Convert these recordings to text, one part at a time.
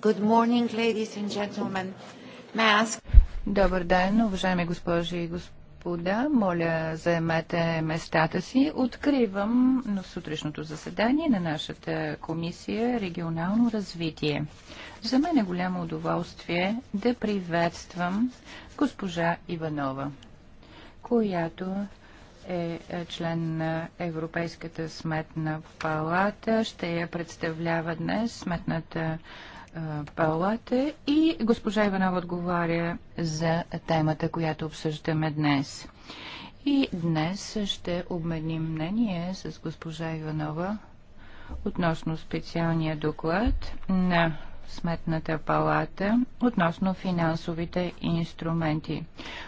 Good morning, ladies and gentlemen. May I ask... Добър ден, уважаеми госпожи и господа. Моля, заемете местата си. Откривам на сутрешното заседание на нашата комисия регионално развитие. За мен е голямо удоволствие да приветствам госпожа Иванова, която е, е член на Европейската сметна палата. Ще я представлява днес сметната палата палата и госпожа Иванова отговаря за темата, която обсъждаме днес. И днес ще обменим мнение с госпожа Иванова относно специалния доклад на Сметната палата относно финансовите инструменти.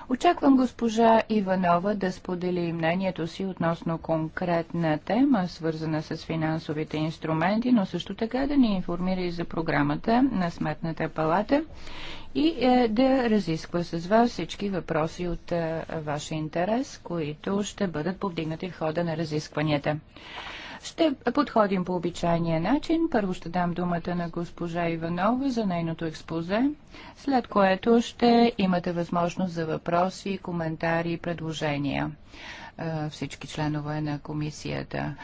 Очаквам госпожа Иванова да сподели мнението си относно конкретна тема, свързана с финансовите инструменти, но също така да ни информира и за програмата на Сметната палата и е, да разисква с вас всички въпроси от е, вашия интерес, които ще бъдат повдигнати в хода на разискванията. Ще подходим по обичайния начин. Първо ще дам думата на госпожа Иванова за нейното експозе, след което ще имате възможност за въпроси, коментари и предложения. Всички членове на комисията.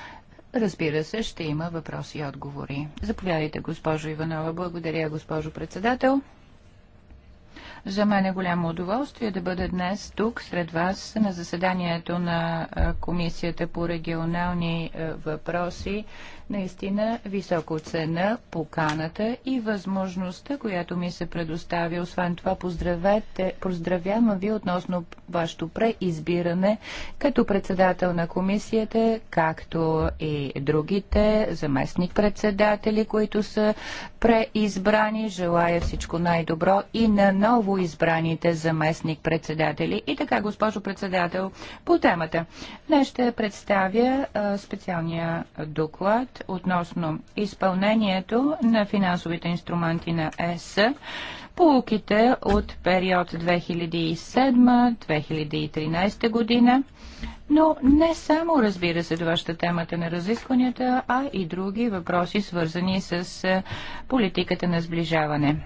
Разбира се, ще има въпроси и отговори. Заповядайте, госпожо Иванова. Благодаря, госпожо председател. За мен е голямо удоволствие да бъда днес тук сред вас на заседанието на Комисията по регионални въпроси Наистина високо цена поканата и възможността, която ми се предостави. Освен това, поздравявам ви относно вашето преизбиране като председател на комисията, както и другите заместник-председатели, които са преизбрани. Желая всичко най-добро и на ново избраните заместник-председатели. И така, госпожо председател, по темата. Днес ще представя специалния доклад относно изпълнението на финансовите инструменти на ЕС, полуките от период 2007-2013 година, но не само, разбира се, това ще е темата на разискванията, а и други въпроси, свързани с е, политиката на сближаване.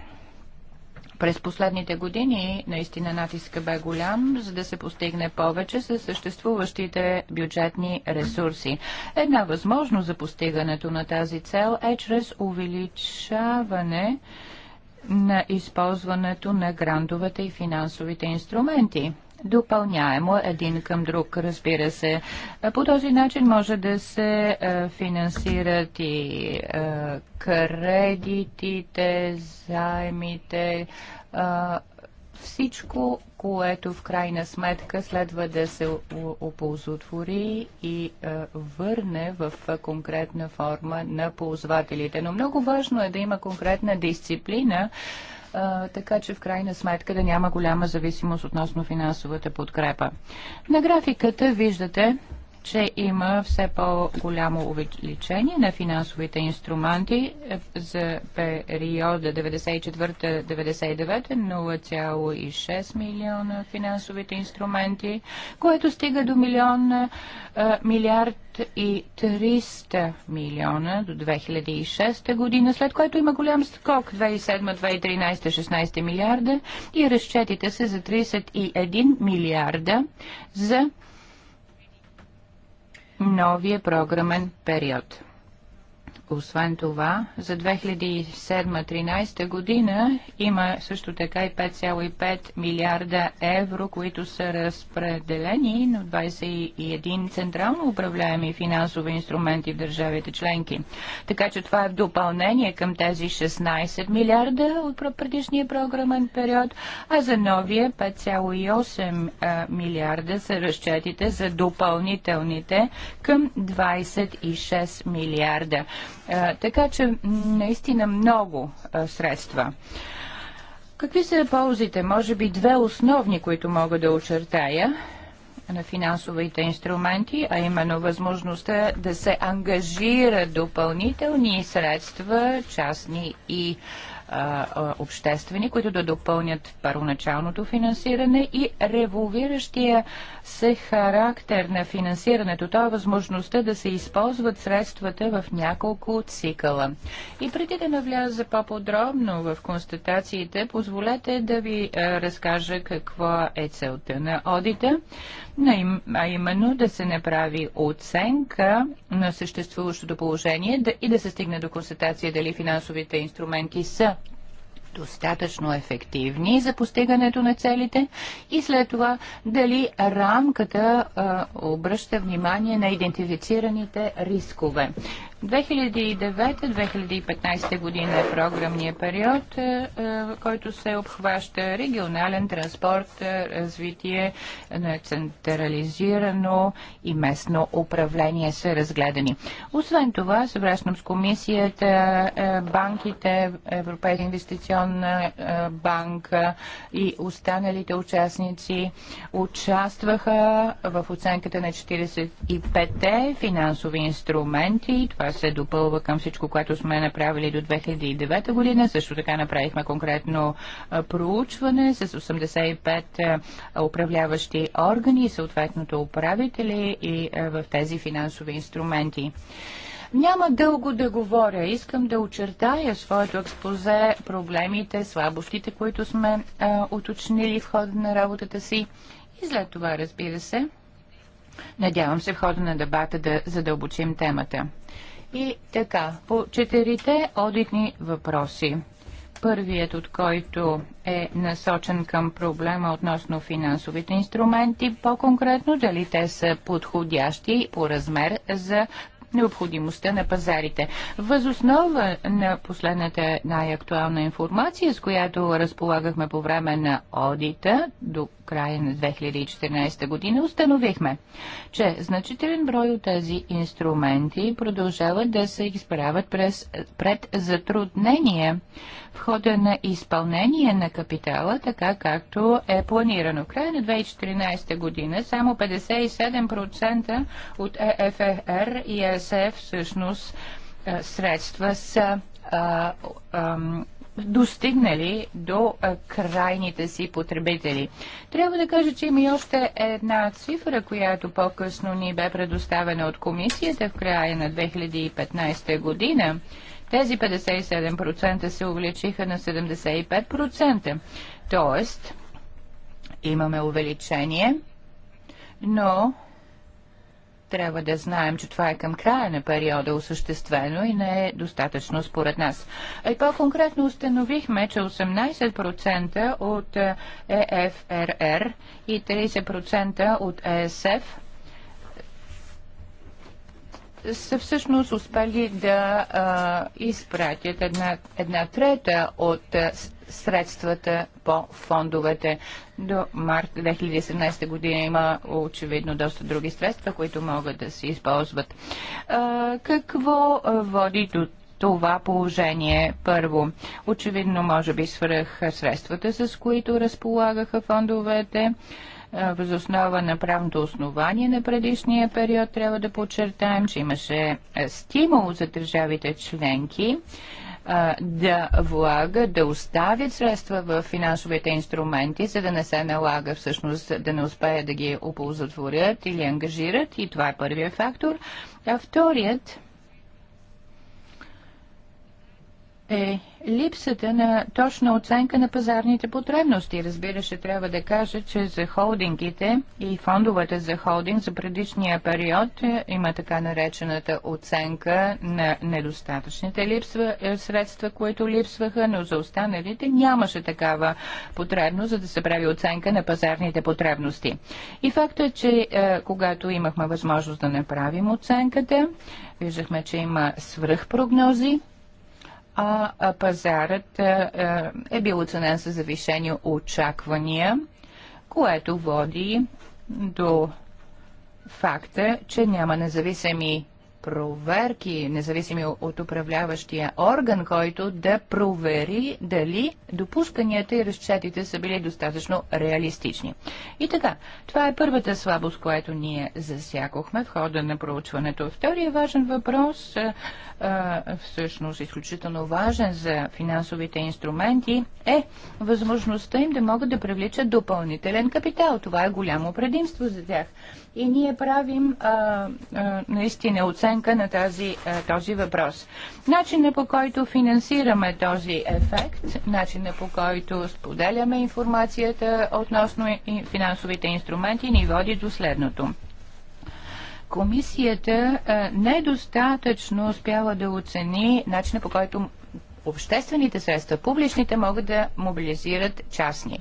През последните години наистина натиска бе голям, за да се постигне повече с съществуващите бюджетни ресурси. Една възможност за постигането на тази цел е чрез увеличаване на използването на грантовете и финансовите инструменти допълняемо един към друг, разбира се. По този начин може да се финансират и кредитите, заемите, всичко, което в крайна сметка следва да се оползотвори и върне в конкретна форма на ползвателите. Но много важно е да има конкретна дисциплина, така че в крайна сметка да няма голяма зависимост относно финансовата подкрепа. На графиката виждате че има все по-голямо увеличение на финансовите инструменти за периода 94-99 0,6 милиона финансовите инструменти, което стига до милион, милиард и 300 милиона до 2006 година, след което има голям скок 2007-2013-16 милиарда и разчетите се за 31 милиарда за новия програмен период. Освен това, за 2007-2013 година има също така и 5,5 милиарда евро, които са разпределени на 21 централно управляеми финансови инструменти в държавите членки. Така че това е в допълнение към тези 16 милиарда от предишния програмен период, а за новия 5,8 милиарда са разчетите за допълнителните към 26 милиарда. Е, така че наистина много е, средства. Какви са ползите? Може би две основни, които мога да очертая на финансовите инструменти, а именно възможността да се ангажират допълнителни средства, частни и а, е, обществени, които да допълнят първоначалното финансиране и револвиращия с характер на финансирането. То е възможността да се използват средствата в няколко цикъла. И преди да навляза по-подробно в констатациите, позволете да ви е, разкажа какво е целта на одита, а именно да се направи оценка на съществуващото положение и да се стигне до констатация дали финансовите инструменти са достатъчно ефективни за постигането на целите и след това дали рамката а, обръща внимание на идентифицираните рискове. 2009-2015 година е програмния период, който се обхваща регионален транспорт, развитие на централизирано и местно управление са разгледани. Освен това, съвръщам с комисията, банките, Европейския инвестиционен инвестиционна е, банка и останалите участници участваха в оценката на 45-те финансови инструменти. Това се допълва към всичко, което сме направили до 2009 година. Също така направихме конкретно е, проучване с 85 е, управляващи органи и съответното управители и в тези финансови инструменти. Няма дълго да говоря. Искам да очертая своето експозе, проблемите, слабостите, които сме а, уточнили в хода на работата си. И след това, разбира се, надявам се в хода на дебата да задълбочим темата. И така, по четирите одитни въпроси първият от който е насочен към проблема относно финансовите инструменти, по-конкретно дали те са подходящи по размер за необходимостта на пазарите. Възоснова на последната най-актуална информация, с която разполагахме по време на одита, до края на 2014 година, установихме, че значителен брой от тези инструменти продължават да се изправят през, пред затруднения в хода на изпълнение на капитала, така както е планирано. В края на 2014 година само 57% от ЕФР и ЕСФ всъщност средства са достигнали до крайните си потребители. Трябва да кажа, че има и още една цифра, която по-късно ни бе предоставена от комисията в края на 2015 година. Тези 57% се увеличиха на 75%. Тоест, имаме увеличение, но трябва да знаем, че това е към края на периода осъществено и не е достатъчно според нас. И по-конкретно установихме, че 18% от ЕФРР е и 30% от ЕСФ са всъщност успели да а, изпратят една, една трета от е, средствата по фондовете. До март 2017 година има очевидно доста други средства, които могат да се използват. Какво води до това положение първо. Очевидно, може би свръх средствата, с които разполагаха фондовете. Възоснова на правното основание на предишния период трябва да подчертаем, че имаше стимул за държавите членки а, да влага да оставят средства в финансовите инструменти, за да не се налага всъщност да не успеят да ги оползотворят или ангажират. И това е първият фактор. А вторият – е липсата на точна оценка на пазарните потребности. Разбира се, трябва да кажа, че за холдингите и фондовете за холдинг за предишния период е, има така наречената оценка на недостатъчните липсва, е, средства, които липсваха, но за останалите нямаше такава потребност, за да се прави оценка на пазарните потребности. И факта, че е, когато имахме възможност да направим оценката, виждахме, че има свръхпрогнози, а пазарът е бил оценен с завишени очаквания, което води до факта, че няма независими проверки, независими от управляващия орган, който да провери дали допусканията и разчетите са били достатъчно реалистични. И така, това е първата слабост, която ние засякохме в хода на проучването. Втория важен въпрос всъщност изключително важен за финансовите инструменти, е възможността им да могат да привличат допълнителен капитал. Това е голямо предимство за тях. И ние правим а, а, наистина оценка на тази, а, този въпрос. Начина по който финансираме този ефект, начина по който споделяме информацията относно финансовите инструменти ни води до следното. Комисията недостатъчно успяла да оцени начина по който обществените средства, публичните, могат да мобилизират частни.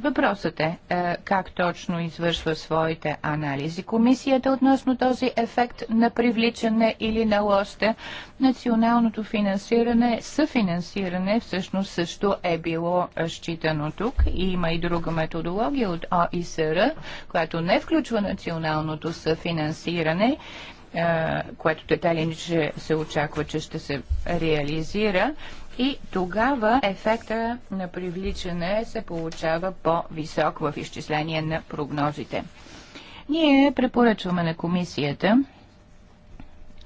Въпросът е, е как точно извършва своите анализи комисията относно този ефект на привличане или на лоста. Националното финансиране, съфинансиране всъщност също е било считано тук. И има и друга методология от ОИСР, която не включва националното съфинансиране, е, което така че се очаква, че ще се реализира. И тогава ефекта на привличане се получава по-висок в изчисление на прогнозите. Ние препоръчваме на комисията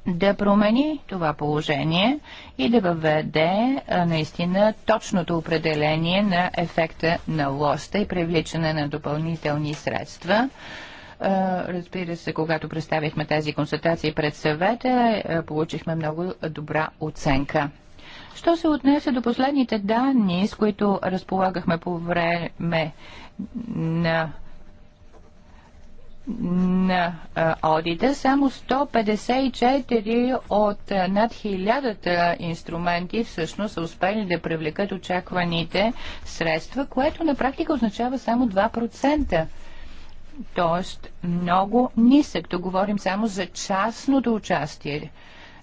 да промени това положение и да въведе наистина точното определение на ефекта на лоста и привличане на допълнителни средства. разбира се, когато представихме тези консултации пред съвета, получихме много добра оценка. Що се отнесе до последните данни, с които разполагахме по време на на одита, само 154 от над 1000 инструменти всъщност са успели да привлекат очакваните средства, което на практика означава само 2%. Тоест много нисък. То говорим само за частното участие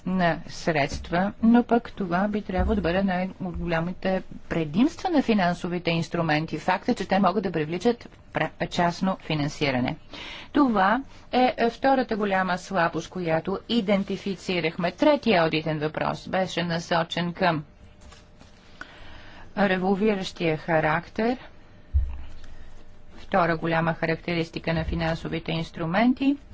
на средства, но пък това би трябвало да бъде най-голямите предимства на финансовите инструменти. Факта, че те могат да привличат частно финансиране. Това е втората голяма слабост, която идентифицирахме. Третия одитен въпрос беше насочен към револвиращия характер, втора голяма характеристика на финансовите инструменти –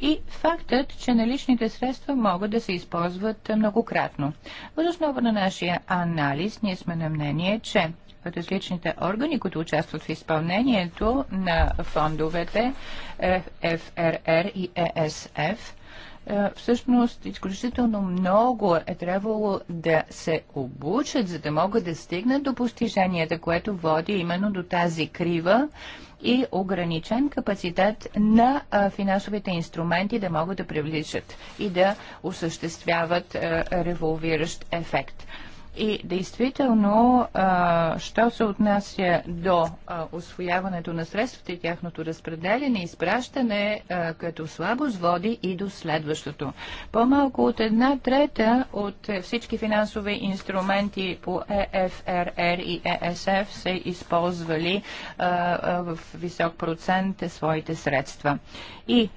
и фактът, че наличните средства могат да се използват многократно. Въз основа на нашия анализ ние сме на мнение, че различните органи, които участват в изпълнението на фондовете е, ФРР и ESF е – е, всъщност изключително много е трябвало да се обучат, за да могат да стигнат до постиженията, което води именно до тази крива и ограничен капацитет на финансовите инструменти да могат да привличат и да осъществяват е, револвиращ ефект. И действително, що се отнася до освояването на средствата и тяхното разпределение, изпращане като слабост води и до следващото. По-малко от една трета от всички финансови инструменти по ЕФРР и ЕСФ са използвали в висок процент своите средства. И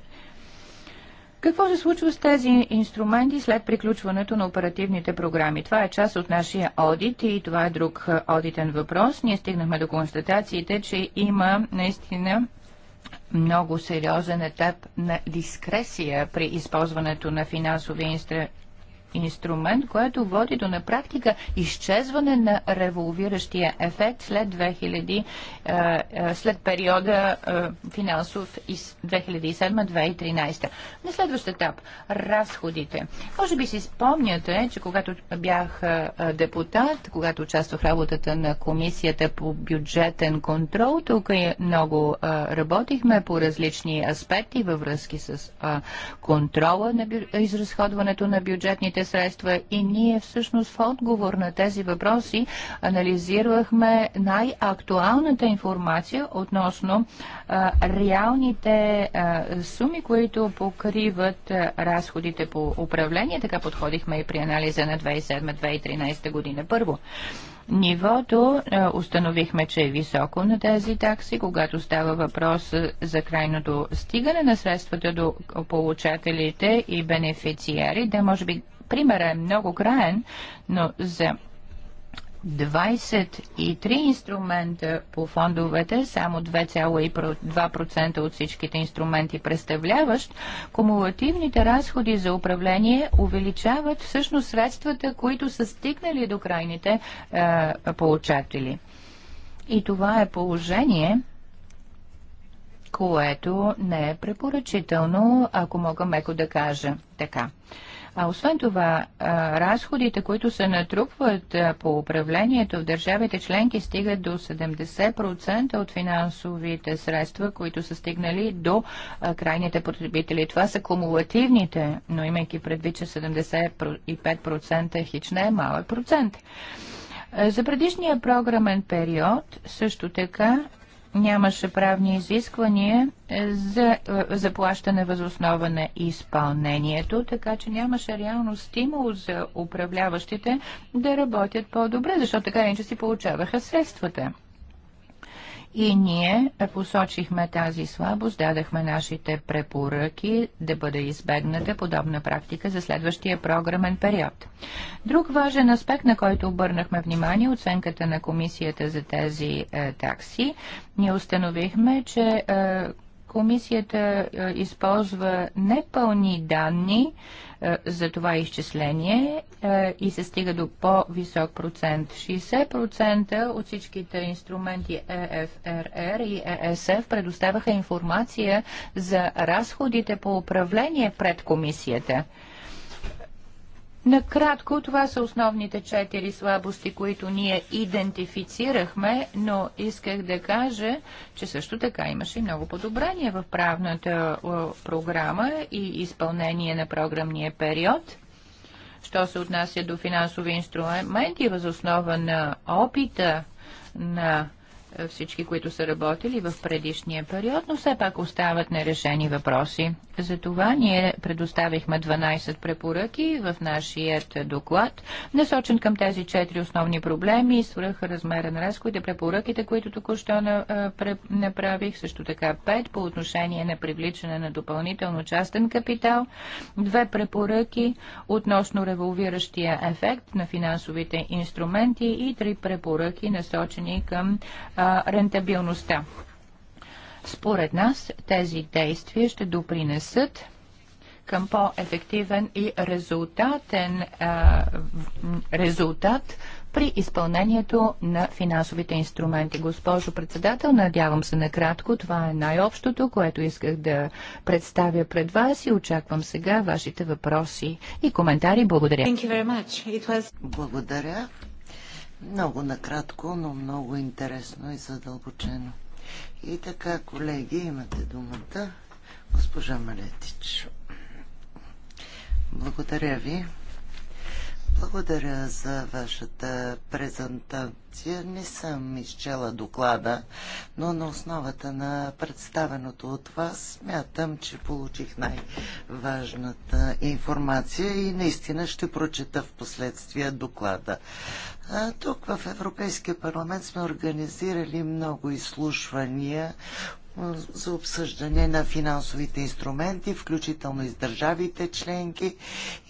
какво се случва с тези инструменти след приключването на оперативните програми? Това е част от нашия одит и това е друг е, одитен въпрос. Ние стигнахме до констатациите, че има наистина много сериозен етап на дискресия при използването на финансови инструменти инструмент, което води до на практика изчезване на револвиращия ефект след, 2000, е, е, след периода е, финансов 2007-2013. На следващ етап – разходите. Може би си спомняте, че когато бях депутат, когато участвах в работата на Комисията по бюджетен контрол, тук много работихме по различни аспекти във връзки с контрола на изразходването на бюджетните финансовите средства. И ние всъщност в отговор на тези въпроси анализирахме най-актуалната информация относно реалните суми, които покриват разходите по управление. Така подходихме и при анализа на 2007-2013 година. Първо, Нивото установихме, че е високо на тези такси, когато става въпрос за крайното стигане на средствата до получателите и бенефициари, да може би Примерът е много краен, но за 23 инструмента по фондовете, само 2,2% от всичките инструменти представляващ, кумулативните разходи за управление увеличават всъщност средствата, които са стигнали до крайните е, получатели. И това е положение, което не е препоръчително, ако мога меко да кажа така. А освен това, разходите, които се натрупват по управлението в държавите членки, стигат до 70% от финансовите средства, които са стигнали до крайните потребители. Това са кумулативните, но имайки предвид, че 75% е хич не е малък процент. За предишния програмен период също така нямаше правни изисквания е, за е, заплащане възоснова на изпълнението, така че нямаше реално стимул за управляващите да работят по-добре, защото така иначе си получаваха средствата. И ние посочихме тази слабост, дадахме нашите препоръки да бъде избегната подобна практика за следващия програмен период. Друг важен аспект, на който обърнахме внимание, оценката на комисията за тези е, такси, ние установихме, че е, комисията е, използва непълни данни е, за това изчисление е, и се стига до по-висок процент. 60% от всичките инструменти EFRR и ESF предоставяха информация за разходите по управление пред комисията. Накратко, това са основните четири слабости, които ние идентифицирахме, но исках да кажа, че също така имаше и много подобрения в правната програма и изпълнение на програмния период. Що се отнася до финансови инструменти, възоснова на опита на е, всички, които са работили в предишния период, но все пак остават нерешени въпроси. Затова ние предоставихме 12 препоръки в нашият доклад, насочен към тези четири основни проблеми, свръх размера на разходите, препоръките, които току-що е, направих, също така 5 по отношение на привличане на допълнително частен капитал, две препоръки относно револвиращия ефект на финансовите инструменти и три препоръки насочени към е, а, рентабилността. Според нас тези действия ще допринесат към по-ефективен и резултатен а, резултат при изпълнението на финансовите инструменти. Госпожо председател, надявам се накратко. Това е най-общото, което исках да представя пред вас и очаквам сега вашите въпроси и коментари. Благодаря. Was... Благодаря. Много накратко, но много интересно и задълбочено. И така, колеги, имате думата. Госпожа Малетич. Благодаря ви. Благодаря за вашата презентация. Не съм изчела доклада, но на основата на представеното от вас смятам, че получих най-важната информация и наистина ще прочета в последствие доклада. тук в Европейския парламент сме организирали много изслушвания за обсъждане на финансовите инструменти, включително и с държавите членки.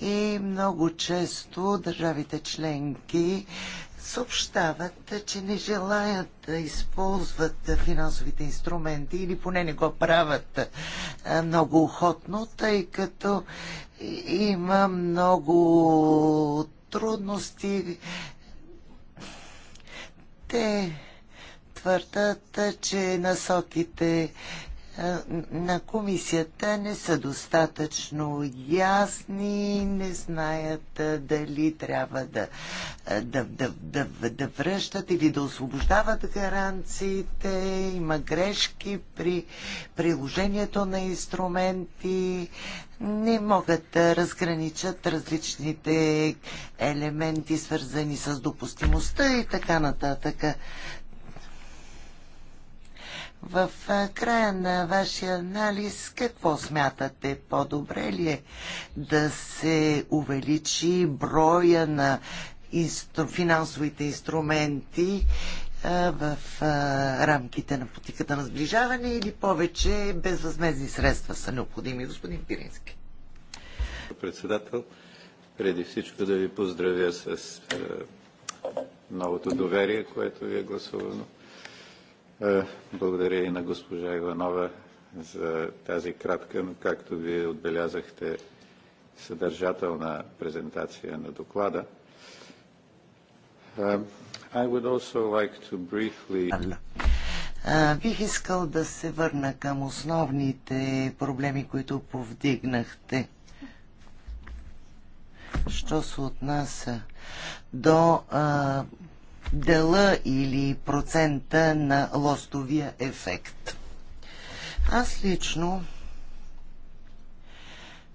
И много често държавите членки съобщават, че не желаят да използват финансовите инструменти или поне не го правят много охотно, тъй като има много трудности. Те твърдат, че насоките е, на комисията не са достатъчно ясни, не знаят е, дали трябва да, е, да, да, да, да връщат или да освобождават гаранциите, има грешки при приложението на инструменти, не могат да разграничат различните елементи, свързани с допустимостта и така нататък. В края на вашия анализ, какво смятате? По-добре ли е да се увеличи броя на инстру... финансовите инструменти а, в а, рамките на потиката на сближаване или повече безвъзмезни средства са необходими, господин Пирински? Председател, преди всичко да ви поздравя с новото доверие, което ви е гласувано е, благодаря и на госпожа Иванова за тази кратка, но както вие отбелязахте, съдържателна презентация на доклада. Е, I would also like to briefly... Е, бих искал да се върна към основните проблеми, които повдигнахте. Що се отнася до а, дела или процента на лостовия ефект. Аз лично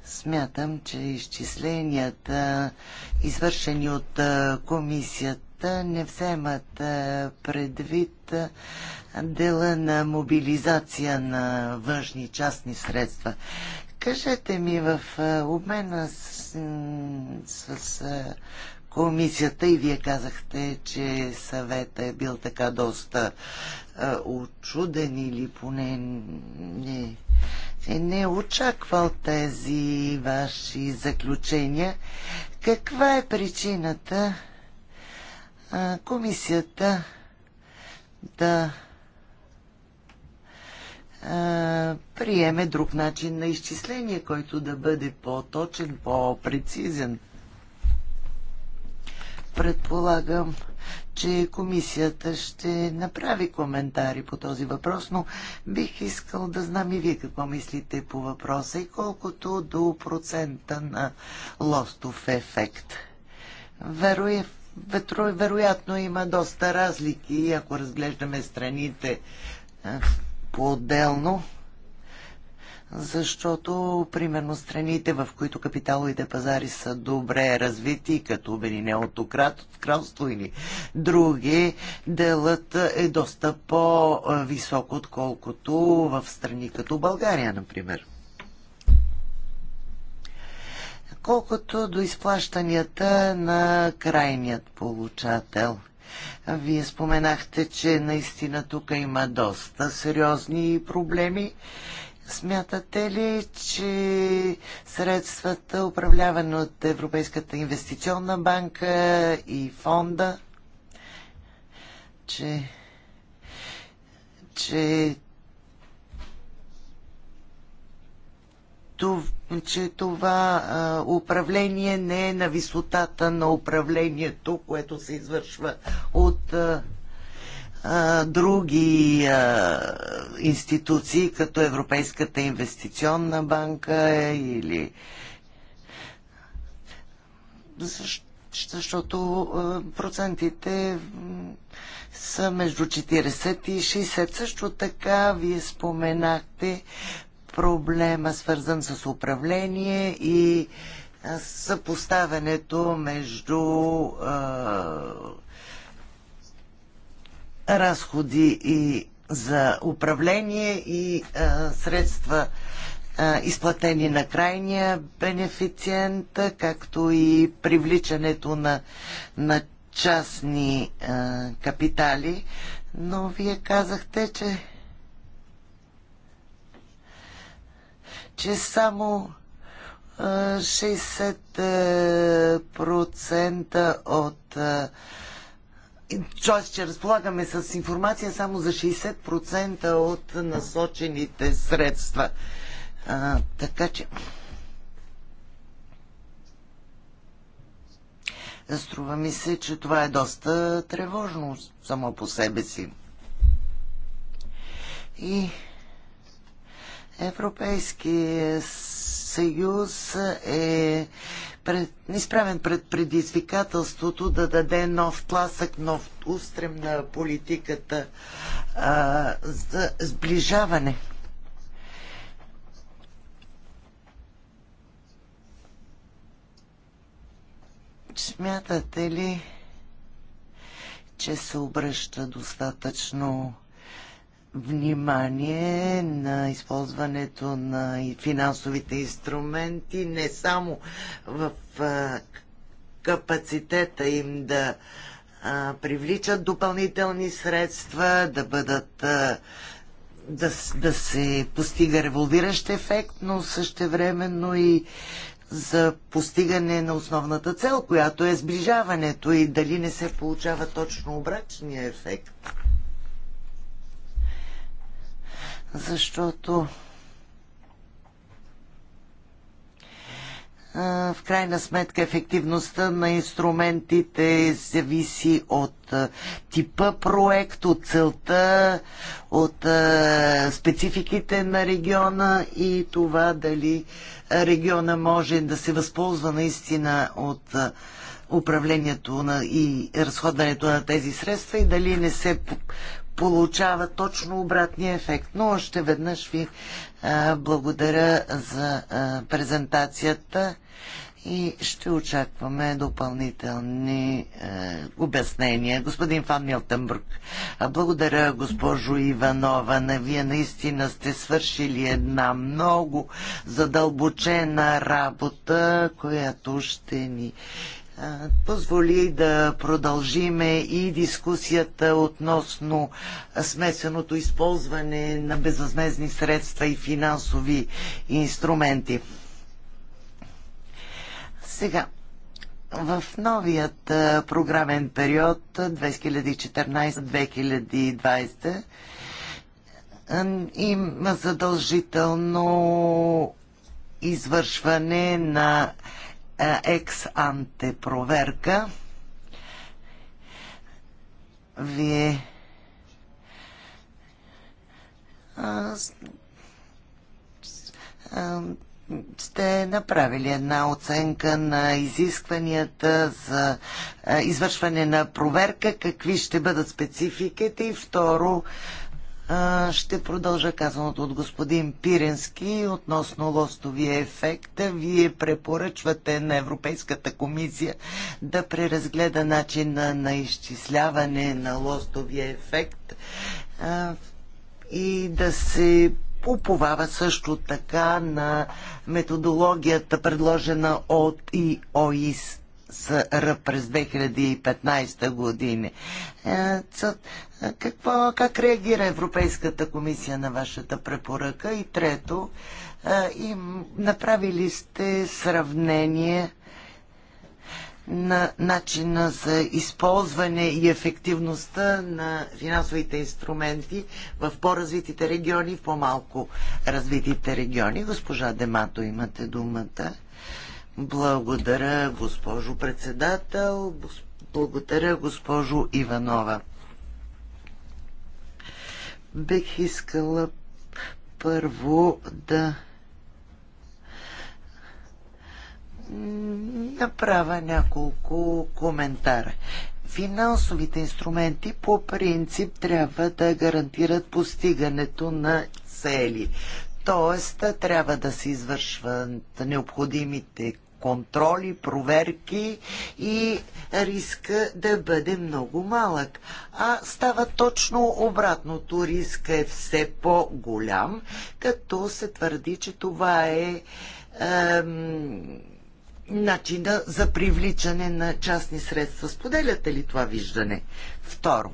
смятам, че изчисленията, извършени от комисията, не вземат предвид дела на мобилизация на външни частни средства. Кажете ми в обмена с, с, с комисията и вие казахте, че съвета е бил така доста а, очуден или поне не, не е очаквал тези ваши заключения. Каква е причината а, комисията да приеме друг начин на изчисление, който да бъде по-точен, по-прецизен. Предполагам, че комисията ще направи коментари по този въпрос, но бих искал да знам и вие какво мислите по въпроса и колкото до процента на лостов ефект. Вероятно, Ветро, вероятно има доста разлики, ако разглеждаме страните по-отделно защото, примерно, страните, в които капиталовите пазари са добре развити, като Обединеното кралство или други, делът е доста по-висок, отколкото в страни като България, например. Колкото до изплащанията на крайният получател – вие споменахте, че наистина тук има доста сериозни проблеми Смятате ли, че средствата, управлявани от Европейската инвестиционна банка и фонда, че, че, че това управление не е на висотата на управлението, което се извършва от други а, институции, като Европейската инвестиционна банка или. защото процентите са между 40 и 60. Също така, вие споменахте проблема, свързан с управление и съпоставянето между а, разходи и за управление и а, средства а, изплатени на крайния бенефициент, както и привличането на, на частни а, капитали. Но вие казахте, че че само 60% от Тоест, че разполагаме с информация само за 60% от насочените средства. А, така че. Струва ми се, че това е доста тревожно само по себе си. И Европейския съюз е изправен пред предизвикателството да даде нов тласък, нов устрем на политиката а, за сближаване. Смятате ли, че се обръща достатъчно внимание на използването на финансовите инструменти, не само в капацитета им да привличат допълнителни средства, да бъдат да, да се постига револвиращ ефект, но същевременно и за постигане на основната цел, която е сближаването и дали не се получава точно обрачния ефект. защото в крайна сметка ефективността на инструментите зависи от типа проект, от целта, от спецификите на региона и това дали региона може да се възползва наистина от управлението на и разходването на тези средства и дали не се получава точно обратния ефект. Но още веднъж ви а, благодаря за а, презентацията и ще очакваме допълнителни обяснения. Господин Фан Милтенбрук, благодаря госпожо Иванова. На вие наистина сте свършили една много задълбочена работа, която ще ни позволи да продължиме и дискусията относно смесеното използване на безвъзмезни средства и финансови инструменти. Сега, в новият програмен период 2014-2020 има задължително извършване на е, екс-анте проверка. Вие сте направили една оценка на изискванията за извършване на проверка, какви ще бъдат спецификите и второ, ще продължа казаното от господин Пиренски относно лостовия ефект. Вие препоръчвате на Европейската комисия да преразгледа начина на изчисляване на лостовия ефект и да се уповава също така на методологията, предложена от ИОИС. СР през 2015 година. Е, какво, как реагира Европейската комисия на вашата препоръка? И трето, и направили сте сравнение на начина за използване и ефективността на финансовите инструменти в по-развитите региони и в по-малко развитите региони. Госпожа Демато, имате думата. Благодаря, госпожо председател. Благодаря, госпожо Иванова бих искала първо да направя няколко коментара. Финансовите инструменти по принцип трябва да гарантират постигането на цели. Тоест, трябва да се извършват необходимите контроли, проверки и риска да бъде много малък. А става точно обратното. Риска е все по-голям, като се твърди, че това е ем, начина за привличане на частни средства. Споделяте ли това виждане? Второ.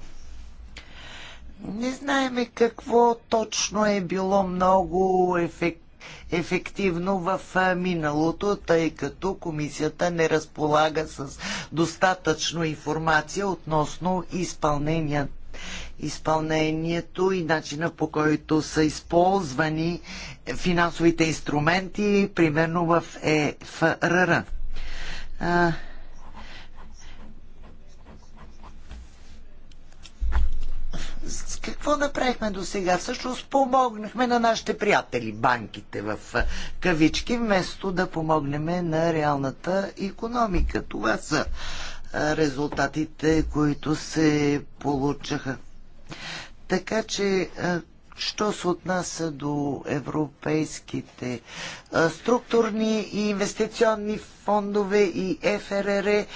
Не знаеме какво точно е било много ефективно ефективно в миналото, тъй като комисията не разполага с достатъчно информация относно изпълнението изпълнението и начина по който са използвани финансовите инструменти, примерно в ЕФРР. какво направихме до сега? Всъщност помогнахме на нашите приятели, банките в кавички, вместо да помогнем на реалната економика. Това са резултатите, които се получаха. Така че, що се отнася до европейските структурни и инвестиционни фондове и ФРР,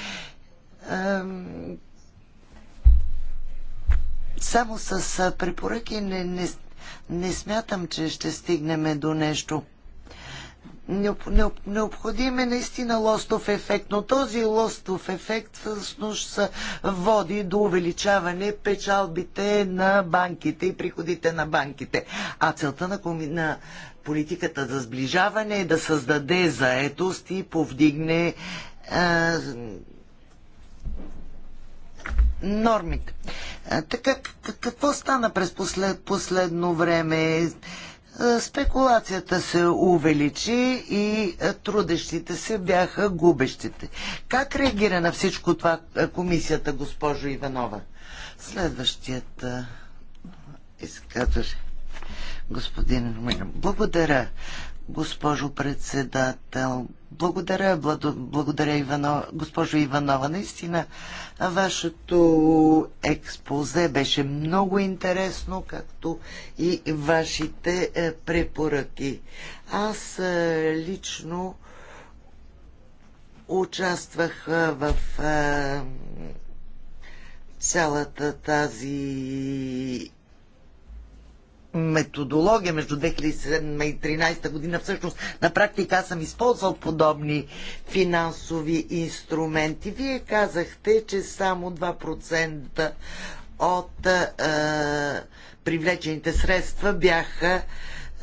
само с препоръки не, не, не смятам, че ще стигнем до нещо. Необходим е наистина лостов ефект, но този лостов ефект всъщност води до увеличаване печалбите на банките и приходите на банките. А целта на, на политиката за сближаване е да създаде заетост и повдигне е, нормите. Така, какво стана през послед, последно време? Спекулацията се увеличи и трудещите се бяха губещите. Как реагира на всичко това комисията, госпожо Иванова? Следващият изказваше господин Благодаря, госпожо председател. Благодаря, благодаря Иванова, госпожо Иванова. Наистина, вашето експозе беше много интересно, както и вашите е, препоръки. Аз е, лично участвах е, в цялата тази методология между 2007 и 2013 година. Всъщност, на практика аз съм използвал подобни финансови инструменти. Вие казахте, че само 2% от привлечените средства бяха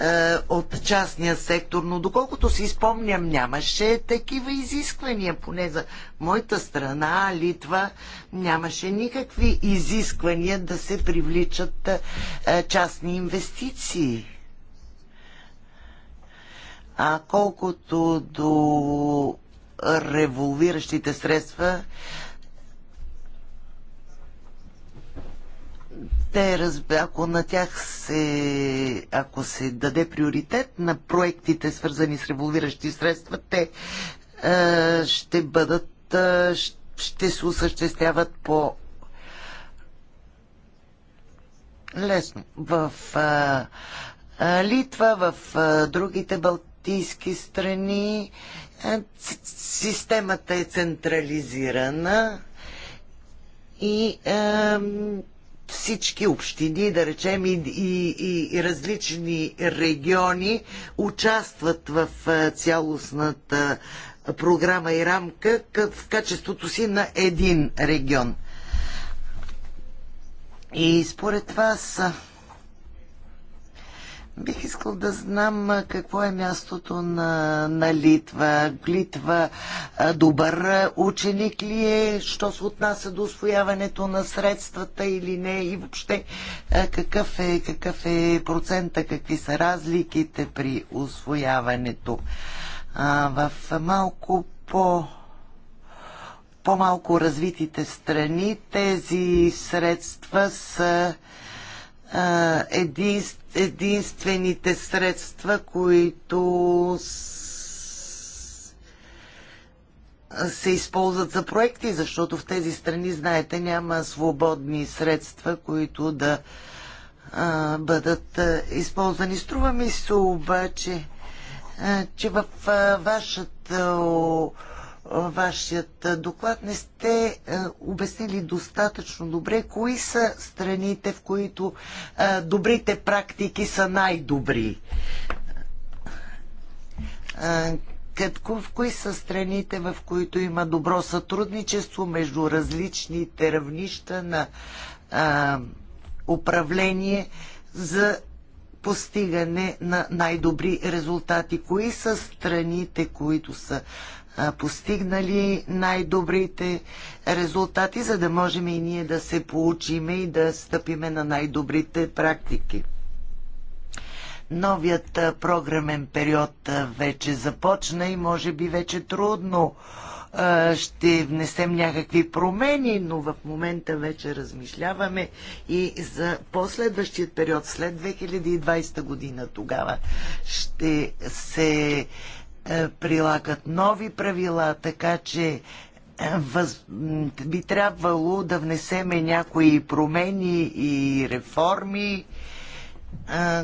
е, от частния сектор, но доколкото си спомням, нямаше такива изисквания, поне за моята страна, Литва, нямаше никакви изисквания да се привличат е, частни инвестиции. А колкото до револвиращите средства, те разб... ако на тях се, ако се даде приоритет на проектите, свързани с револвиращи средства, те а, е, ще бъдат, а, е, ще се осъществяват по лесно. В а, е, Литва, в а, другите балтийски страни е, системата е централизирана и а, всички общини, да речем и, и, и различни региони участват в цялостната програма и рамка в качеството си на един регион. И според вас Бих искал да знам какво е мястото на, на Литва. Литва добър ученик ли е, що се отнася до освояването на средствата или не и въобще какъв е, какъв е процента, какви са разликите при освояването. А, в малко по по-малко развитите страни тези средства са един, единствените средства, които се използват за проекти, защото в тези страни, знаете, няма свободни средства, които да а, бъдат а, използвани. Струва ми се обаче, а, че в а, вашата. А, вашият доклад не сте обяснили достатъчно добре кои са страните, в които добрите практики са най-добри. В кои са страните, в които има добро сътрудничество между различните равнища на управление за постигане на най-добри резултати? Кои са страните, които са постигнали най-добрите резултати, за да можем и ние да се получиме и да стъпиме на най-добрите практики. Новият програмен период вече започна и може би вече трудно ще внесем някакви промени, но в момента вече размишляваме и за последващия период след 2020 година тогава ще се е, прилагат нови правила, така че е, въз... би трябвало да внесеме някои промени и реформи, е,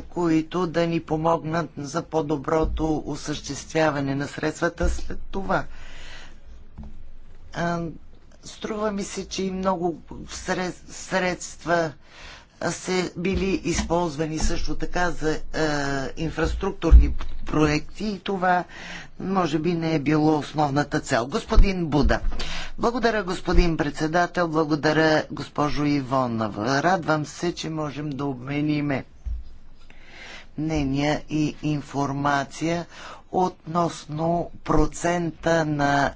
които да ни помогнат за по-доброто осъществяване на средствата след това. Струва ми се, че и много средства са били използвани също така за е, инфраструктурни проекти и това може би не е било основната цел. Господин Буда. Благодаря, господин председател. Благодаря, госпожо Ивонова. Радвам се, че можем да обмениме мнения и информация относно процента на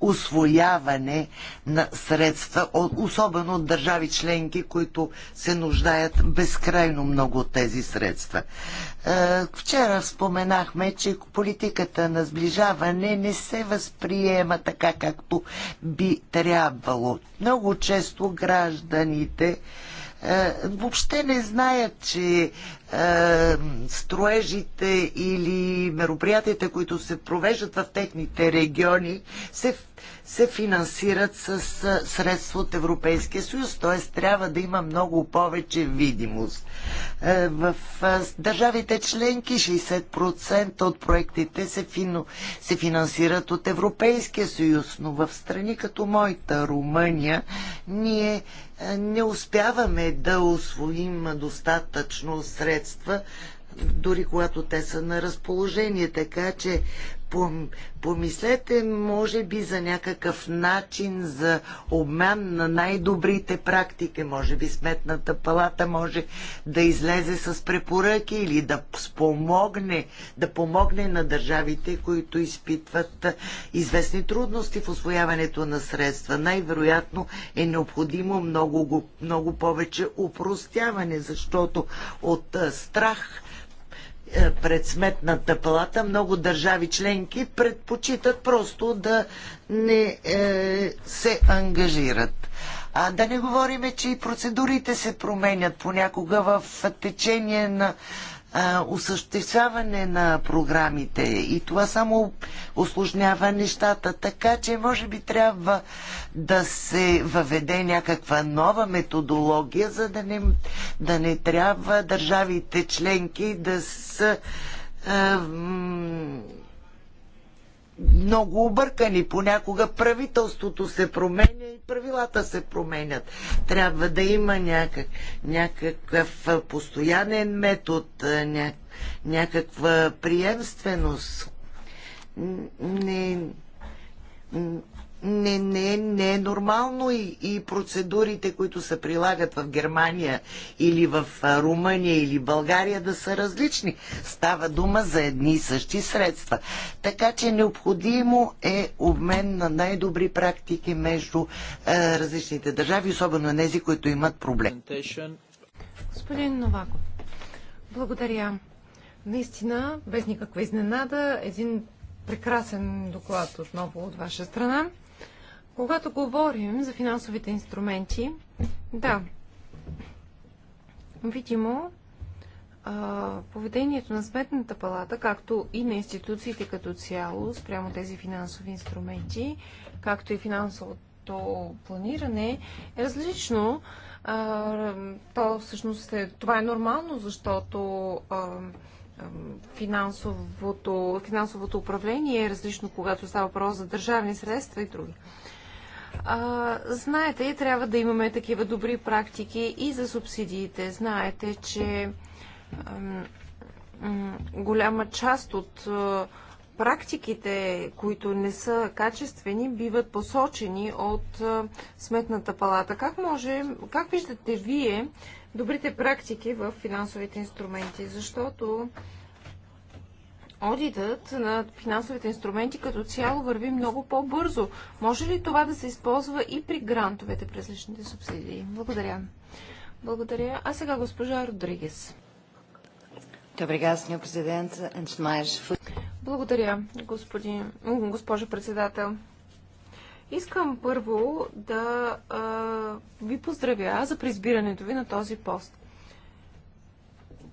освояване на средства, особено от държави членки, които се нуждаят безкрайно много от тези средства. Е, вчера споменахме, че политиката на сближаване не се възприема така, както би трябвало. Много често гражданите е, въобще не знаят, че е, строежите или мероприятията, които се провеждат в техните региони, се се финансират с средства от Европейския съюз, т.е. трябва да има много повече видимост. Е, в държавите членки 60% от проектите се, финансират от Европейския съюз, но в страни като моята Румъния ние е, не успяваме да освоим достатъчно средства дори когато те са на разположение. Така че помислете, може би, за някакъв начин за обмен на най-добрите практики. Може би Сметната палата може да излезе с препоръки или да спомогне, да помогне на държавите, които изпитват известни трудности в освояването на средства. Най-вероятно е необходимо много, много повече упростяване, защото от страх е, пред сметната палата много държави членки предпочитат просто да не е, се ангажират. А да не говориме, че и процедурите се променят понякога в течение на а, осъществяване на програмите и това само осложнява нещата. Така че може би трябва да се въведе някаква нова методология, за да не, да не трябва държавите членки да са а, много объркани. Понякога правителството се променя и правилата се променят. Трябва да има някак, някакъв постоянен метод, ня, някаква приемственост. Не, не, не, не е нормално и, и процедурите, които се прилагат в Германия или в Румъния или България да са различни. Става дума за едни и същи средства. Така че необходимо е обмен на най-добри практики между е, различните държави, особено тези, които имат проблем. Господин Новаков, благодаря. Наистина, без никаква изненада, един прекрасен доклад отново от ваша страна. Когато говорим за финансовите инструменти, да, видимо, поведението на Сметната палата, както и на институциите като цяло, спрямо тези финансови инструменти, както и финансовото планиране, е различно. То всъщност е, това е нормално, защото финансовото, финансовото управление е различно, когато става въпрос за държавни средства и други. А, знаете, трябва да имаме такива добри практики и за субсидиите. Знаете, че голяма част от практиките, които не са качествени, биват посочени от Сметната палата. Как може, как виждате вие добрите практики в финансовите инструменти? Защото Одитът на финансовите инструменти като цяло върви много по-бързо. Може ли това да се използва и при грантовете през личните субсидии? Благодаря. Благодаря. А сега госпожа Родригес. Благодаря, господин, госпожо председател. Искам първо да а, ви поздравя за призбирането ви на този пост.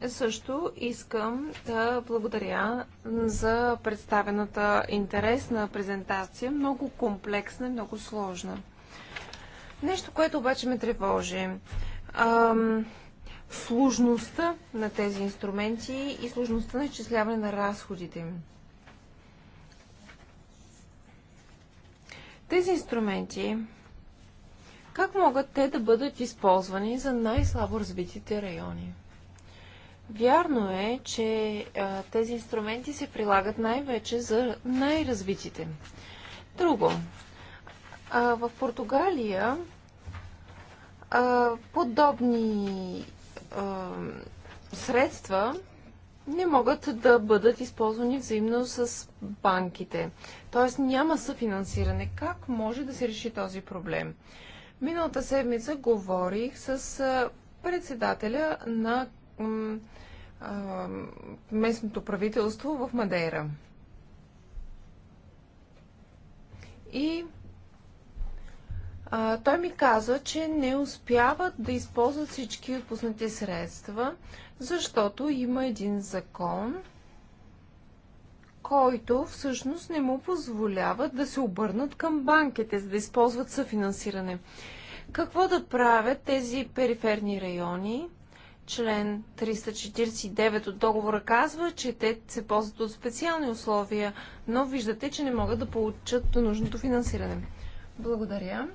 Също искам да благодаря за представената интересна презентация, много комплексна и много сложна. Нещо, което обаче ме тревожи. Ам, сложността на тези инструменти и сложността на изчисляване на разходите им. Тези инструменти, как могат те да бъдат използвани за най-слабо развитите райони? Вярно е, че а, тези инструменти се прилагат най-вече за най-развитите. Друго. А, в Португалия а, подобни а, средства не могат да бъдат използвани взаимно с банките. Тоест няма съфинансиране. Как може да се реши този проблем? Миналата седмица говорих с председателя на местното правителство в Мадейра. И а, той ми каза, че не успяват да използват всички отпуснати средства, защото има един закон, който всъщност не му позволява да се обърнат към банките, за да използват съфинансиране. Какво да правят тези периферни райони? Член 349 от договора казва, че те се ползват от специални условия, но виждате, че не могат да получат нужното финансиране. Благодаря.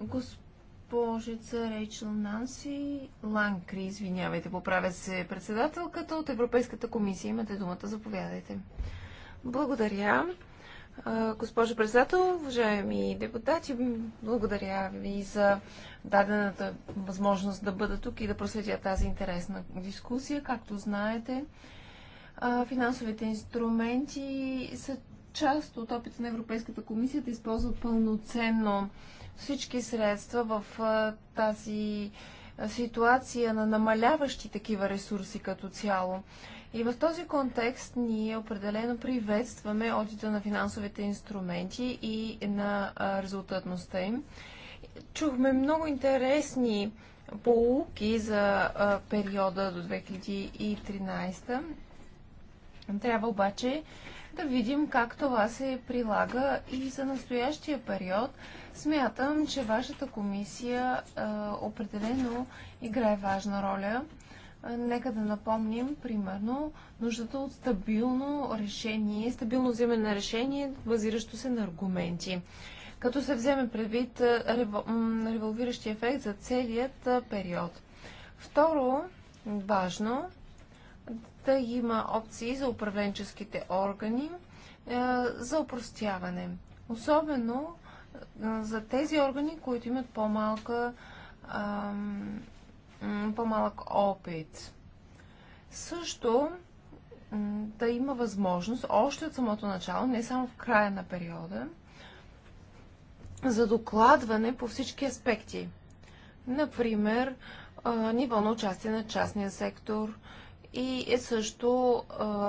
Госпожица Рейчел Нанси Ланкри, извинявайте, поправя се председателката от Европейската комисия. Имате думата, заповядайте. Благодаря. Госпожо председател, уважаеми депутати, благодаря ви за дадената възможност да бъда тук и да проследя тази интересна дискусия. Както знаете, финансовите инструменти са част от опита на Европейската комисия да използват пълноценно всички средства в тази ситуация на намаляващи такива ресурси като цяло. И в този контекст ние определено приветстваме одита на финансовите инструменти и на резултатността им. Чухме много интересни полуки за периода до 2013. Трябва обаче да видим как това се прилага и за настоящия период. Смятам, че вашата комисия определено играе важна роля Нека да напомним, примерно, нуждата от стабилно решение, стабилно вземане на решение, базиращо се на аргументи. Като се вземе предвид револвиращи ефект за целият период. Второ, важно, да има опции за управленческите органи за упростяване. Особено за тези органи, които имат по-малка по-малък опит. Също да има възможност още от самото начало, не само в края на периода, за докладване по всички аспекти. Например, ниво на участие на частния сектор и е също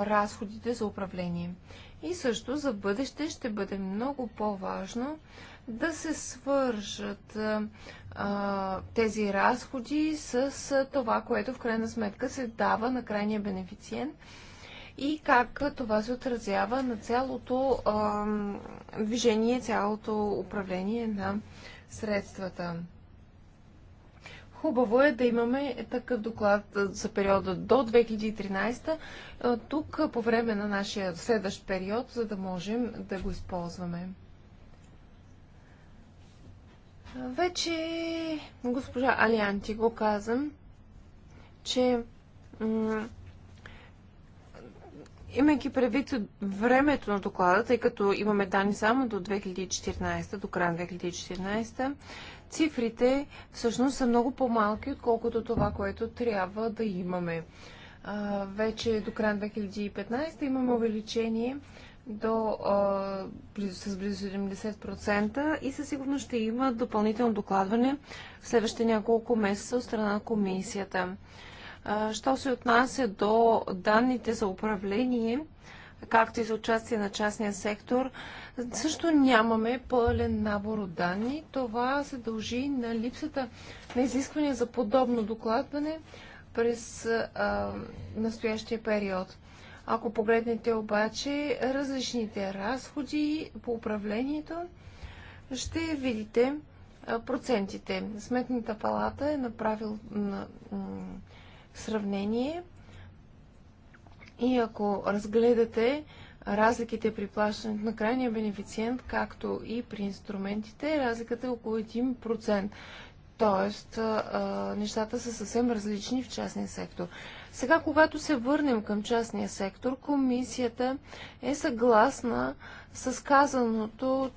разходите за управление. И също за бъдеще ще бъде много по-важно да се свържат тези разходи с, това, което в крайна сметка се дава на крайния бенефициент и как това се отразява на цялото движение, цялото управление на средствата. Хубаво е да имаме такъв доклад за периода до 2013, тук по време на нашия следващ период, за да можем да го използваме. Вече госпожа Алианти го каза, че имайки предвид времето на доклада, тъй като имаме данни само до 2014, до края на 2014, цифрите всъщност са много по-малки, отколкото това, което трябва да имаме. А, вече до края на 2015 имаме увеличение до, а, близо, с близо 70% и със сигурност ще има допълнително докладване в следващите няколко месеца от страна на комисията. А, що се отнася до данните за управление, както и за участие на частния сектор, също нямаме пълен набор от данни. Това се дължи на липсата на изисквания за подобно докладване през а, настоящия период. Ако погледнете обаче различните разходи по управлението, ще видите процентите. Сметната палата е направил сравнение и ако разгледате разликите при плащането на крайния бенефициент, както и при инструментите, разликата е около 1%. Тоест, нещата са съвсем различни в частния сектор. Сега, когато се върнем към частния сектор, комисията е съгласна с казаното,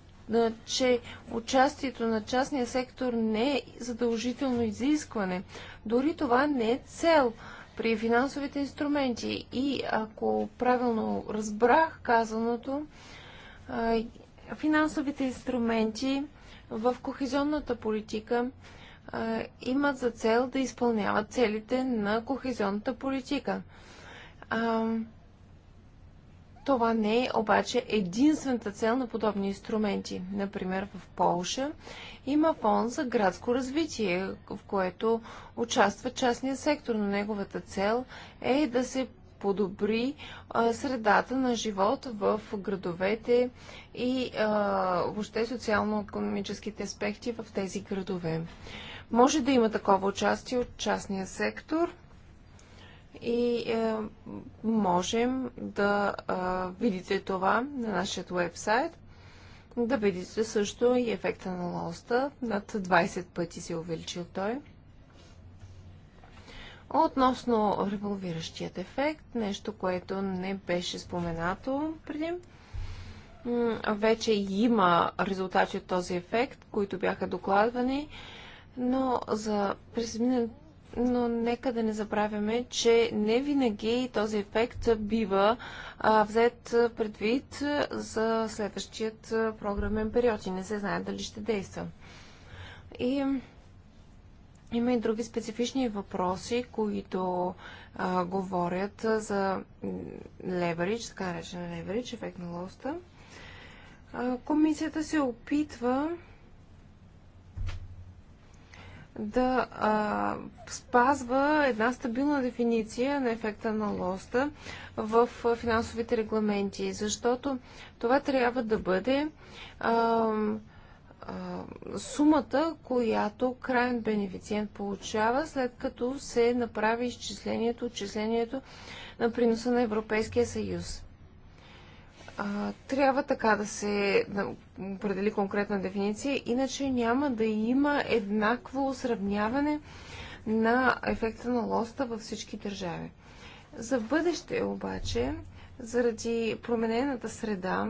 че участието на частния сектор не е задължително изискване. Дори това не е цел при финансовите инструменти. И ако правилно разбрах казаното, финансовите инструменти в кохезионната политика имат за цел да изпълняват целите на кохезионната политика. А, това не е обаче единствената цел на подобни инструменти. Например, в Полша има фонд за градско развитие, в което участва частния сектор, но неговата цел е да се подобри а, средата на живот в градовете и а, въобще социално-економическите аспекти в тези градове. Може да има такова участие от частния сектор и е, можем да е, видите това на нашия вебсайт. Да видите също и ефекта на лоста. Над 20 пъти се е увеличил той. Относно револвиращият ефект, нещо, което не беше споменато преди, вече има резултати от този ефект, които бяха докладвани но за през но нека да не забравяме, че не винаги този ефект бива а, взет предвид за следващият програмен период и не се знае дали ще действа. И има и други специфични въпроси, които а, говорят за леверидж, така наречен леверидж, ефект на лоста. А, комисията се опитва да а, спазва една стабилна дефиниция на ефекта на лоста в финансовите регламенти, защото това трябва да бъде а, а, сумата, която крайен бенефициент получава, след като се направи изчислението, отчислението на приноса на Европейския съюз а, трябва така да се да определи конкретна дефиниция, иначе няма да има еднакво сравняване на ефекта на лоста във всички държави. За бъдеще обаче, заради променената среда,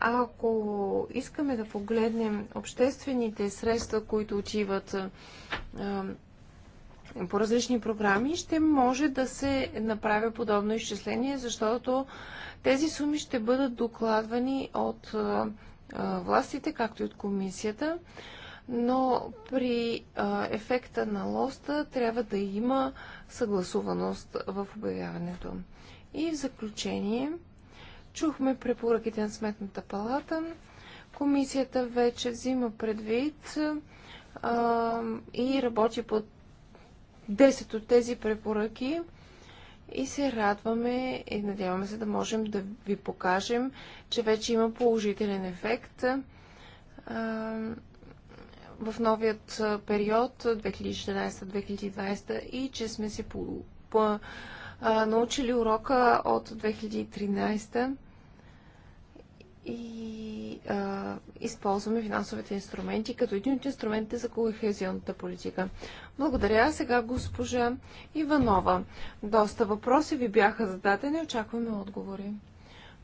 ако искаме да погледнем обществените средства, които отиват а, по различни програми, ще може да се направи подобно изчисление, защото тези суми ще бъдат докладвани от властите, както и от комисията, но при ефекта на лоста трябва да има съгласуваност в обявяването. И в заключение, чухме препоръките на Сметната палата. Комисията вече взима предвид а, и работи под 10 от тези препоръки и се радваме и надяваме се да можем да ви покажем, че вече има положителен ефект в новият период 2014-2020 и че сме се по, по, а, научили урока от 2013 и а, използваме финансовите инструменти като един от инструментите за кохезионната политика. Благодаря. Сега госпожа Иванова. Доста въпроси ви бяха зададени. Очакваме отговори.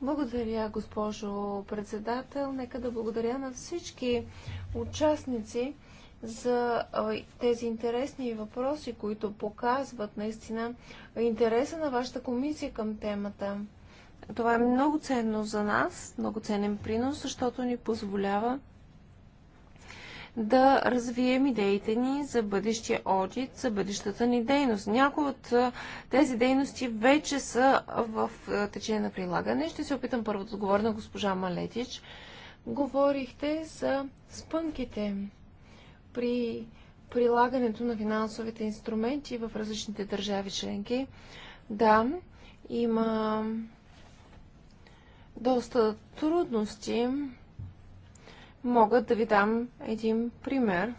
Благодаря, госпожо председател. Нека да благодаря на всички участници за тези интересни въпроси, които показват наистина интереса на вашата комисия към темата. Това е много ценно за нас, много ценен принос, защото ни позволява да развием идеите ни за бъдещия одит, за бъдещата ни дейност. Някои от тези дейности вече са в течение на прилагане. Ще се опитам първо да отговоря на госпожа Малетич. Говорихте за спънките при прилагането на финансовите инструменти в различните държави членки. Да, има доста трудности. Мога да ви дам един пример.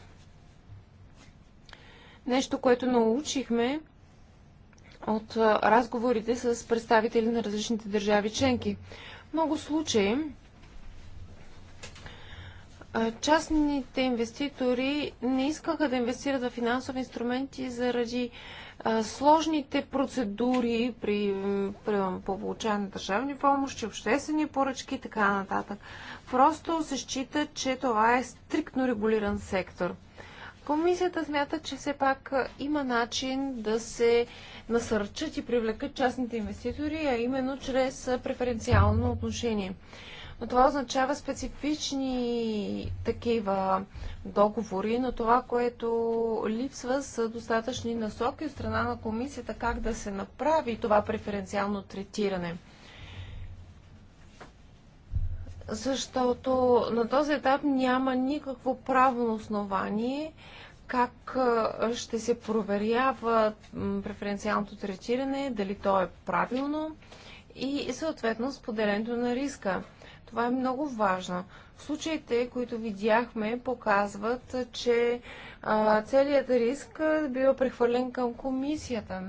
Нещо, което научихме от разговорите с представители на различните държави членки. Много случаи частните инвеститори не искаха да инвестират в финансови инструменти заради сложните процедури при, при получаване на държавни помощи, обществени поръчки и така нататък. Просто се счита, че това е стриктно регулиран сектор. Комисията смята, че все пак има начин да се насърчат и привлекат частните инвеститори, а именно чрез преференциално отношение но това означава специфични такива договори, но това, което липсва са достатъчни насоки от страна на комисията как да се направи това преференциално третиране. Защото на този етап няма никакво правно основание как ще се проверява преференциалното третиране, дали то е правилно и съответно споделянето на риска. Това е много важно. Случаите, които видяхме, показват, че а, целият риск бива прехвърлен към комисията.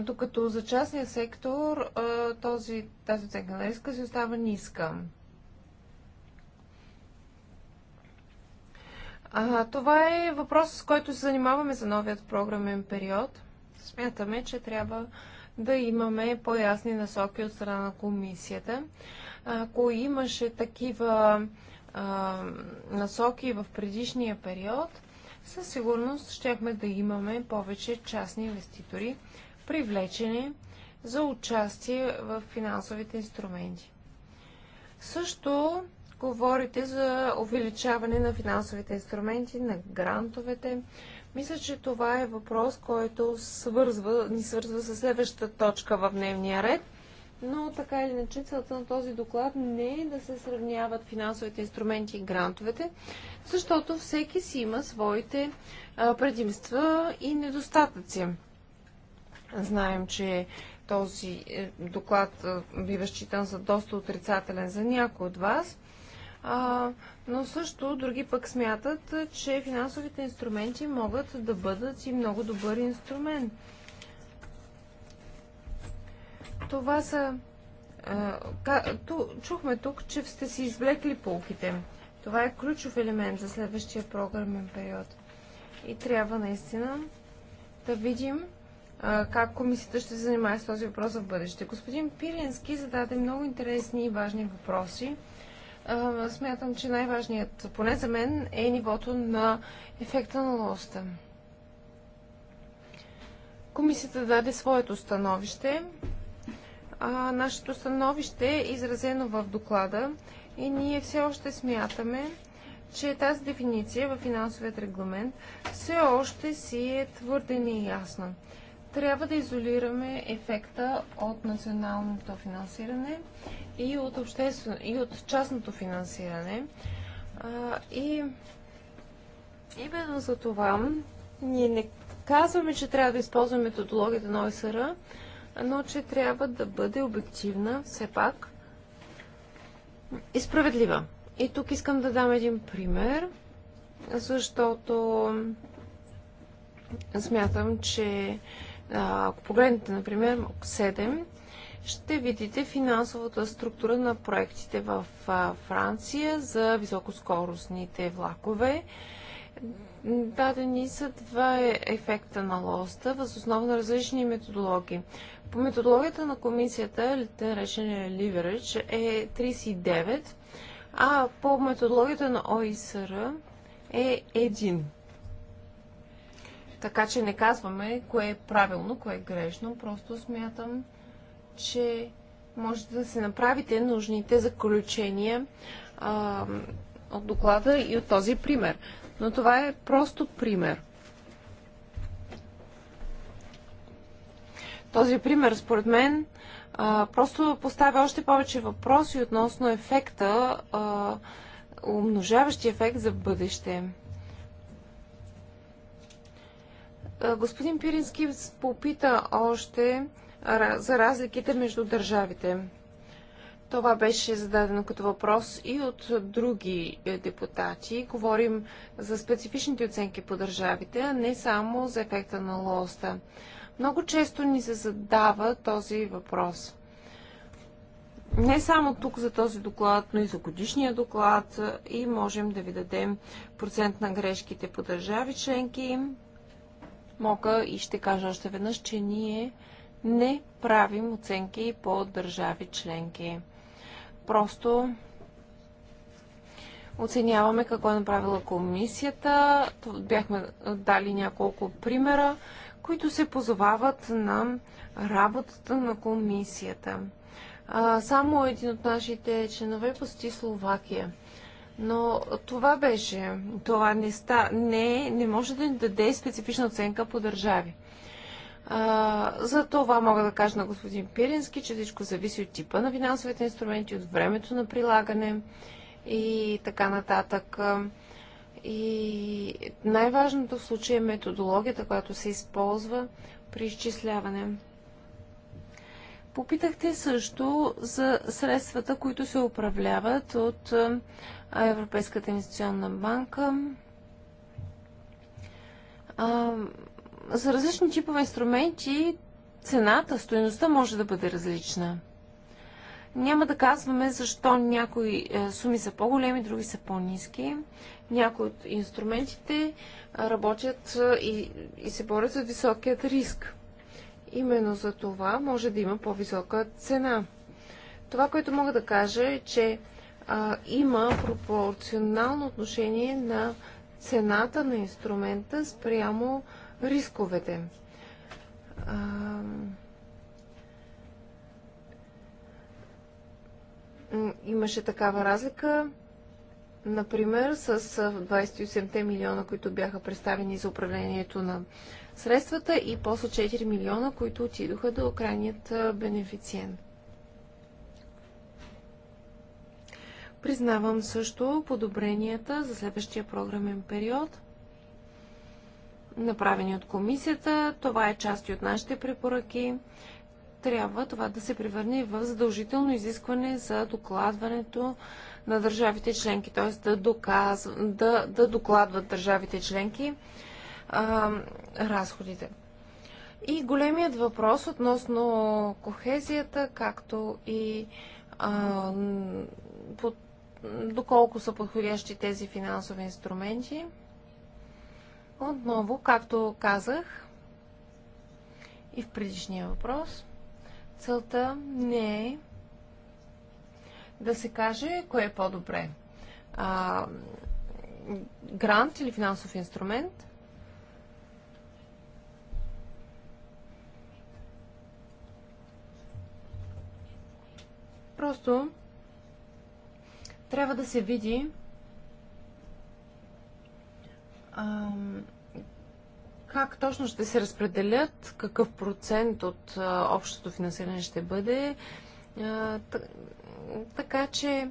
Докато за частния сектор а, този, тази оценка на риска си остава ниска. А, това е въпрос, с който се занимаваме за новият програмен период. Смятаме, че трябва да имаме по-ясни насоки от страна на комисията. Ако имаше такива а, насоки в предишния период, със сигурност щяхме да имаме повече частни инвеститори, привлечени за участие в финансовите инструменти. Също говорите за увеличаване на финансовите инструменти, на грантовете. Мисля, че това е въпрос, който свързва, ни свързва с следващата точка в дневния ред – но така или иначе целта на този доклад не е да се сравняват финансовите инструменти и грантовете, защото всеки си има своите предимства и недостатъци. Знаем, че този е, доклад бива считан за доста отрицателен за някои от вас, но също други пък смятат, че финансовите инструменти могат да бъдат и много добър инструмент това са... Чухме тук, че сте си извлекли полките. Това е ключов елемент за следващия програмен период. И трябва наистина да видим как комисията ще се занимае с този въпрос в бъдеще. Господин Пиренски зададе много интересни и важни въпроси. Смятам, че най-важният, поне за мен, е нивото на ефекта на лоста. Комисията даде своето становище а, нашето становище е изразено в доклада и ние все още смятаме, че тази дефиниция в финансовият регламент все още си е твърде неясна. Трябва да изолираме ефекта от националното финансиране и от, обществен... и от частното финансиране. А, и именно за това ние не казваме, че трябва да използваме методологията на ОСР, но че трябва да бъде обективна все пак и справедлива. И тук искам да дам един пример, защото смятам, че ако погледнете, например, 7, ще видите финансовата структура на проектите в Франция за високоскоростните влакове. Дадени са два ефекта на лоста, възоснова на различни методологии. По методологията на комисията, наречена Leverage, е 39, а по методологията на ОИСР е 1. Така че не казваме кое е правилно, кое е грешно, просто смятам, че можете да се направите нужните заключения а, от доклада и от този пример. Но това е просто пример. Този пример, според мен, просто поставя още повече въпроси относно ефекта, умножаващи ефект за бъдеще. Господин Пирински попита още за разликите между държавите. Това беше зададено като въпрос и от други е, депутати. Говорим за специфичните оценки по държавите, а не само за ефекта на лоста. Много често ни се задава този въпрос. Не само тук за този доклад, но и за годишния доклад е, и можем да ви дадем процент на грешките по държави членки. Мога и ще кажа още веднъж, че ние не правим оценки по държави членки. Просто оценяваме какво е направила комисията. Бяхме дали няколко примера, които се позовават на работата на комисията. само един от нашите членове посети Словакия. Но това беше. Това не, ста, не, не може да ни даде специфична оценка по държави. А, за това мога да кажа на господин Пирински, че всичко зависи от типа на финансовите инструменти, от времето на прилагане и така нататък. И най-важното в случая е методологията, която се използва при изчисляване. Попитахте също за средствата, които се управляват от Европейската инвестиционна банка за различни типове инструменти цената, стоеността може да бъде различна. Няма да казваме защо някои е, суми са по-големи, други са по-низки. Някои от инструментите е, работят е, и, и се борят за високият риск. Именно за това може да има по-висока цена. Това, което мога да кажа е, че а, има пропорционално отношение на цената на инструмента спрямо а, рисковете. А, имаше такава разлика, например, с 28 милиона, които бяха представени за управлението на средствата и после 4 милиона, които отидоха до крайният бенефициент. Признавам също подобренията за следващия програмен период – направени от комисията. Това е част и от нашите препоръки. Трябва това да се превърне в задължително изискване за докладването на държавите членки, т.е. Да, доказ... да, да докладват държавите членки а, разходите. И големият въпрос относно кохезията, както и а, под, доколко са подходящи тези финансови инструменти – отново, както казах и в предишния въпрос, целта не е да се каже кое е по-добре. грант или финансов инструмент. Просто трябва да се види как точно ще се разпределят, какъв процент от общото финансиране ще бъде. така че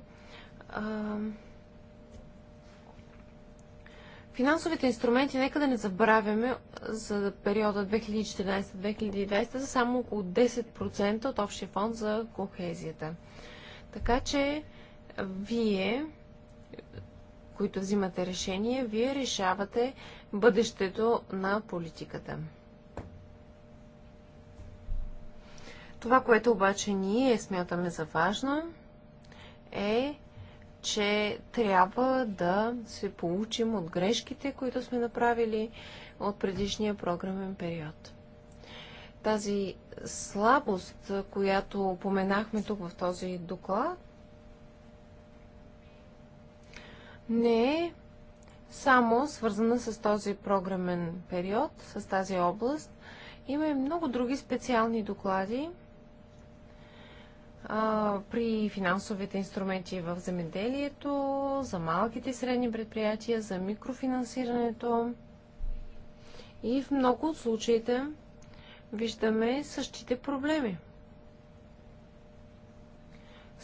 финансовите инструменти, нека да не забравяме, за периода 2014-2020 за само около 10% от общия фонд за кохезията. Така че вие които взимате решение, вие решавате бъдещето на политиката. Това, което обаче ние смятаме за важно, е, че трябва да се получим от грешките, които сме направили от предишния програмен период. Тази слабост, която упоменахме тук в този доклад, не е само свързана с този програмен период, с тази област. Има и много други специални доклади а, при финансовите инструменти в земеделието, за малките и средни предприятия, за микрофинансирането. И в много от случаите виждаме същите проблеми.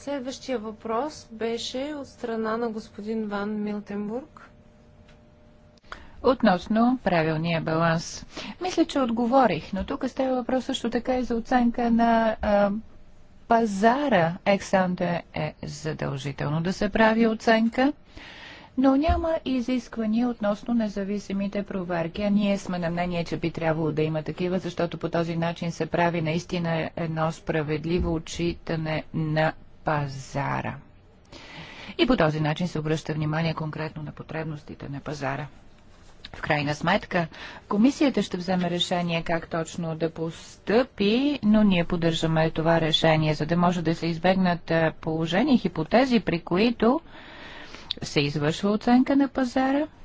Следващия въпрос беше от страна на господин Ван Милтенбург. Относно правилния баланс. Мисля, че отговорих, но тук става въпрос също така и за оценка на а, пазара. Ексанте е задължително да се прави оценка но няма изисквания относно независимите проверки. А ние сме на мнение, че би трябвало да има такива, защото по този начин се прави наистина едно справедливо отчитане на пазара. И по този начин се обръща внимание конкретно на потребностите на пазара. В крайна сметка, комисията ще вземе решение как точно да постъпи, но ние поддържаме това решение, за да може да се избегнат положения и хипотези, при които се извършва оценка на пазара –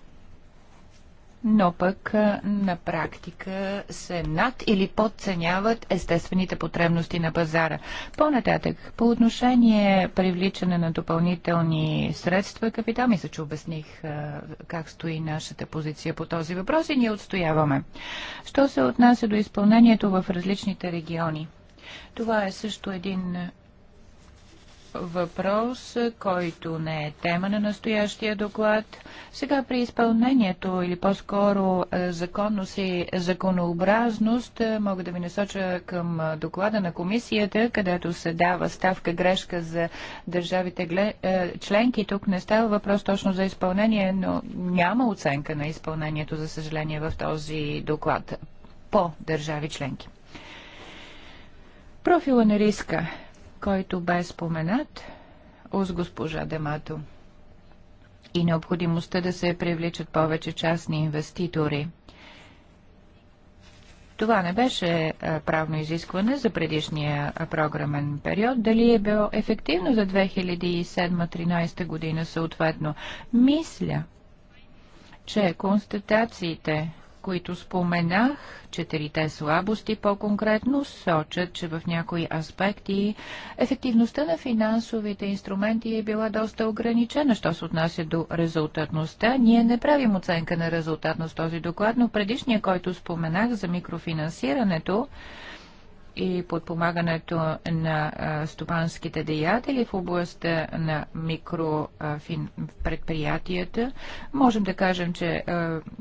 но пък на практика се над или подценяват естествените потребности на пазара. По-нататък, по отношение привличане на допълнителни средства, капитал, мисля, че обясних как стои нашата позиция по този въпрос и ние отстояваме. Що се отнася до изпълнението в различните региони? Това е също един въпрос, който не е тема на настоящия доклад. Сега при изпълнението или по-скоро е, законност и законообразност е, мога да ви насоча към е, доклада на комисията, където се дава ставка грешка за държавите членки. Тук не става въпрос точно за изпълнение, но няма оценка на изпълнението, за съжаление, в този доклад по държави членки. Профила на риска който бе споменат от госпожа Демато и необходимостта да се привличат повече частни инвеститори. Това не беше правно изискване за предишния програмен период. Дали е било ефективно за 2007-2013 година съответно? Мисля, че констатациите които споменах, четирите слабости по-конкретно, сочат, че в някои аспекти ефективността на финансовите инструменти е била доста ограничена, що се отнася до резултатността. Ние не правим оценка на резултатност този доклад, но предишния, който споменах за микрофинансирането, и подпомагането на стопанските деятели в областта на микропредприятията. Можем да кажем, че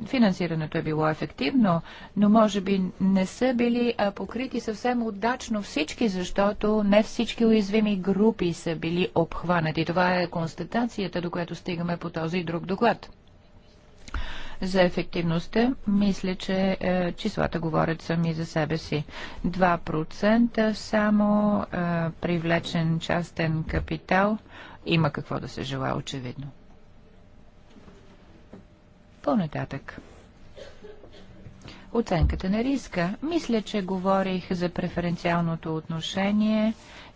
финансирането е било ефективно, но може би не са били покрити съвсем удачно всички, защото не всички уязвими групи са били обхванати. Това е констатацията, до която стигаме по този друг доклад. За ефективността, мисля, че е, числата говорят сами за себе си. 2% само е, привлечен частен капитал. Има какво да се желая, очевидно. По-нататък. Оценката на риска. Мисля, че говорих за преференциалното отношение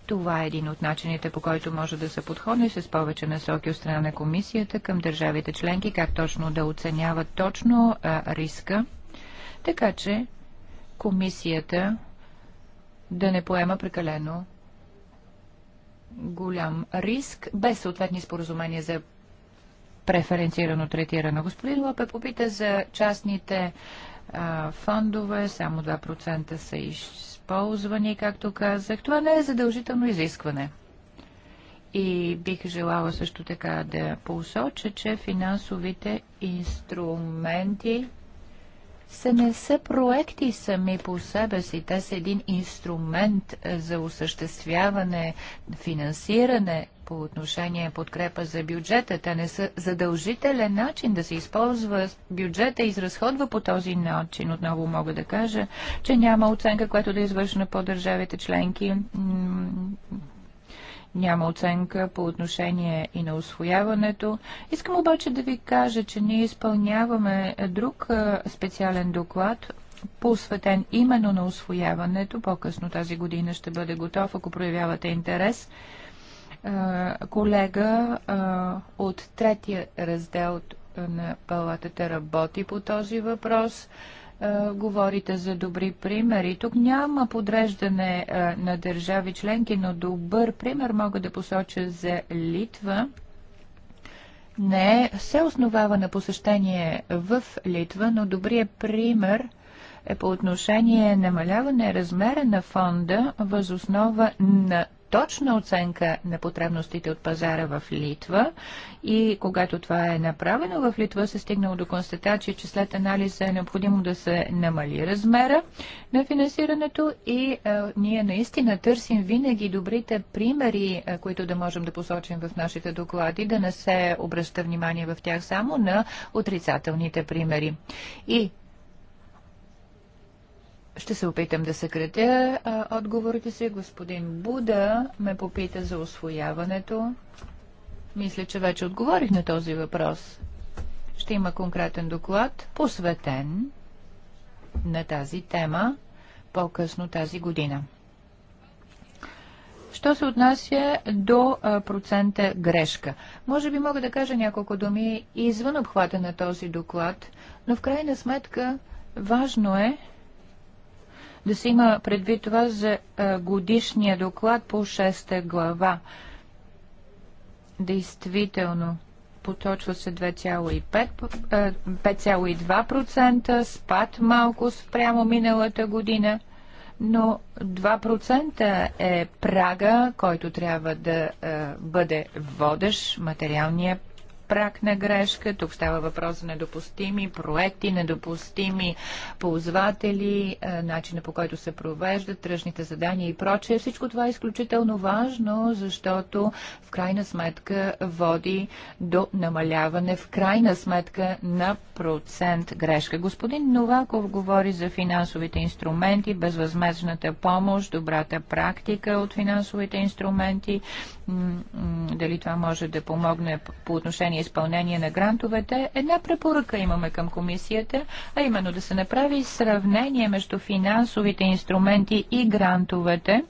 това е един от начините, по който може да се подходи с повече насоки от страна на комисията към държавите членки, как точно да оценяват точно а, риска, така че комисията да не поема прекалено голям риск, без съответни споразумения за преференцирано третиране. Господин Лопе попита за частните а, фондове, само 2% са и ползвани, както казах. Това не е задължително изискване. И бих желала също така да посоча, че финансовите инструменти се не са проекти сами по себе си. Те са един инструмент за осъществяване, финансиране по отношение подкрепа за бюджета. Те не са задължителен начин да се използва бюджета и изразходва по този начин. Отново мога да кажа, че няма оценка, която да е извършена по държавите членки. Няма оценка по отношение и на освояването. Искам обаче да ви кажа, че ние изпълняваме друг специален доклад посветен именно на освояването. По-късно тази година ще бъде готов, ако проявявате интерес колега от третия раздел на палатата работи по този въпрос говорите за добри примери. Тук няма подреждане на държави членки, но добър пример мога да посоча за Литва. Не се основава на посещение в Литва, но добрият пример е по отношение намаляване размера на фонда възоснова на точна оценка на потребностите от пазара в Литва и когато това е направено в Литва, се стигнало до констатация, че след анализа е необходимо да се намали размера на финансирането и а, е, ние наистина търсим винаги добрите примери, а, е, които да можем да посочим в нашите доклади, да не се обръща внимание в тях само на отрицателните примери. И ще се опитам да съкратя отговорите си. Господин Буда ме попита за освояването. Мисля, че вече отговорих на този въпрос. Ще има конкретен доклад, посветен на тази тема по-късно тази година. Що се отнася до процента грешка? Може би мога да кажа няколко думи извън обхвата на този доклад, но в крайна сметка важно е да се има предвид това за годишния доклад по 6 глава. Действително, поточва се 5,2%, спад малко спрямо миналата година, но 2% е прага, който трябва да бъде водещ материалния прак на грешка. Тук става въпрос за недопустими проекти, недопустими ползватели, е, начина по който се провеждат, тръжните задания и прочее. Всичко това е изключително важно, защото в крайна сметка води до намаляване, в крайна сметка на процент грешка. Господин Новаков говори за финансовите инструменти, безвъзмезната помощ, добрата практика от финансовите инструменти, дали това може да помогне по отношение изпълнение на грантовете. Една препоръка имаме към комисията, а именно да се направи сравнение между финансовите инструменти и грантовете.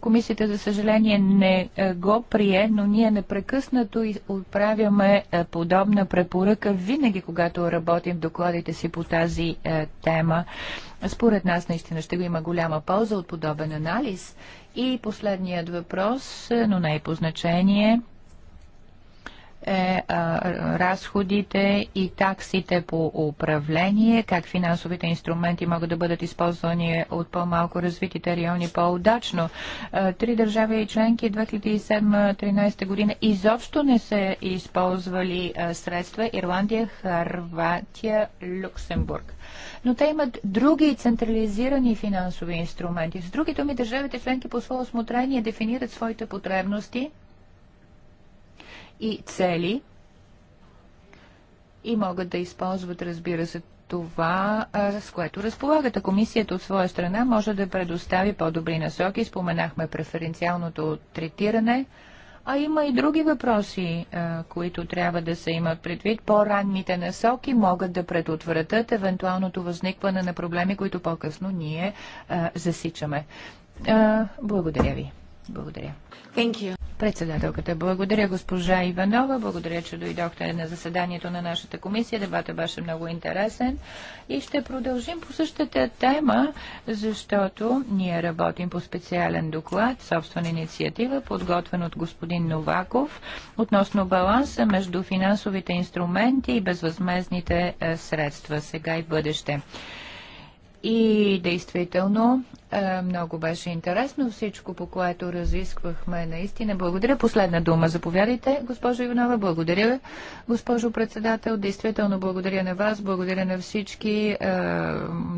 Комисията, за съжаление, не го прие, но ние непрекъснато отправяме подобна препоръка винаги, когато работим в докладите си по тази тема. Според нас наистина ще го има голяма полза от подобен анализ и последният въпрос, но не е по значение, е а, разходите и таксите по управление, как финансовите инструменти могат да бъдат използвани от по-малко развитите райони по-удачно. Три държави и членки 2007-2013 година изобщо не са използвали а, средства Ирландия, Харватия, Люксембург но те имат други централизирани финансови инструменти. С други думи, държавите членки по свое осмотрение дефинират своите потребности и цели и могат да използват, разбира се, това, с което разполагат. А комисията от своя страна може да предостави по-добри насоки. Споменахме преференциалното третиране – а има и други въпроси, е, които трябва да се имат предвид. По-ранните насоки могат да предотвратят евентуалното възникване на проблеми, които по-късно ние е, засичаме. Е, благодаря ви. Благодаря. Thank you. Председателката, благодаря госпожа Иванова, благодаря, че дойдохте на заседанието на нашата комисия. Дебата беше много интересен и ще продължим по същата тема, защото ние работим по специален доклад, собствена инициатива, подготвен от господин Новаков, относно баланса между финансовите инструменти и безвъзмезните е, средства сега и бъдеще. И действително, е, много беше интересно всичко, по което разисквахме наистина. Благодаря. Последна дума. Заповядайте, госпожо Иванова. Благодаря, госпожо председател. Действително благодаря на вас. Благодаря на всички е,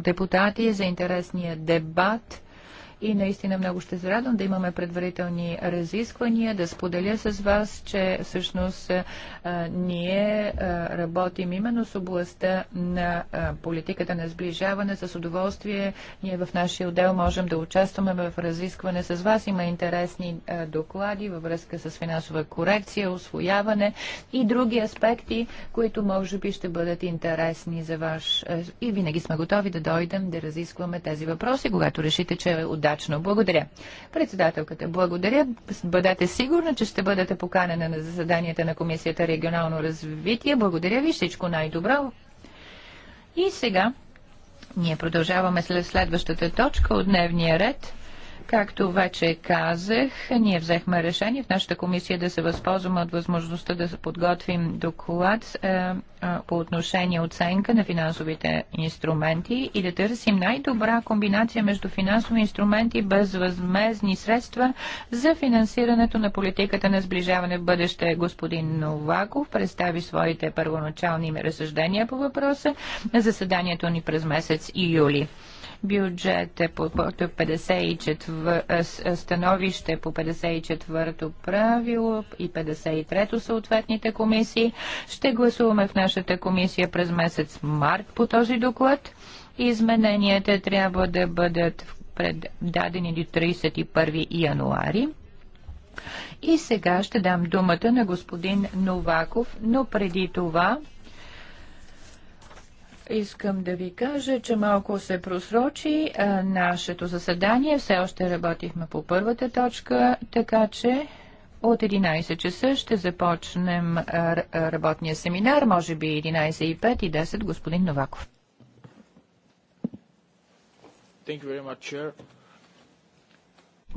депутати за интересния дебат и наистина много ще зарадвам да имаме предварителни разисквания, да споделя с вас, че всъщност ние работим именно с областта на политиката на сближаване. С удоволствие ние в нашия отдел можем да участваме в разискване с вас. Има интересни доклади във връзка с финансова корекция, освояване и други аспекти, които може би ще бъдат интересни за ваш. И винаги сме готови да дойдем да разискваме тези въпроси, когато решите, че е отдел удачно. Благодаря. Председателката, благодаря. Бъдете сигурни, че ще бъдете поканена на заседанията на Комисията регионално развитие. Благодаря ви. Всичко най-добро. И сега ние продължаваме след следващата точка от дневния ред – Както вече казах, ние взехме решение в нашата комисия да се възползваме от възможността да се подготвим доклад е, е, по отношение оценка на финансовите инструменти и да търсим най-добра комбинация между финансови инструменти и безвъзмезни средства за финансирането на политиката на сближаване в бъдеще. Господин Новаков представи своите първоначални разсъждения по въпроса на заседанието ни през месец июли. юли. Бюджет е по 54, е е, становище по 54-то правило и 53-то съответните комисии. Ще гласуваме в нашата комисия през месец март по този доклад. Измененията трябва да бъдат предадени до 31 януари. И сега ще дам думата на господин Новаков, но преди това Искам да ви кажа, че малко се просрочи нашето заседание. Все още работихме по първата точка, така че от 11 часа ще започнем работния семинар, може би 11.05 и и 10, господин Новаков. Thank you very much, Chair.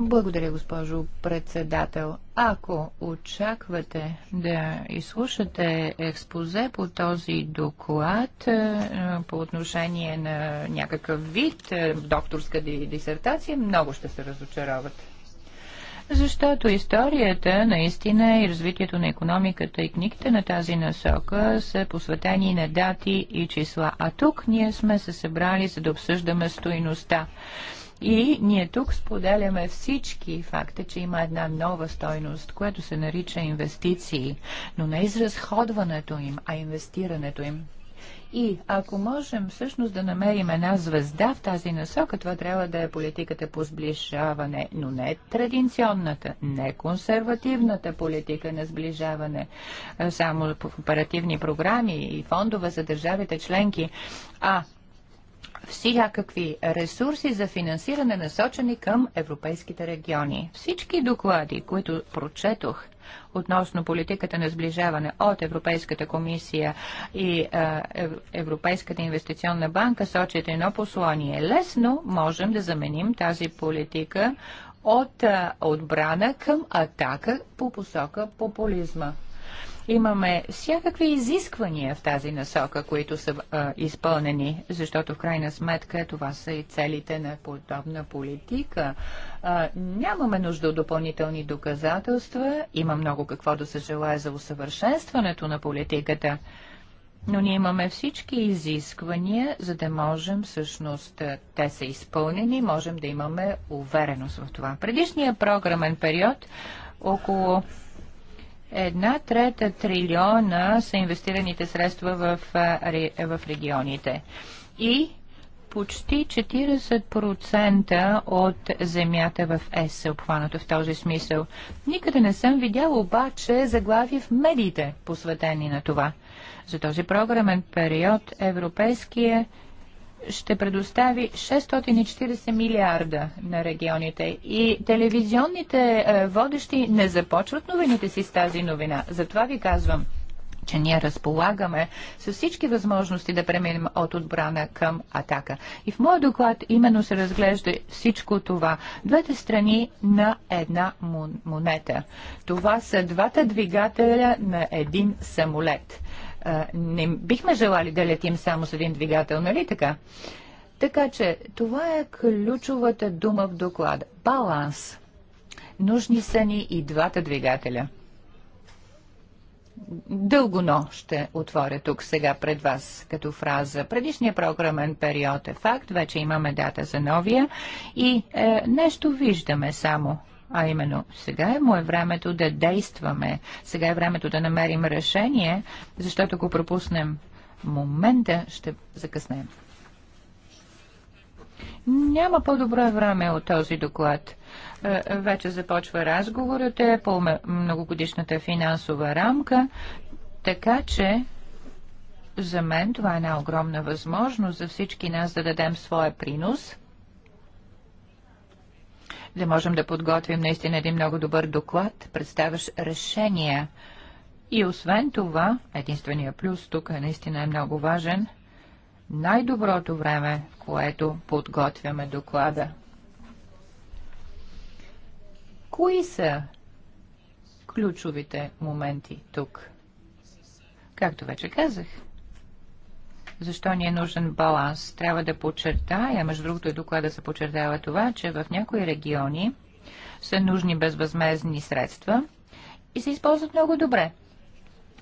Благодаря, госпожо председател. Ако очаквате да изслушате експозе по този доклад е, по отношение на някакъв вид е, докторска дисертация, много ще се разочаровате. Защото историята наистина и развитието на економиката и книгите на тази насока са посветени на дати и числа. А тук ние сме се събрали, за да обсъждаме стоиността. И ние тук споделяме всички факта, че има една нова стойност, което се нарича инвестиции, но не изразходването им, а инвестирането им. И ако можем всъщност да намерим една звезда в тази насока, това трябва да е политиката по сближаване, но не традиционната, не консервативната политика на сближаване, само по оперативни програми и фондове за държавите членки, а всякакви ресурси за финансиране насочени към европейските региони. Всички доклади, които прочетох относно политиката на сближаване от Европейската комисия и Европейската инвестиционна банка, сочат едно послание. Лесно можем да заменим тази политика от отбрана към атака по посока популизма имаме всякакви изисквания в тази насока, които са а, изпълнени, защото в крайна сметка това са и целите на подобна политика. А, нямаме нужда от допълнителни доказателства, има много какво да се желая за усъвършенстването на политиката. Но ние имаме всички изисквания, за да можем всъщност те са изпълнени, можем да имаме увереност в това. Предишния програмен период около Една трета трилиона са инвестираните средства в, в регионите. И почти 40% от земята в ЕС е обхванато в този смисъл. Никъде не съм видял обаче заглави в медиите, посветени на това. За този програмен период Европейския ще предостави 640 милиарда на регионите. И телевизионните е, водещи не започват новините си с тази новина. Затова ви казвам че ние разполагаме с всички възможности да преминем от отбрана към атака. И в моя доклад именно се разглежда всичко това. Двете страни на една монета. Това са двата двигателя на един самолет не бихме желали да летим само с един двигател, нали така? Така че това е ключовата дума в доклада. Баланс. Нужни са ни и двата двигателя. Дълго но ще отворя тук сега пред вас като фраза. Предишният програмен период е факт, вече имаме дата за новия и е, нещо виждаме само а именно, сега е му е времето да действаме, сега е времето да намерим решение, защото ако пропуснем момента, ще закъснем. Няма по-добро време от този доклад. Е, вече започва разговорът е по многогодишната финансова рамка, така че за мен това е една огромна възможност за всички нас да дадем своя принос – да можем да подготвим наистина един много добър доклад, представяш решения. И освен това, единствения плюс тук е наистина е много важен, най-доброто време, в което подготвяме доклада. Кои са ключовите моменти тук? Както вече казах, защо ни е нужен баланс. Трябва да подчертая, между другото и доклада се подчертава това, че в някои региони са нужни безвъзмезни средства и се използват много добре.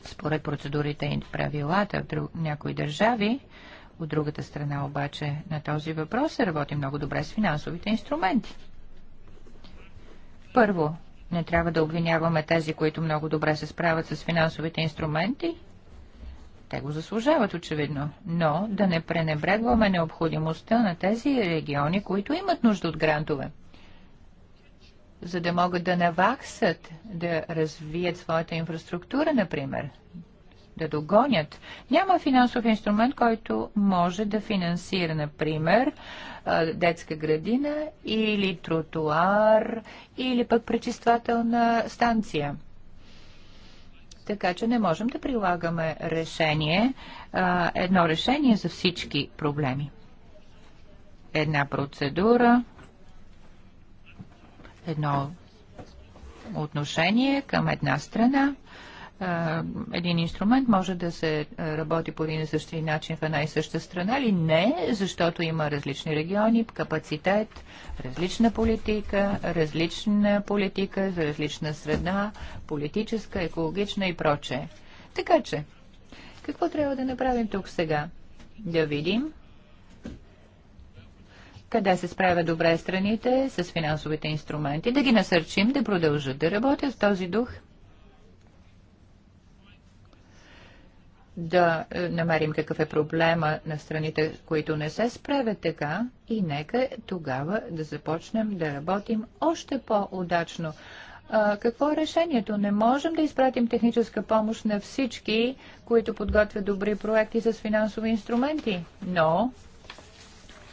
Според процедурите и правилата в друг, някои държави, от другата страна обаче на този въпрос се работи много добре с финансовите инструменти. Първо, не трябва да обвиняваме тези, които много добре се справят с финансовите инструменти, те го заслужават очевидно, но да не пренебрегваме необходимостта на тези региони, които имат нужда от грантове, за да могат да наваксат, да развият своята инфраструктура, например, да догонят. Няма финансов инструмент, който може да финансира, например, детска градина или тротуар или пък пречиствателна станция – така че не можем да прилагаме решение, а, едно решение за всички проблеми. Една процедура, едно отношение към една страна един инструмент може да се работи по един и същи начин в една и съща страна или не, защото има различни региони, капацитет, различна политика, различна политика за различна среда, политическа, екологична и прочее. Така че, какво трябва да направим тук сега? Да видим къде се справят добре страните с финансовите инструменти, да ги насърчим да продължат да работят в този дух – да е, намерим какъв е проблема на страните, които не се справят така и нека тогава да започнем да работим още по-удачно. Какво е решението? Не можем да изпратим техническа помощ на всички, които подготвят добри проекти с финансови инструменти, но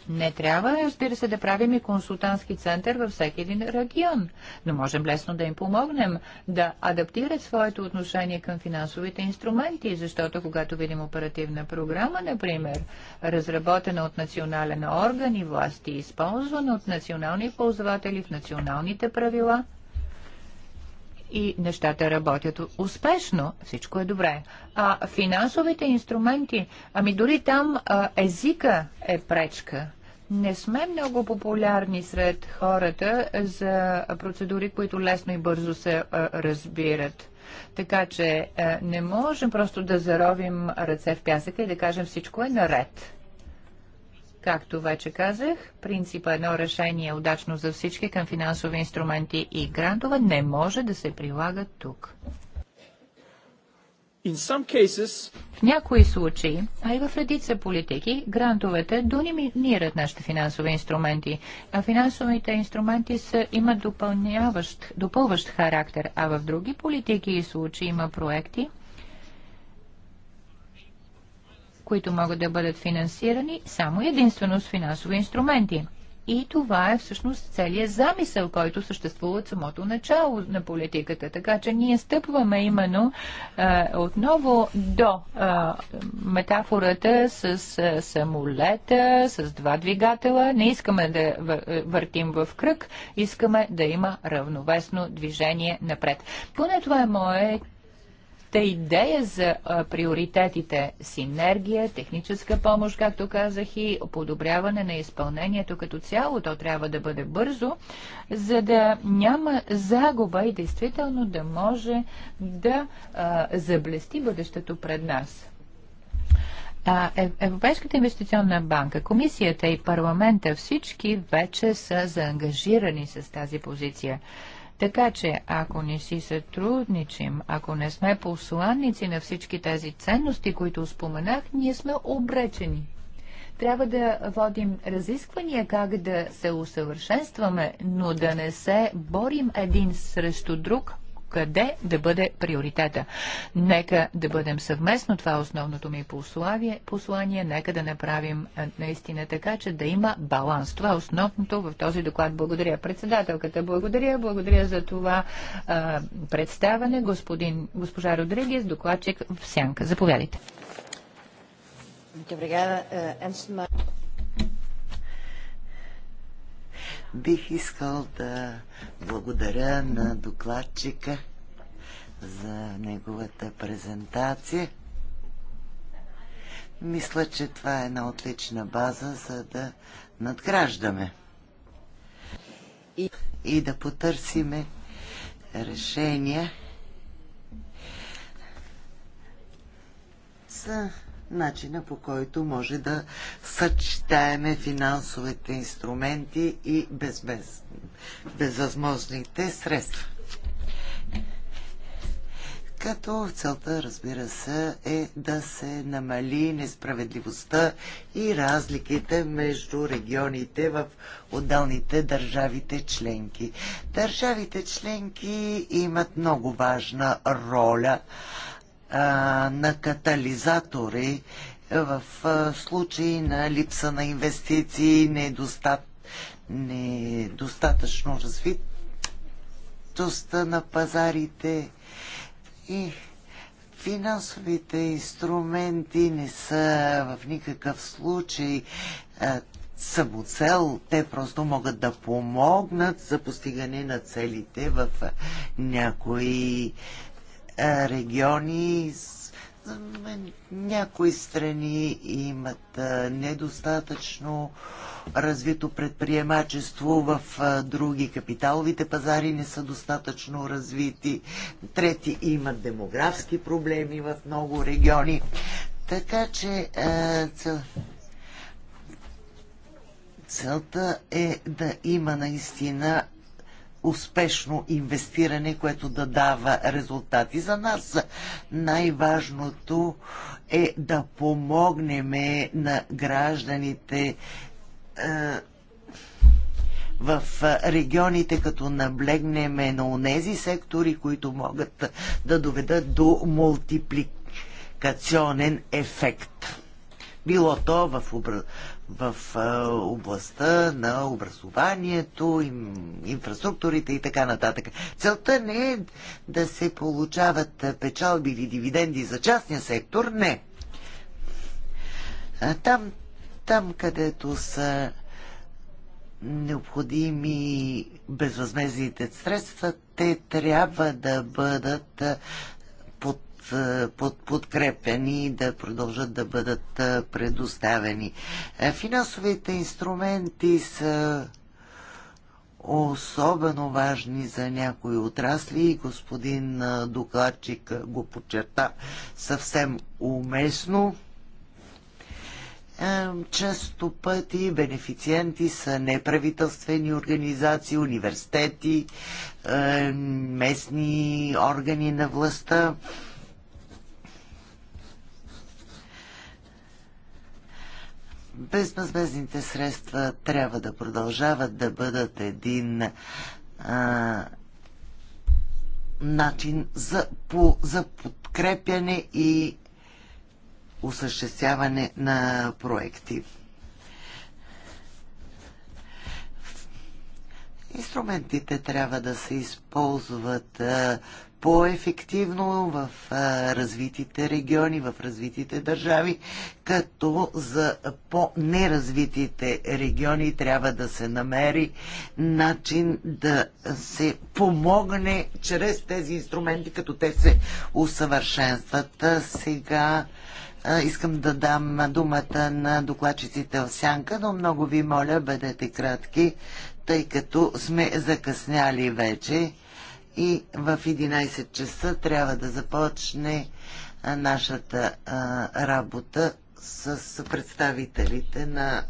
не трябва, разбира се, да правим и консултантски център във всеки един регион, но можем лесно да им помогнем да адаптират своето отношение към финансовите инструменти, защото когато видим оперативна програма, например, разработена от национален орган и власти, използвана от национални ползватели в националните правила, и нещата работят успешно, всичко е добре. А финансовите инструменти, ами дори там а, езика е пречка не сме много популярни сред хората за процедури, които лесно и бързо се разбират. Така че не можем просто да заровим ръце в пясъка и да кажем всичко е наред. Както вече казах, принципа едно решение е удачно за всички към финансови инструменти и грантове не може да се прилага тук. В някои случаи, а и в редица политики, грантовете доминират нашите финансови инструменти, а финансовите инструменти са, имат допълняващ, допълващ характер, а в други политики и случаи има проекти, които могат да бъдат финансирани само единствено с финансови инструменти. И това е всъщност целият замисъл, който съществува от самото начало на политиката. Така че ние стъпваме именно е, отново до е, метафората с е, самолета, с два двигателя. Не искаме да въртим в кръг, искаме да има равновесно движение напред. Поне това е моят Та идея за приоритетите синергия, техническа помощ, както казах, и подобряване на изпълнението като цяло, то трябва да бъде бързо, за да няма загуба и действително да може да заблести бъдещето пред нас. Европейската инвестиционна банка, комисията и парламента, всички вече са заангажирани с тази позиция. Така че, ако не си сътрудничим, ако не сме посланници на всички тези ценности, които споменах, ние сме обречени. Трябва да водим разисквания как да се усъвършенстваме, но да не се борим един срещу друг – къде да бъде приоритета. Нека да бъдем съвместно, това е основното ми послание, послание. нека да направим наистина така, че да има баланс. Това е основното в този доклад. Благодаря председателката, благодаря, благодаря за това а, представане. Господин, госпожа Родригес, докладчик в Сянка. Заповядайте. Muito obrigada. Uh, antes de mais... Бих искал да благодаря на докладчика за неговата презентация. Мисля, че това е една отлична база, за да надграждаме и, и да потърсиме решения за начина по който може да съчетаеме финансовите инструменти и без, без, безвъзможните средства. Като целта, разбира се, е да се намали несправедливостта и разликите между регионите в отделните държавите членки. Държавите членки имат много важна роля на катализатори в случай на липса на инвестиции, недостат, недостатъчно развитост на пазарите и финансовите инструменти не са в никакъв случай самоцел. Те просто могат да помогнат за постигане на целите в някои региони. Някои страни имат недостатъчно развито предприемачество, в други капиталовите пазари не са достатъчно развити, трети имат демографски проблеми в много региони. Така че цел... целта е да има наистина успешно инвестиране, което да дава резултати. За нас най-важното е да помогнем на гражданите е, в регионите, като наблегнеме на онези сектори, които могат да доведат до мултипликационен ефект. Било то в, обр в областта на образованието, инфраструктурите и така нататък. Целта не е да се получават печалби или дивиденди за частния сектор, не. Там, там където са необходими безвъзмезните средства, те трябва да бъдат е, под, подкрепени и да продължат да бъдат е, предоставени. Е, финансовите инструменти са особено важни за някои отрасли и господин докладчик го подчерта съвсем уместно. Често пъти бенефициенти са неправителствени организации, университети, местни органи на властта. безвъзмезните средства трябва да продължават да бъдат един а, начин за, по, за подкрепяне и осъществяване на проекти. Инструментите трябва да се използват а, по-ефективно в развитите региони, в развитите държави, като за по-неразвитите региони трябва да се намери начин да се помогне чрез тези инструменти, като те се усъвършенстват. Сега искам да дам думата на докладчиците в сянка, но много ви моля, бъдете кратки, тъй като сме закъсняли вече и в 11 часа трябва да започне нашата работа с представителите на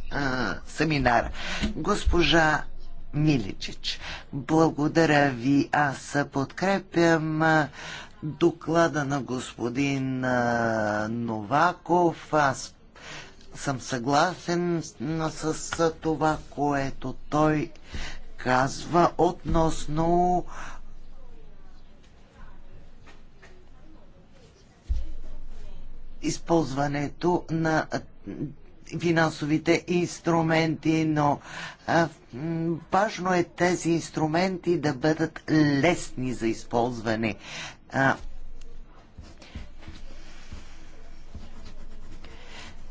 семинара. Госпожа Миличич, благодаря ви. Аз подкрепям доклада на господин Новаков. Аз съм съгласен с това, което той казва относно използването на финансовите инструменти, но важно е тези инструменти да бъдат лесни за използване. А,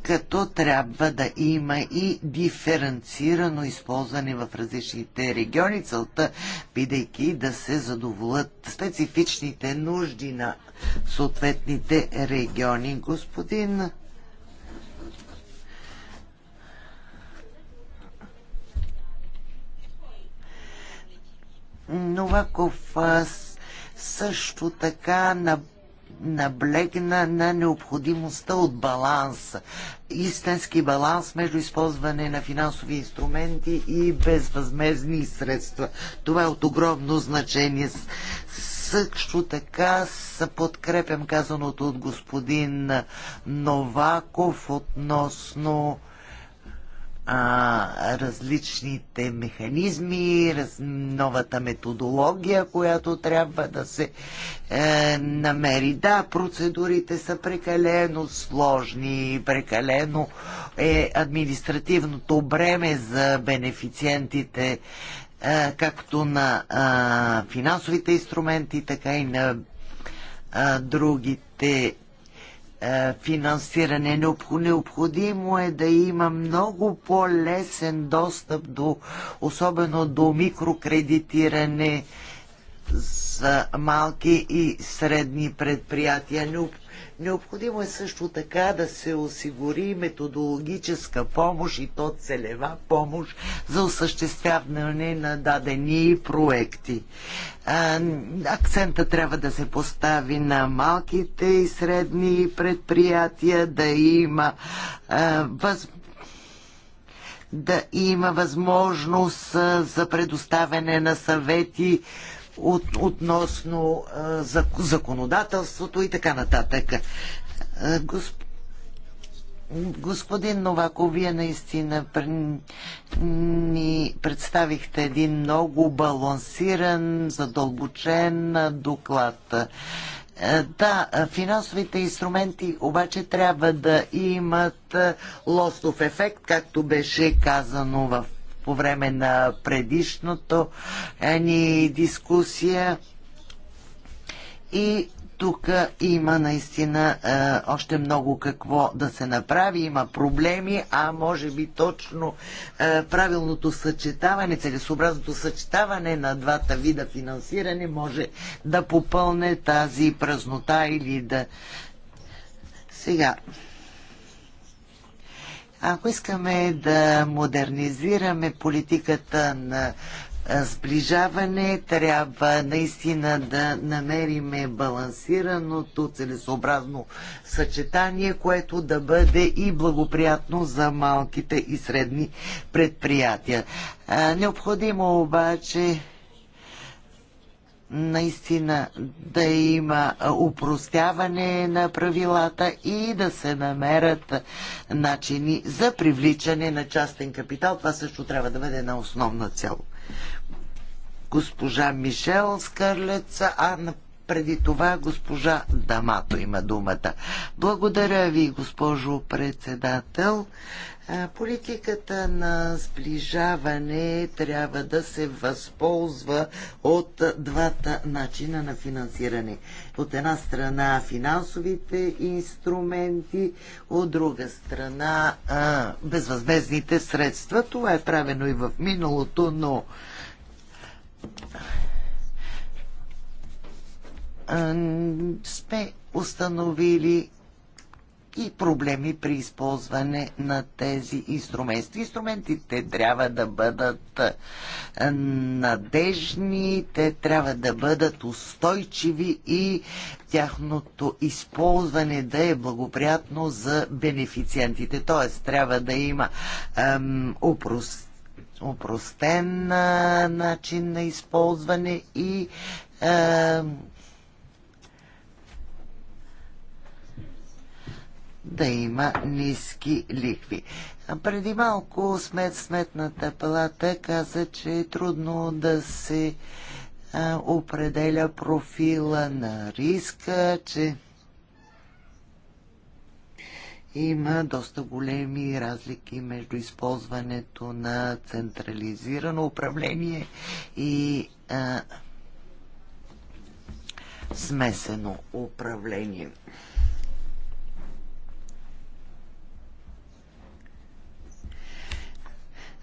като трябва да има и диференцирано използване в различните региони. Целта бидейки да се задоволят специфичните нужди на съответните региони. Господин Новаков също така на наблегна на необходимостта от баланс. Истински баланс между използване на финансови инструменти и безвъзмезни средства. Това е от огромно значение. Също така подкрепям казаното от господин Новаков относно а, различните механизми, раз, новата методология, която трябва да се е, намери. Да, процедурите са прекалено сложни, прекалено е административното бреме за бенефициентите, е, както на е, финансовите инструменти, така и на е, другите е, финансиране. Необходимо е да има много по-лесен достъп до, особено до микрокредитиране за малки и средни предприятия. Необходимо Необходимо е също така да се осигури методологическа помощ и то целева помощ за осъществяване на дадени проекти. Акцента трябва да се постави на малките и средни предприятия, да има въз... да има възможност за предоставяне на съвети от, относно а, законодателството и така нататък. А, госп... Господин Новако, вие наистина ни представихте един много балансиран, задълбочен доклад. Да, финансовите инструменти обаче трябва да имат лостов ефект, както беше казано в по време на предишното е, ни дискусия. И тук има наистина е, още много какво да се направи, има проблеми, а може би точно е, правилното съчетаване, целесообразното съчетаване на двата вида финансиране може да попълне тази празнота или да. Сега, ако искаме да модернизираме политиката на сближаване, трябва наистина да намериме балансираното, целесообразно съчетание, което да бъде и благоприятно за малките и средни предприятия. Необходимо обаче наистина да има упростяване на правилата и да се намерят начини за привличане на частен капитал. Това също трябва да бъде една основна цел. Госпожа Мишел Скърлеца, а преди това госпожа Дамато има думата. Благодаря ви, госпожо председател. Политиката на сближаване трябва да се възползва от двата начина на финансиране. От една страна финансовите инструменти, от друга страна безвъзмезните средства. Това е правено и в миналото, но сме установили и проблеми при използване на тези инструменти. Инструментите трябва да бъдат е, надежни, те трябва да бъдат устойчиви и тяхното използване да е благоприятно за бенефициентите. Т.е. трябва да има ем, упрост, упростен а, е, начин на използване и да има ниски лихви. преди малко смет сметната палата каза, че е трудно да се а, определя профила на риска, че има доста големи разлики между използването на централизирано управление и а, смесено управление.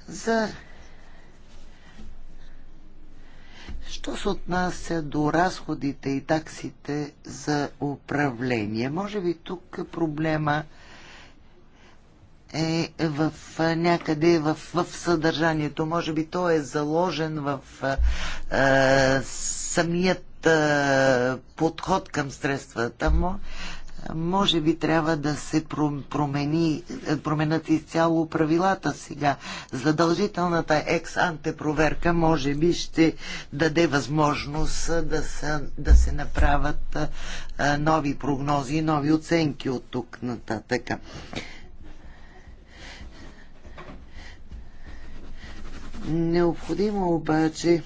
За Що се отнася до разходите и таксите за управление? Може би тук проблема е в някъде в, в съдържанието. Може би той е заложен в е, самият е, подход към средствата му може би трябва да се промени, е, променят изцяло правилата сега. Задължителната екс-анте проверка може би ще даде възможност е, да се, да се направят е, нови прогнози и нови оценки от тук нататък. Необходимо обаче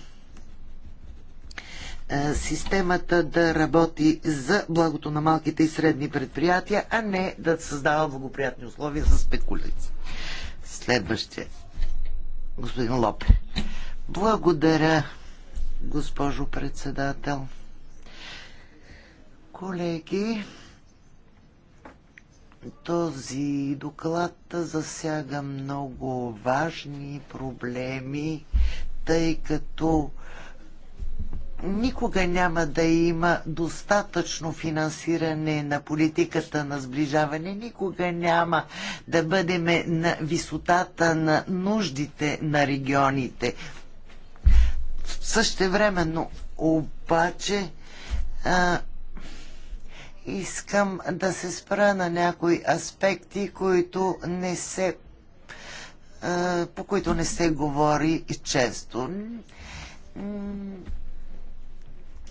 е, системата да работи за благото на малките и средни предприятия, а не да създава благоприятни условия за спекулици. Следващия. Господин Лопе. Благодаря, госпожо председател. Колеги, този доклад засяга много важни проблеми, тъй като никога няма да има достатъчно финансиране на политиката на сближаване, никога няма да бъдем на висотата на нуждите на регионите. Същевременно обаче а, искам да се спра на някои аспекти, които не се а, по които не се говори често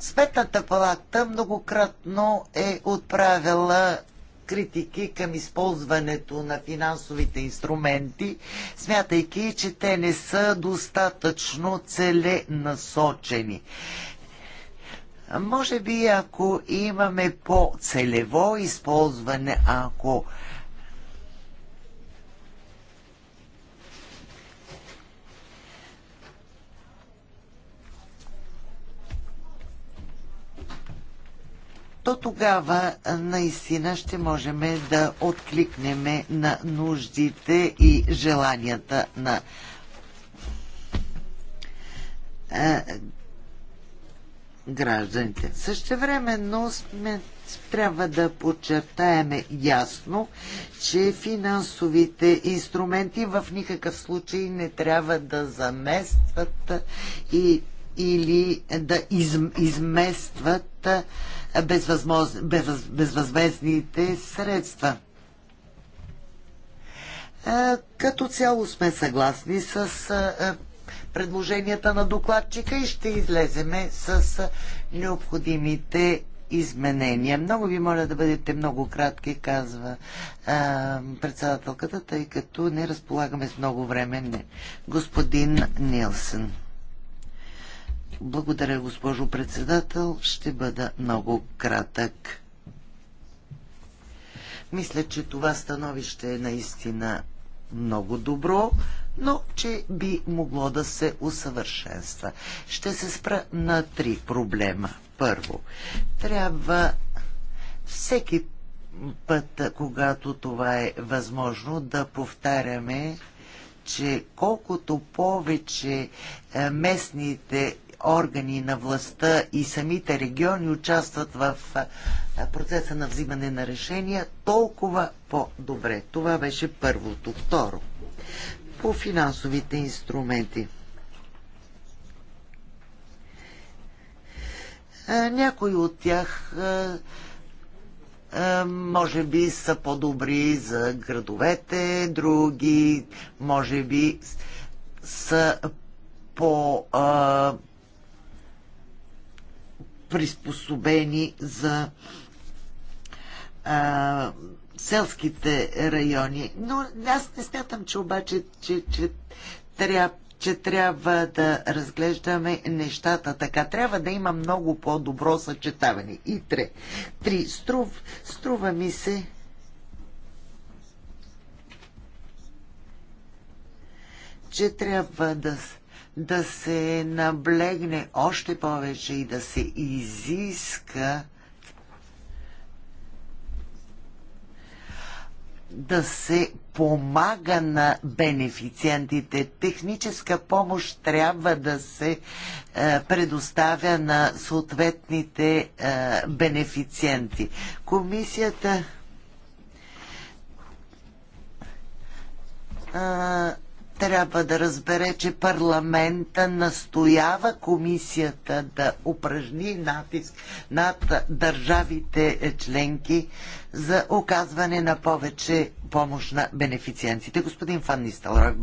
Сметната палата многократно е отправила критики към използването на финансовите инструменти, смятайки, че те не са достатъчно целенасочени. Може би ако имаме по-целево използване, ако то тогава наистина ще можем да откликнем на нуждите и желанията на гражданите. Същевременно сме, трябва да подчертаеме ясно, че финансовите инструменти в никакъв случай не трябва да заместват и, или да из, изместват безвъзмоз... безвъз... безвъзмезните средства. Е, като цяло сме съгласни с е, е, предложенията на докладчика и ще излеземе с необходимите изменения. Много ви моля да бъдете много кратки, казва а, председателката, тъй като не разполагаме с много време. Не. Господин Нилсън. Благодаря, госпожо председател. Ще бъда много кратък. Мисля, че това становище е наистина много добро, но че би могло да се усъвършенства. Ще се спра на три проблема. Първо, трябва всеки път, когато това е възможно, да повтаряме, че колкото повече е, местните органи на властта и самите региони участват в процеса на взимане на решения, толкова по-добре. Това беше първото. Второ, по финансовите инструменти. Някои от тях може би са по-добри за градовете, други може би са по, приспособени за а, селските райони. Но аз не смятам, че обаче, че, че, трябва, че трябва да разглеждаме нещата така. Трябва да има много по-добро съчетаване. И тре. Три. Струв, струва ми се, че трябва да, да се наблегне още повече и да се изиска да се помага на бенефициентите. Техническа помощ трябва да се е, предоставя на съответните е, бенефициенти. Комисията е, трябва да разбере, че парламента настоява комисията да упражни натиск над държавите е, членки за оказване на повече помощ на бенефициентите. Господин Фан Нисталрак,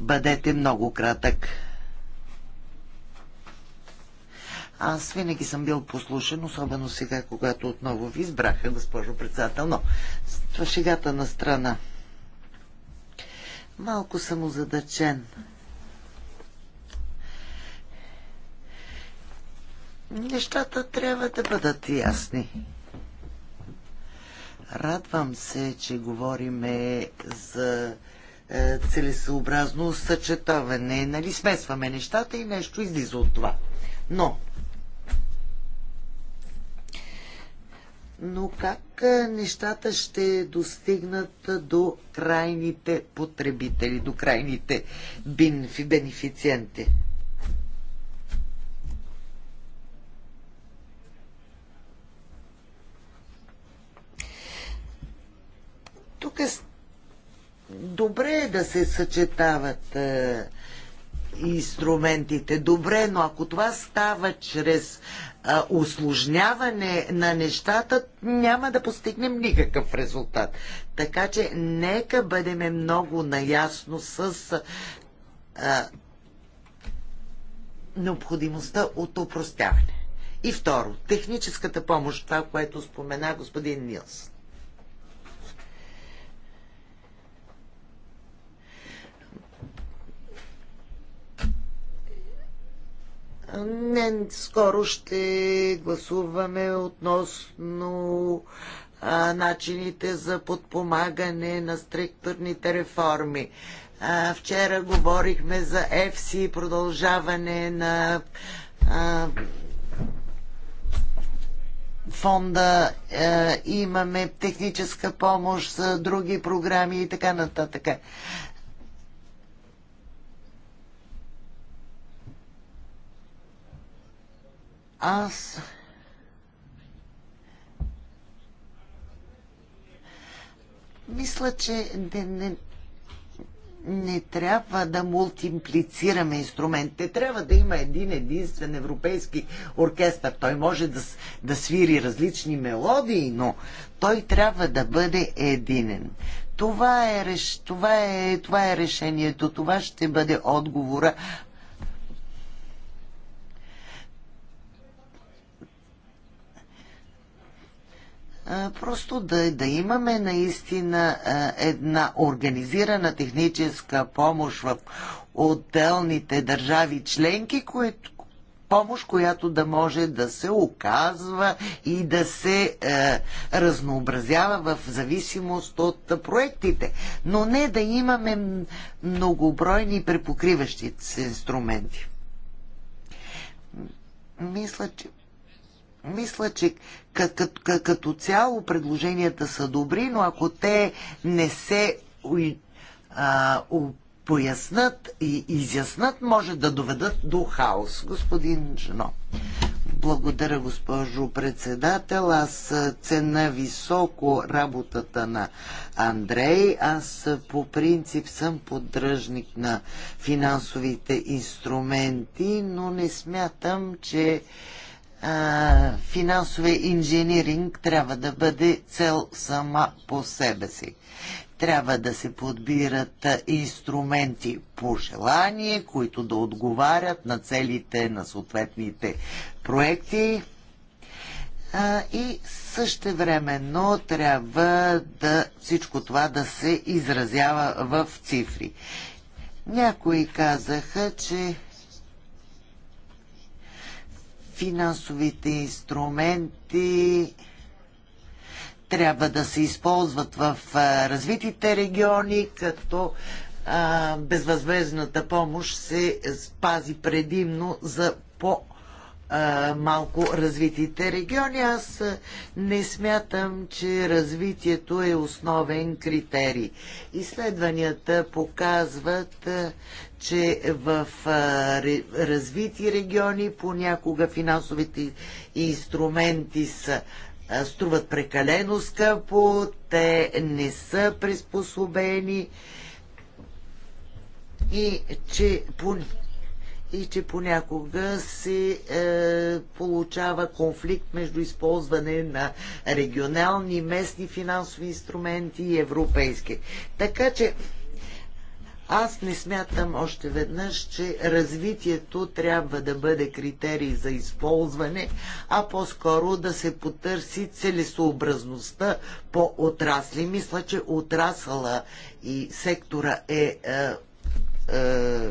бъдете много кратък. Аз винаги съм бил послушен, особено сега, когато отново ви избраха, госпожо председател, но това шегата на страна малко съм озадачен. Нещата трябва да бъдат ясни. Радвам се, че говориме за е, целесообразно съчетаване. Нали смесваме нещата и нещо излиза от това. Но но как е, нещата ще достигнат до крайните потребители, до крайните бенефициенти? Тук е добре е да се съчетават е, инструментите. Добре, но ако това става чрез а, усложняване на нещата, няма да постигнем никакъв резултат. Така че нека бъдем много наясно с а, необходимостта от упростяване. И второ, техническата помощ, това, което спомена господин Нилс. Не, скоро ще гласуваме относно а, начините за подпомагане на структурните реформи. А, вчера говорихме за ЕФСИ, продължаване на а, фонда, А, имаме техническа помощ, други програми и така нататък. Аз мисля, че не, не, не трябва да мултимплицираме инструментите. Трябва да има един единствен европейски оркестър. Той може да, да свири различни мелодии, но той трябва да бъде единен. Това е, това, е, това е решението, това ще бъде отговора просто да, да имаме наистина една организирана техническа помощ в отделните държави членки, които помощ, която да може да се оказва и да се е, разнообразява в зависимост от проектите. Но не да имаме многобройни препокриващи се инструменти. Мисля, че мисля, че като цяло предложенията са добри, но ако те не се а, пояснат и изяснат, може да доведат до хаос. Господин Жено. Благодаря, госпожо председател. Аз цена високо работата на Андрей. Аз по принцип съм поддръжник на финансовите инструменти, но не смятам, че а, финансовия инжиниринг трябва да бъде цел сама по себе си. Трябва да се подбират инструменти по желание, които да отговарят на целите на съответните проекти а, и същевременно трябва да всичко това да се изразява в цифри. Някои казаха, че финансовите инструменти трябва да се използват в развитите региони, като безвъзмезната помощ се спази предимно за по малко развитите региони. Аз не смятам, че развитието е основен критерий. Изследванията показват, че в развити региони понякога финансовите инструменти са струват прекалено скъпо, те не са приспособени и че и че понякога се е, получава конфликт между използване на регионални, местни финансови инструменти и европейски. Така че аз не смятам още веднъж, че развитието трябва да бъде критерий за използване, а по-скоро да се потърси целесообразността по отрасли. Мисля, че отрасъла и сектора е, е, е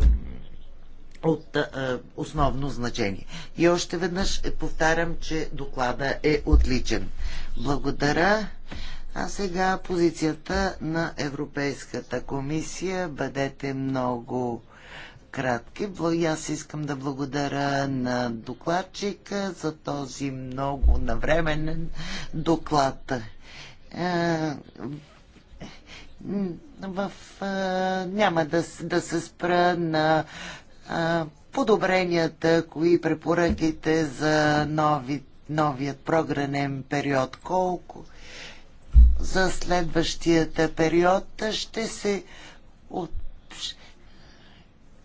от а, основно значение. И още веднъж е, повтарям, че доклада е отличен. Благодаря. А сега позицията на Европейската комисия. Бъдете много кратки. И аз искам да благодаря на докладчика за този много навременен доклад. Е, в, няма да, да се спра на подобренията, кои препоръките за нови, новият програмен период, колко за следващият период ще се от...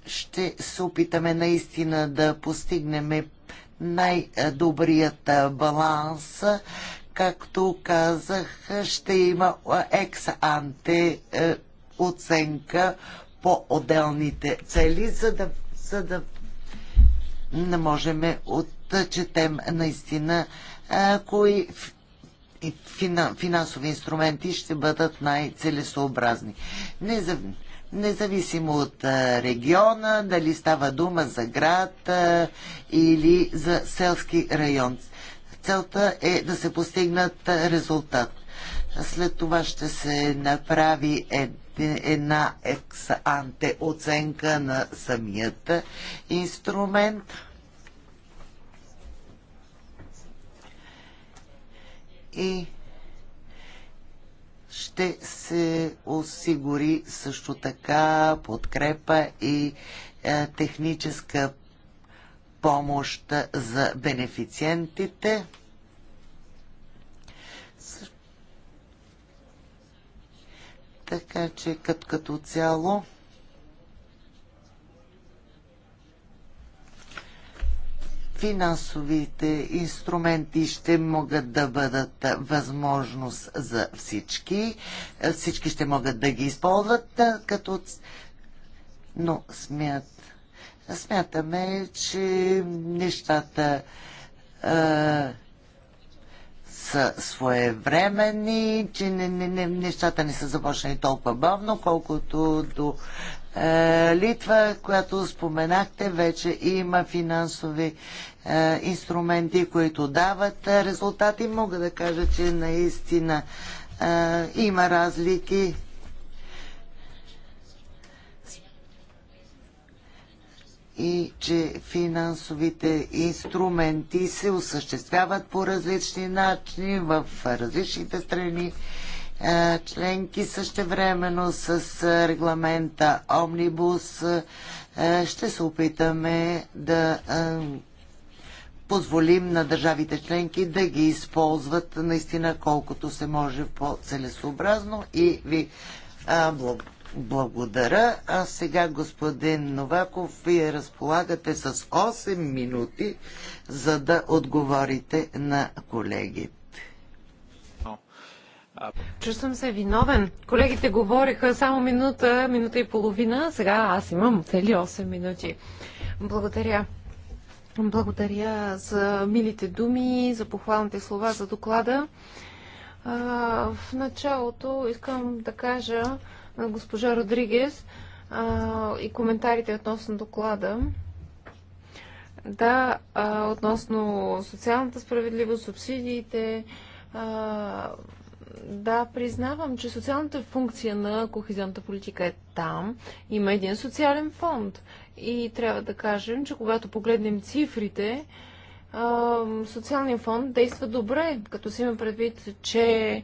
ще се опитаме наистина да постигнем най-добрият баланс. Както казах, ще има екс-анте е, оценка по отделните цели, за да за да не можем отчетем наистина кои финансови инструменти ще бъдат най-целесообразни. Независимо от региона, дали става дума за град или за селски район. Целта е да се постигнат резултат. След това ще се направи една е една екс-анте оценка на самият инструмент. И ще се осигури също така подкрепа и е, техническа помощ за бенефициентите. Така че като, като цяло финансовите инструменти ще могат да бъдат възможност за всички. Всички ще могат да ги използват, като... но смят... смятаме, че нещата са своевременни, че не, не, не, нещата не са започнали толкова бавно, колкото до е, Литва, която споменахте, вече има финансови е, инструменти, които дават резултати. Мога да кажа, че наистина е, има разлики и че финансовите инструменти се осъществяват по различни начини в различните страни е, членки същевременно с е, регламента Омнибус е, ще се опитаме да позволим на държавите членки да ги използват наистина колкото се може по-целесообразно и ви благодаря благодаря. А сега, господин Новаков, вие разполагате с 8 минути, за да отговорите на колегите. Чувствам се виновен. Колегите говориха само минута, минута и половина. Сега аз имам цели 8 минути. Благодаря. Благодаря за милите думи, за похвалните слова, за доклада. в началото искам да кажа, на госпожа Родригес а, и коментарите относно доклада. Да, а, относно социалната справедливост, субсидиите. А, да, признавам, че социалната функция на кохезионната политика е там. Има един социален фонд. И трябва да кажем, че когато погледнем цифрите, социалния фонд действа добре, като си има предвид, че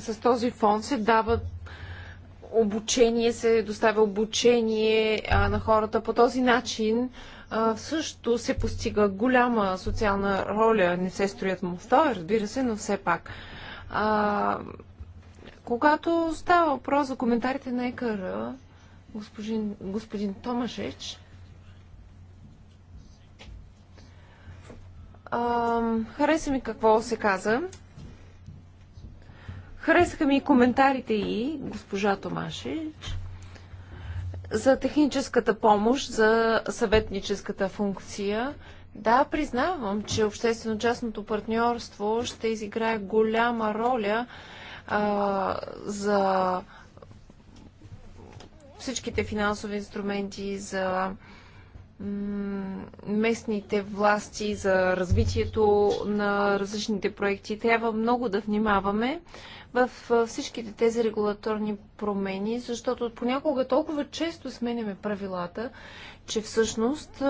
С този фонд се дава обучение, се доставя обучение а, на хората. По този начин а, също се постига голяма социална роля. Не се строят мостове, разбира се, но все пак. А, когато става въпрос за коментарите на ЕКР, господин, господин Томашеч, а, хареса ми какво се каза. Харесаха ми и коментарите и госпожа Томашич за техническата помощ, за съветническата функция. Да, признавам, че обществено-частното партньорство ще изиграе голяма роля а, за всичките финансови инструменти, за местните власти, за развитието на различните проекти. Трябва много да внимаваме в всичките тези регулаторни промени, защото понякога толкова често сменяме правилата, че всъщност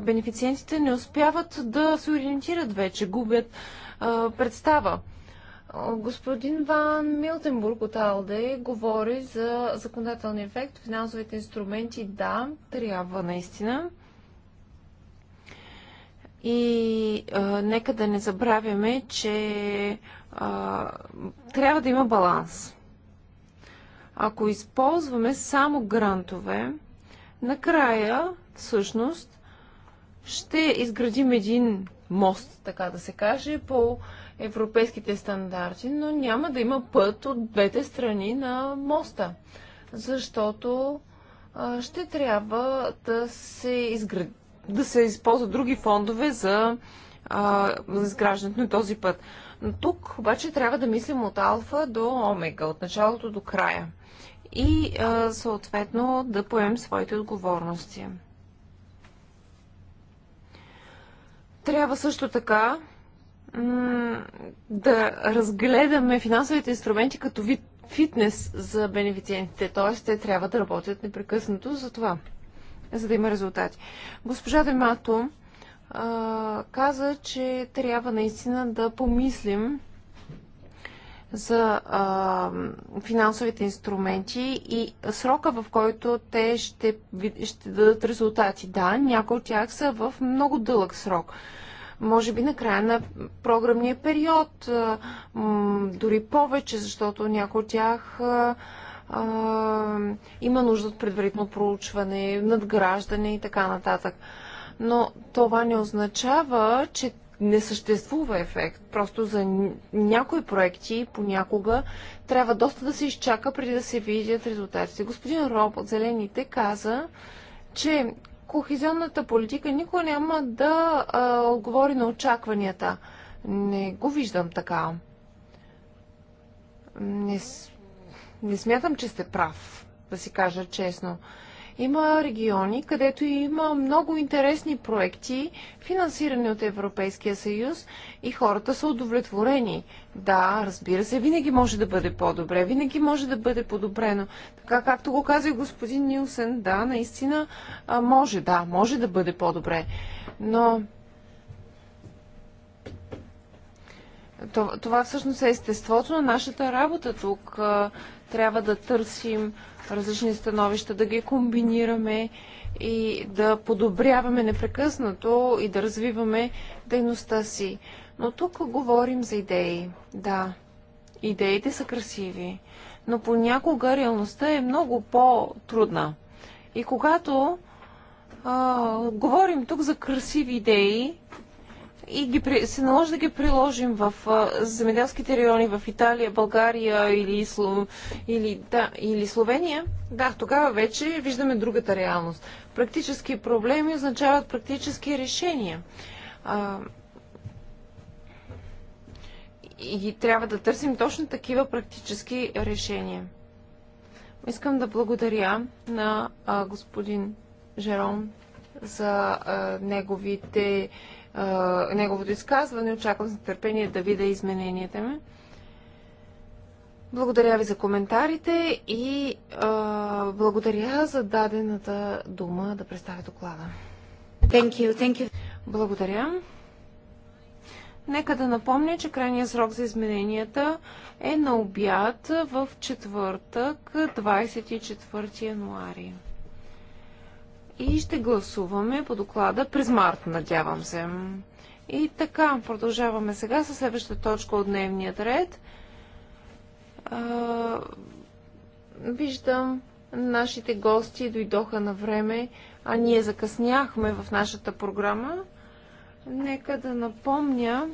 бенефициентите не успяват да се ориентират вече, губят представа Господин Ван Милтенбург от АЛДЕ говори за законодателния ефект, финансовите инструменти, да, трябва наистина. И а, нека да не забравяме, че а, трябва да има баланс. Ако използваме само грантове, накрая всъщност ще изградим един мост, така да се каже, по европейските стандарти, но няма да има път от двете страни на моста, защото ще трябва да се, изград... да се използват други фондове за, а, за изграждането на този път. Но тук обаче трябва да мислим от алфа до омега, от началото до края и а, съответно да поемем своите отговорности. Трябва също така да разгледаме финансовите инструменти като вид фитнес за бенефициентите, т.е. те трябва да работят непрекъснато за това, за да има резултати. Госпожа Демато а, каза, че трябва наистина да помислим за а, финансовите инструменти и срока, в който те ще, ще дадат резултати. Да, някои от тях са в много дълъг срок може би на края на програмния период, дори повече, защото някои от тях има нужда от предварително проучване, надграждане и така нататък. Но това не означава, че не съществува ефект. Просто за някои проекти понякога трябва доста да се изчака преди да се видят резултатите. Господин Роб от Зелените каза, че кохезионната политика никога няма да а, отговори на очакванията. Не го виждам така. Не, не смятам, че сте прав, да си кажа честно. Има региони, където има много интересни проекти, финансирани от Европейския съюз и хората са удовлетворени. Да, разбира се, винаги може да бъде по-добре, винаги може да бъде подобрено. Така както го каза и господин Нилсен, да, наистина може, да, може да бъде по-добре. Но това, това всъщност е естеството на нашата работа тук. Трябва да търсим различни становища, да ги комбинираме и да подобряваме непрекъснато и да развиваме дейността си. Но тук говорим за идеи. Да, идеите са красиви, но понякога реалността е много по-трудна. И когато а, говорим тук за красиви идеи, и ги, се наложи да ги приложим в земеделските райони в Италия, България или, Сло, или, да, или Словения, да, тогава вече виждаме другата реалност. Практически проблеми означават практически решения. А, и трябва да търсим точно такива практически решения. Искам да благодаря на а, господин Жером за а, неговите а, неговото изказване. Очаквам с нетърпение да видя измененията ми. Благодаря ви за коментарите и а, благодаря за дадената дума да представя доклада. Thank you, thank you. Благодаря. Нека да напомня, че крайният срок за измененията е на обяд в четвъртък, 24 януари и ще гласуваме по доклада през март, надявам се. И така, продължаваме сега с следващата точка от дневния ред. А, виждам, нашите гости дойдоха на време, а ние закъсняхме в нашата програма. Нека да напомня,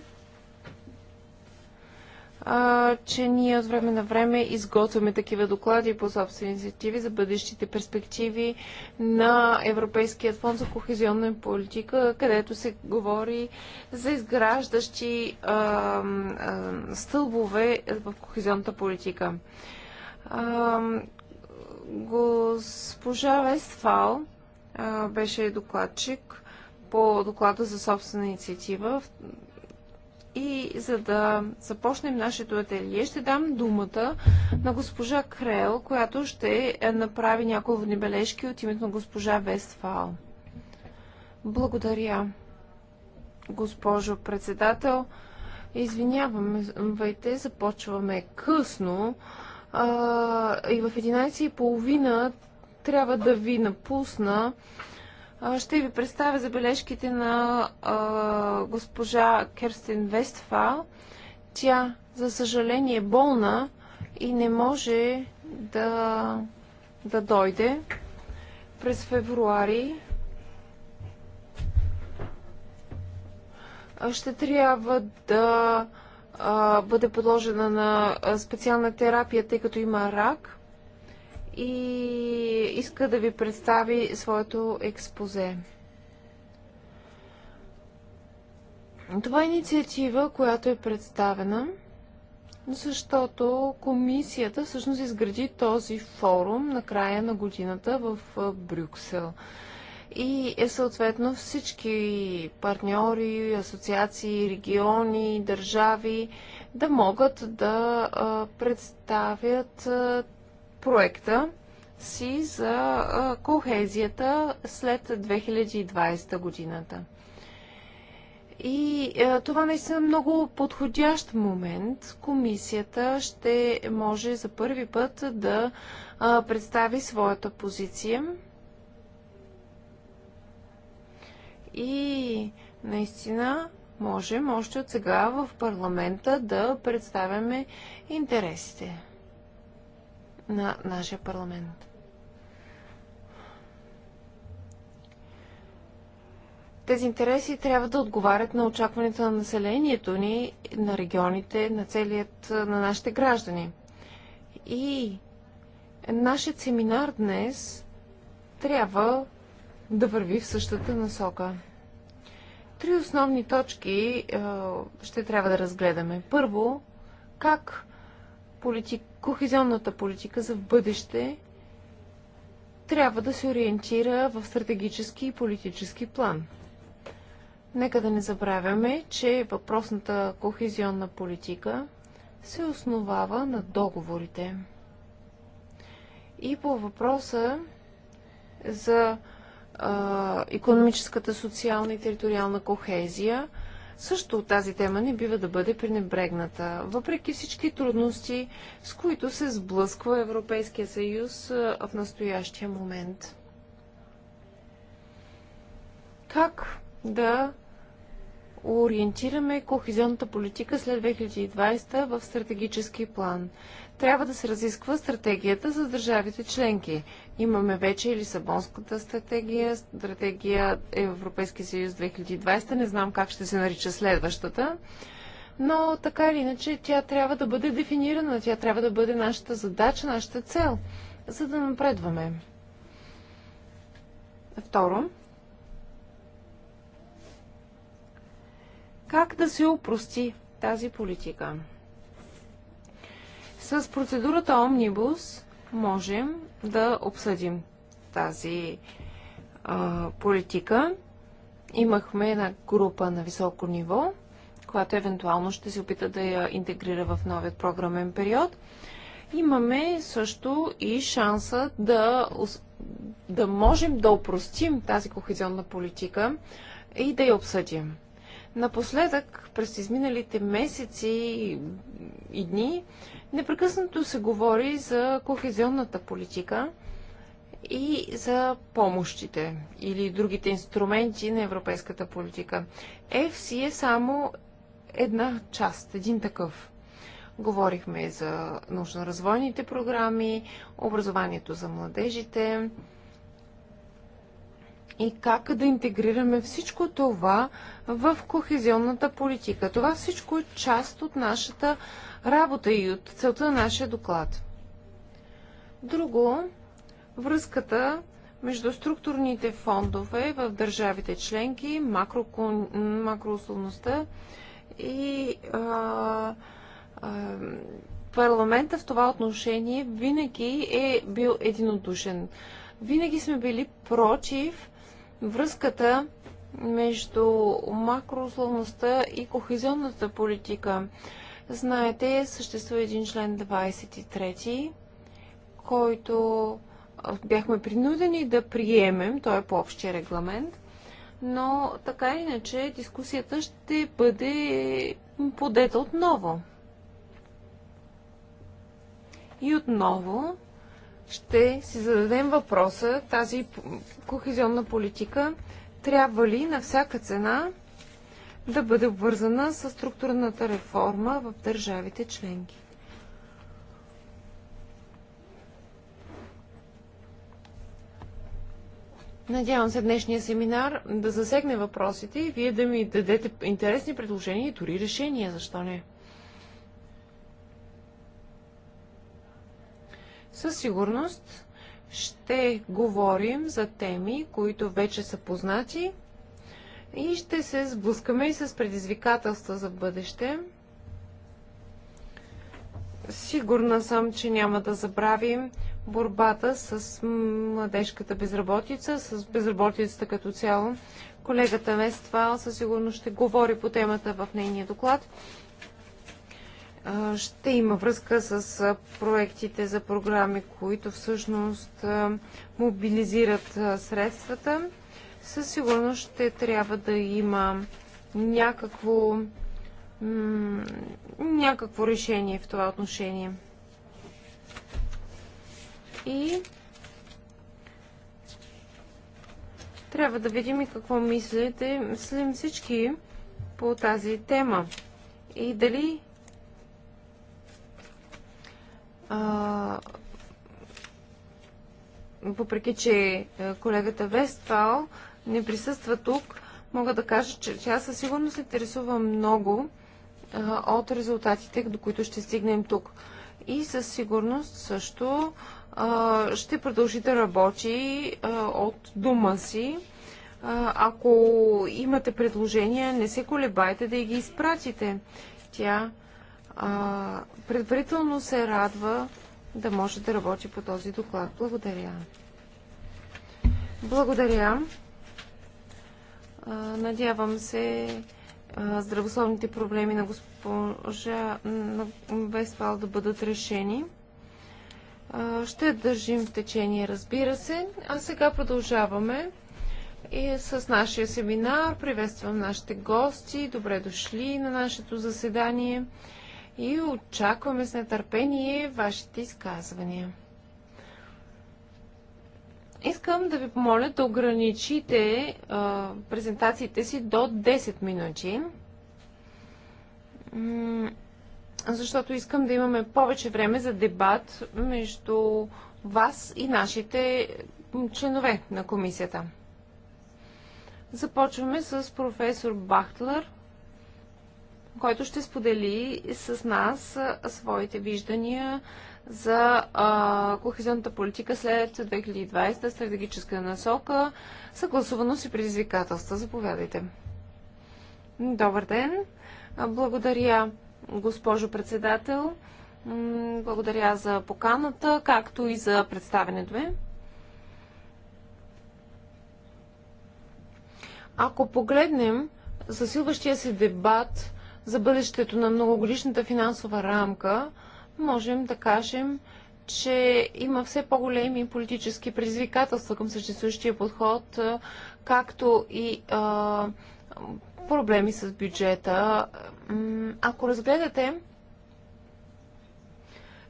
а, че ние от време на време изготвяме такива доклади по собствени инициативи за бъдещите перспективи на Европейският фонд за кохезионна политика, където се говори за изграждащи а, а, стълбове в кохезионната политика. А, госпожа Вестфал а, беше докладчик по доклада за собствена инициатива и за да започнем нашето ателие, ще дам думата на госпожа Крел, която ще е, направи някои внебележки от името на госпожа Вестфал. Благодаря, госпожо председател. Извинявайте, започваме късно. А, и в 11.30 трябва да ви напусна. Ще ви представя забележките на госпожа Керстин Вестфал. Тя, за съжаление, е болна и не може да, да дойде през февруари. Ще трябва да а, бъде подложена на специална терапия, тъй като има рак и иска да ви представи своето експозе. Това е инициатива, която е представена, защото комисията всъщност изгради този форум на края на годината в Брюксел. И е съответно всички партньори, асоциации, региони, държави да могат да представят проекта си за кохезията след 2020 годината. И е, това наистина е много подходящ момент. Комисията ще може за първи път да е, представи своята позиция. И наистина можем още от сега в парламента да представяме интересите на нашия парламент. Тези интереси трябва да отговарят на очакването на населението ни, на регионите, на целият, на нашите граждани. И нашият семинар днес трябва да върви в същата насока. Три основни точки е, ще трябва да разгледаме. Първо, как политик, кохезионната политика за в бъдеще трябва да се ориентира в стратегически и политически план. Нека да не забравяме, че въпросната кохезионна политика се основава на договорите. И по въпроса за а, економическата, социална и териториална кохезия – също тази тема не бива да бъде пренебрегната, въпреки всички трудности, с които се сблъсква Европейския съюз в настоящия момент. Как да ориентираме кохезионната политика след 2020 в стратегически план? трябва да се разисква стратегията за държавите членки. Имаме вече и Лисабонската стратегия, стратегия Европейския съюз 2020, не знам как ще се нарича следващата, но така или иначе тя трябва да бъде дефинирана, тя трябва да бъде нашата задача, нашата цел, за да напредваме. Второ, как да се упрости тази политика? С процедурата Омнибус можем да обсъдим тази а, политика. Имахме една група на високо ниво, която евентуално ще се опита да я интегрира в новият програмен период. Имаме също и шанса да, да можем да опростим тази кохезионна политика и да я обсъдим. Напоследък, през изминалите месеци и дни, Непрекъснато се говори за кохезионната политика и за помощите или другите инструменти на европейската политика. ЕФСИ е само една част, един такъв. Говорихме за научно-развойните програми, образованието за младежите, и как да интегрираме всичко това в кохезионната политика. Това всичко е част от нашата работа и от целта на нашия доклад. Друго, връзката между структурните фондове в държавите членки, макро, макроусловността и а, а, парламента в това отношение винаги е бил единодушен. Винаги сме били против връзката между макроусловността и кохезионната политика. Знаете, съществува един член 23, който бяхме принудени да приемем, той е по общия регламент, но така иначе дискусията ще бъде подета отново. И отново ще си зададем въпроса, тази кохезионна политика трябва ли на всяка цена да бъде обвързана с структурната реформа в държавите членки. Надявам се днешния семинар да засегне въпросите и вие да ми дадете интересни предложения и дори решения, защо не. Със сигурност ще говорим за теми, които вече са познати и ще се сблъскаме и с предизвикателства за бъдеще. Сигурна съм, че няма да забравим борбата с младежката безработица, с безработицата като цяло. Колегата Вествал със сигурност ще говори по темата в нейния доклад ще има връзка с проектите за програми, които всъщност мобилизират средствата. Със сигурност ще трябва да има някакво, някакво решение в това отношение. И трябва да видим и какво мислите, мислим всички по тази тема. И дали въпреки, че е, колегата Вестфал не присъства тук, мога да кажа, че тя със сигурност се интересува много от резултатите, до които ще стигнем тук. И със сигурност също ще продължи да работи от дома си. Ако имате предложения, не се колебайте да ги изпратите. Тя а, предварително се радва да може да работи по този доклад. Благодаря. Благодаря. А, надявам се а, здравословните проблеми на госпожа на Вестфал да бъдат решени. А, ще държим в течение, разбира се. А сега продължаваме и с нашия семинар. Приветствам нашите гости. Добре дошли на нашето заседание и очакваме с нетърпение вашите изказвания. Искам да ви помоля да ограничите а, презентациите си до 10 минути, защото искам да имаме повече време за дебат между вас и нашите членове на комисията. Започваме с професор Бахтлер който ще сподели с нас своите виждания за кохезионната политика след 2020, стратегическа насока, съгласуваност и предизвикателства. Заповядайте. Добър ден. Благодаря, госпожо председател. Благодаря за поканата, както и за представенето ми. Ако погледнем засилващия се дебат за бъдещето на многогодишната финансова рамка, можем да кажем, че има все по-големи политически предизвикателства към съществуващия подход, както и а, проблеми с бюджета. Ако разгледате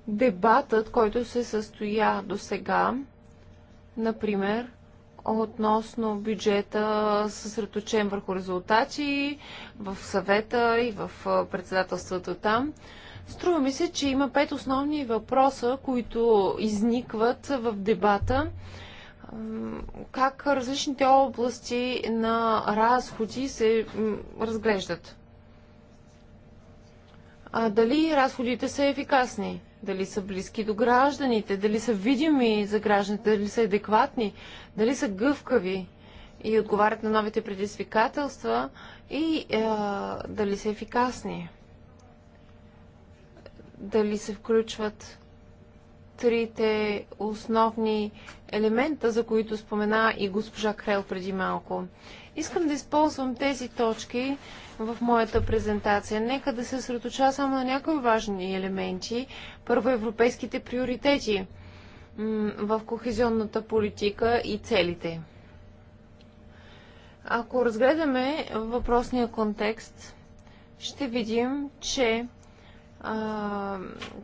дебатът, който се състоя до сега, например, относно бюджета, съсредоточен върху резултати в съвета и в председателството там. Струва ми се, че има пет основни въпроса, които изникват в дебата. Как различните области на разходи се разглеждат? А дали разходите са ефикасни? Дали са близки до гражданите? Дали са видими за гражданите? Дали са адекватни? дали са гъвкави и отговарят на новите предизвикателства и а, е, дали са ефикасни. Дали се включват трите основни елемента, за които спомена и госпожа Крел преди малко. Искам да използвам тези точки в моята презентация. Нека да се сръточа само на някои важни елементи. Първо, европейските приоритети – в кохезионната политика и целите. Ако разгледаме въпросния контекст, ще видим, че а,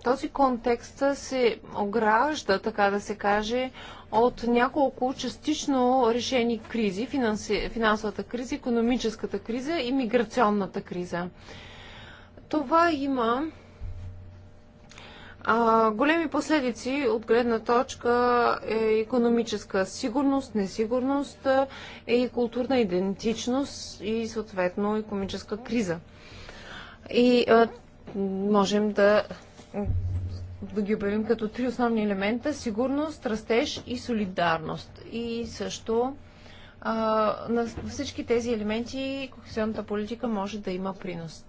този контекст се огражда, така да се каже, от няколко частично решени кризи, финанси, финансовата криза, економическата криза и миграционната криза. Това има а, големи последици от гледна точка е економическа сигурност, несигурност е и културна идентичност и съответно економическа криза. И а, можем да, да ги обявим като три основни елемента сигурност, растеж и солидарност. И също а, на всички тези елементи кохезионната политика може да има принос.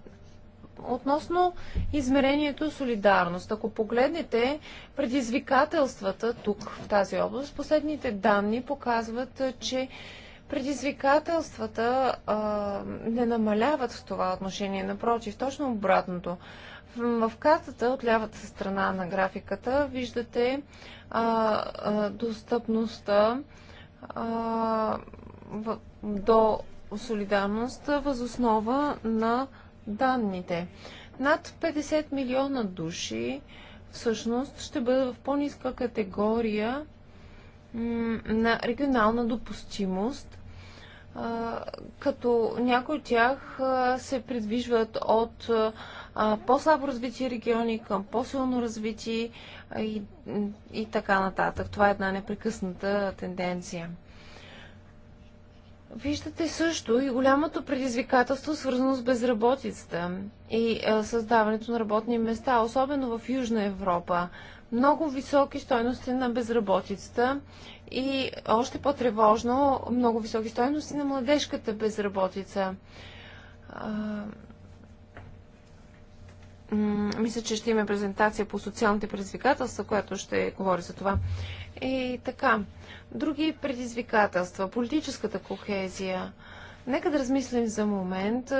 Относно измерението солидарност, ако погледнете предизвикателствата тук в тази област, последните данни показват, че предизвикателствата а, не намаляват в това отношение. Напротив, точно обратното. В, в картата от лявата страна на графиката виждате а, а, достъпността а, в, до солидарност възоснова на данните. Над 50 милиона души всъщност ще бъдат в по-ниска категория на регионална допустимост, като някои от тях се придвижват от по-слабо развити региони към по-силно развити и, и така нататък. Това е една непрекъсната тенденция. Виждате също и голямото предизвикателство, свързано с безработицата и създаването на работни места, особено в Южна Европа. Много високи стойности на безработицата и още по-тревожно много високи стойности на младежката безработица. Мисля, че ще има презентация по социалните предизвикателства, която ще говори за това. И така, други предизвикателства, политическата кохезия. Нека да размислим за момент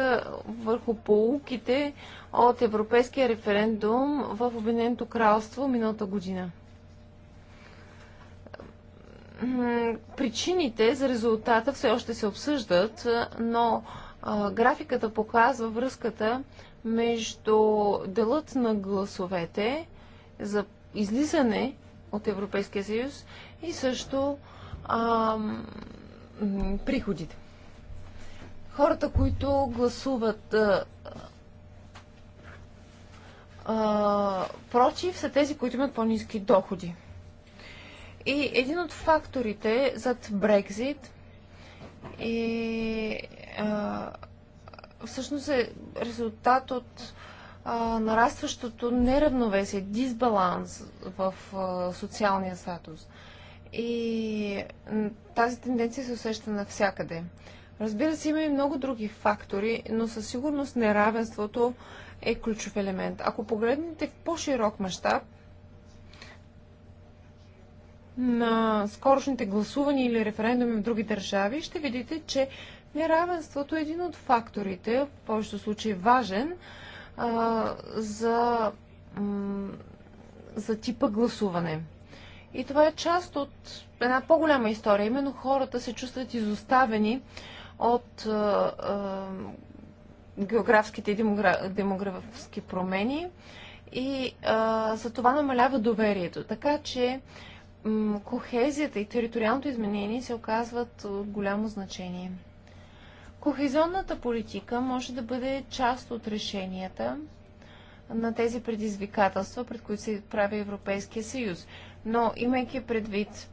върху полуките от Европейския референдум в Обединеното кралство миналата година. Причините за резултата все още се обсъждат, но графиката показва връзката между делът на гласовете за излизане от Европейския съюз и също а, приходите. Хората, които гласуват а, а, против, са тези, които имат по-низки доходи. И един от факторите зад Брекзит е а, всъщност е резултат от а, нарастващото неравновесие, дисбаланс в а, социалния статус. И тази тенденция се усеща навсякъде. Разбира се, има и много други фактори, но със сигурност неравенството е ключов елемент. Ако погледнете в по-широк мащаб на скорошните гласувания или референдуми в други държави, ще видите, че неравенството е един от факторите, в повечето случаи важен, а, за, за типа гласуване. И това е част от една по-голяма история. Именно хората се чувстват изоставени от а, а, географските и демогра... демографски промени и а, за това намалява доверието. Така че кохезията и териториалното изменение се оказват от голямо значение. Кохезионната политика може да бъде част от решенията на тези предизвикателства, пред които се прави Европейския съюз. Но имайки предвид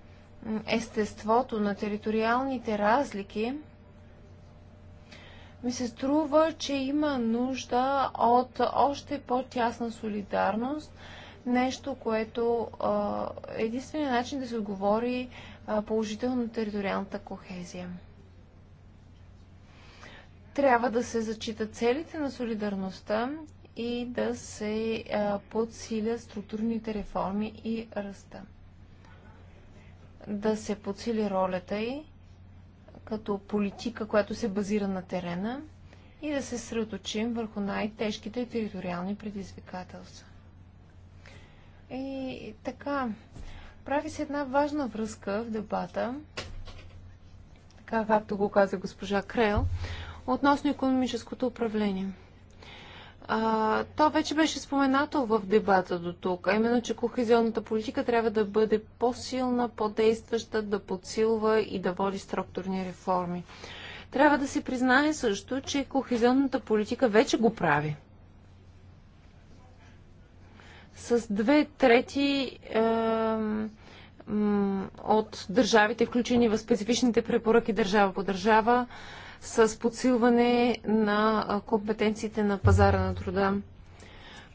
естеството на териториалните разлики, ми се струва, че има нужда от още по-тясна солидарност, нещо, което е единственият начин да се отговори положително на териториалната кохезия трябва да се зачитат целите на солидарността и да се подсилят структурните реформи и ръста. Да се подсили ролята й като политика, която се базира на терена и да се средоточим върху най-тежките териториални предизвикателства. И така, прави се една важна връзка в дебата, така както го каза госпожа Крел, относно економическото управление. А, то вече беше споменато в дебата до тук, а именно, че кохезионната политика трябва да бъде по-силна, по-действаща, да подсилва и да води структурни реформи. Трябва да се признае също, че кохезионната политика вече го прави. С две трети е, от държавите, включени в специфичните препоръки държава по държава, е, с подсилване на компетенциите на пазара на труда.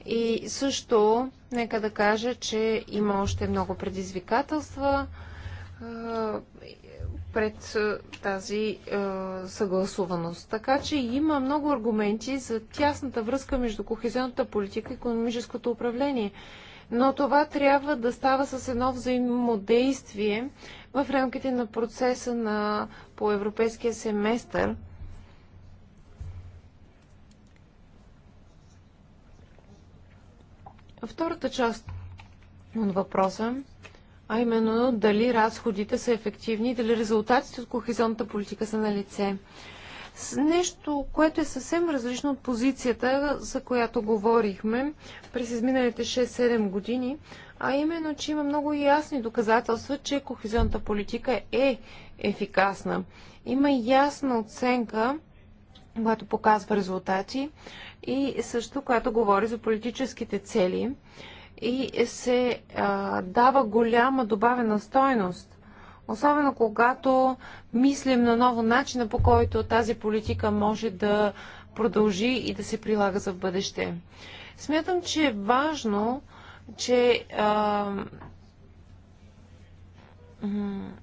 И също, нека да кажа, че има още много предизвикателства пред тази е, съгласуваност. Така че има много аргументи за тясната връзка между кохезионната политика и економическото управление. Но това трябва да става с едно взаимодействие, в рамките на процеса на, по европейския семестър. Втората част от въпроса, а именно дали разходите са ефективни дали резултатите от кохезионната политика са на лице. С нещо, което е съвсем различно от позицията, за която говорихме през изминалите 6-7 години, а именно, че има много ясни доказателства, че кохезионната политика е ефикасна. Има ясна оценка, която показва резултати и също, която говори за политическите цели и се а, дава голяма добавена стойност. Особено когато мислим на ново начина, по който тази политика може да продължи и да се прилага за в бъдеще. Смятам, че е важно че а,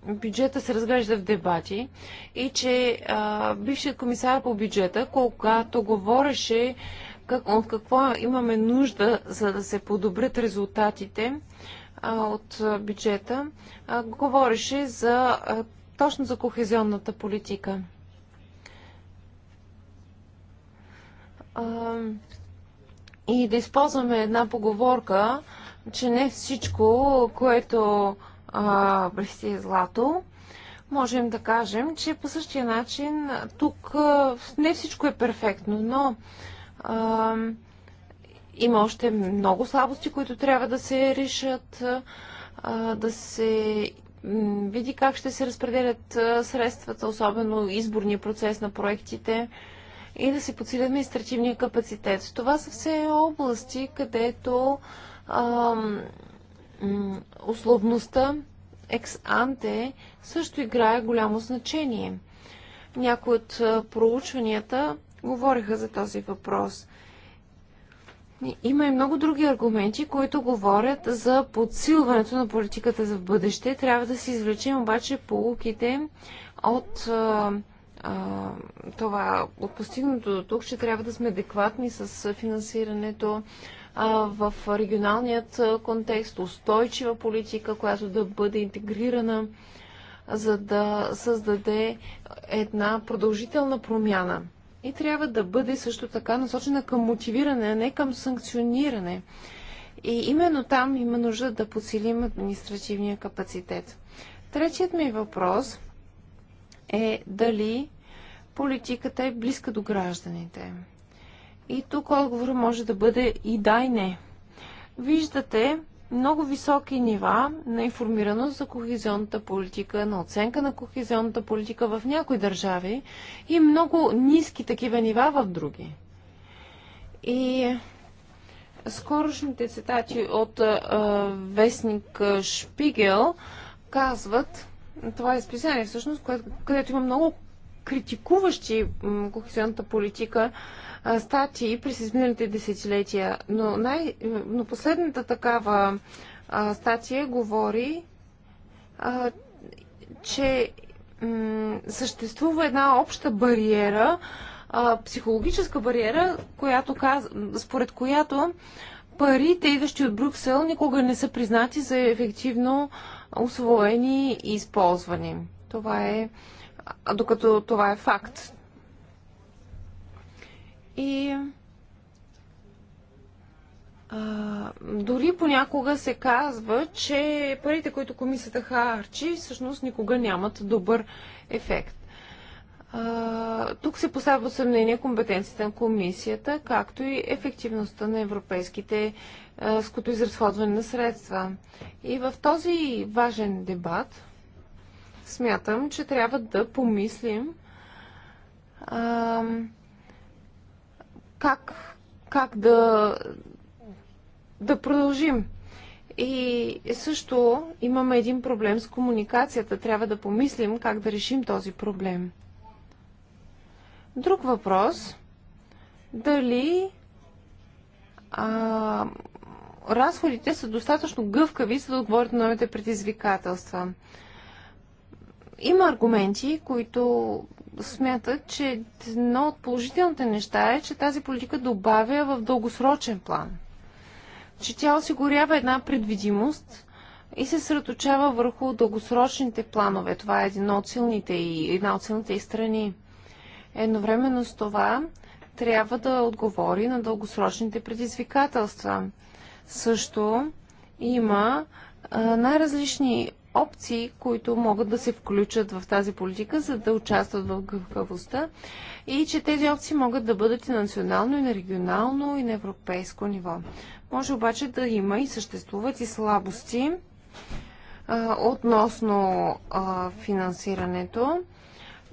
бюджета се разглежда в дебати и че а, бившият комисар по бюджета, когато говореше как, от какво имаме нужда, за да се подобрят резултатите а, от бюджета, а, говореше за, а, точно за кохезионната политика. А, и да използваме една поговорка, че не всичко, което блести е злато, можем да кажем, че по същия начин тук а, не всичко е перфектно, но а, има още много слабости, които трябва да се решат, а, да се види как ще се разпределят средствата, особено изборния процес на проектите и да се подсили административния капацитет. Това са все области, където ам, условността екс-анте също играе голямо значение. Някои от проучванията говориха за този въпрос. Има и много други аргументи, които говорят за подсилването на политиката за бъдеще. Трябва да си извлечем обаче полуките от а, това от постигнато до тук, че трябва да сме адекватни с финансирането а, в регионалният контекст, устойчива политика, която да бъде интегрирана, за да създаде една продължителна промяна. И трябва да бъде също така насочена към мотивиране, а не към санкциониране. И именно там има нужда да подсилим административния капацитет. Третият ми въпрос – е дали политиката е близка до гражданите. И тук отговор може да бъде и да и не. Виждате много високи нива на информираност за кохезионната политика, на оценка на кохезионната политика в някои държави и много ниски такива нива в други. И скорошните цитати от а, вестник Шпигел казват, това е списание, всъщност, кое, където има много критикуващи кохезионната политика статии през изминалите десетилетия. Но, най, но последната такава а, статия говори, а, че съществува една обща бариера, а, психологическа бариера, която, каз... според която парите, идващи от Брюксел, никога не са признати за ефективно освоени и използвани. Това е, докато това е факт. И а, дори понякога се казва, че парите, които комисията харчи, всъщност никога нямат добър ефект. А, тук се поставя съмнение компетенцията на комисията, както и ефективността на европейските ското изразходване на средства. И в този важен дебат смятам, че трябва да помислим а, как, как да, да продължим. И също имаме един проблем с комуникацията. Трябва да помислим как да решим този проблем. Друг въпрос. Дали а, разходите са достатъчно гъвкави, за да отговорят на новите предизвикателства. Има аргументи, които смятат, че едно от положителните неща е, че тази политика добавя в дългосрочен план. Че тя осигурява една предвидимост и се сръточава върху дългосрочните планове. Това е едно от силните и, една от силните и страни. Едновременно с това трябва да отговори на дългосрочните предизвикателства също има най-различни опции, които могат да се включат в тази политика, за да участват в гъвкавостта и че тези опции могат да бъдат и национално, и на регионално, и на европейско ниво. Може обаче да има и съществуват и слабости а, относно а, финансирането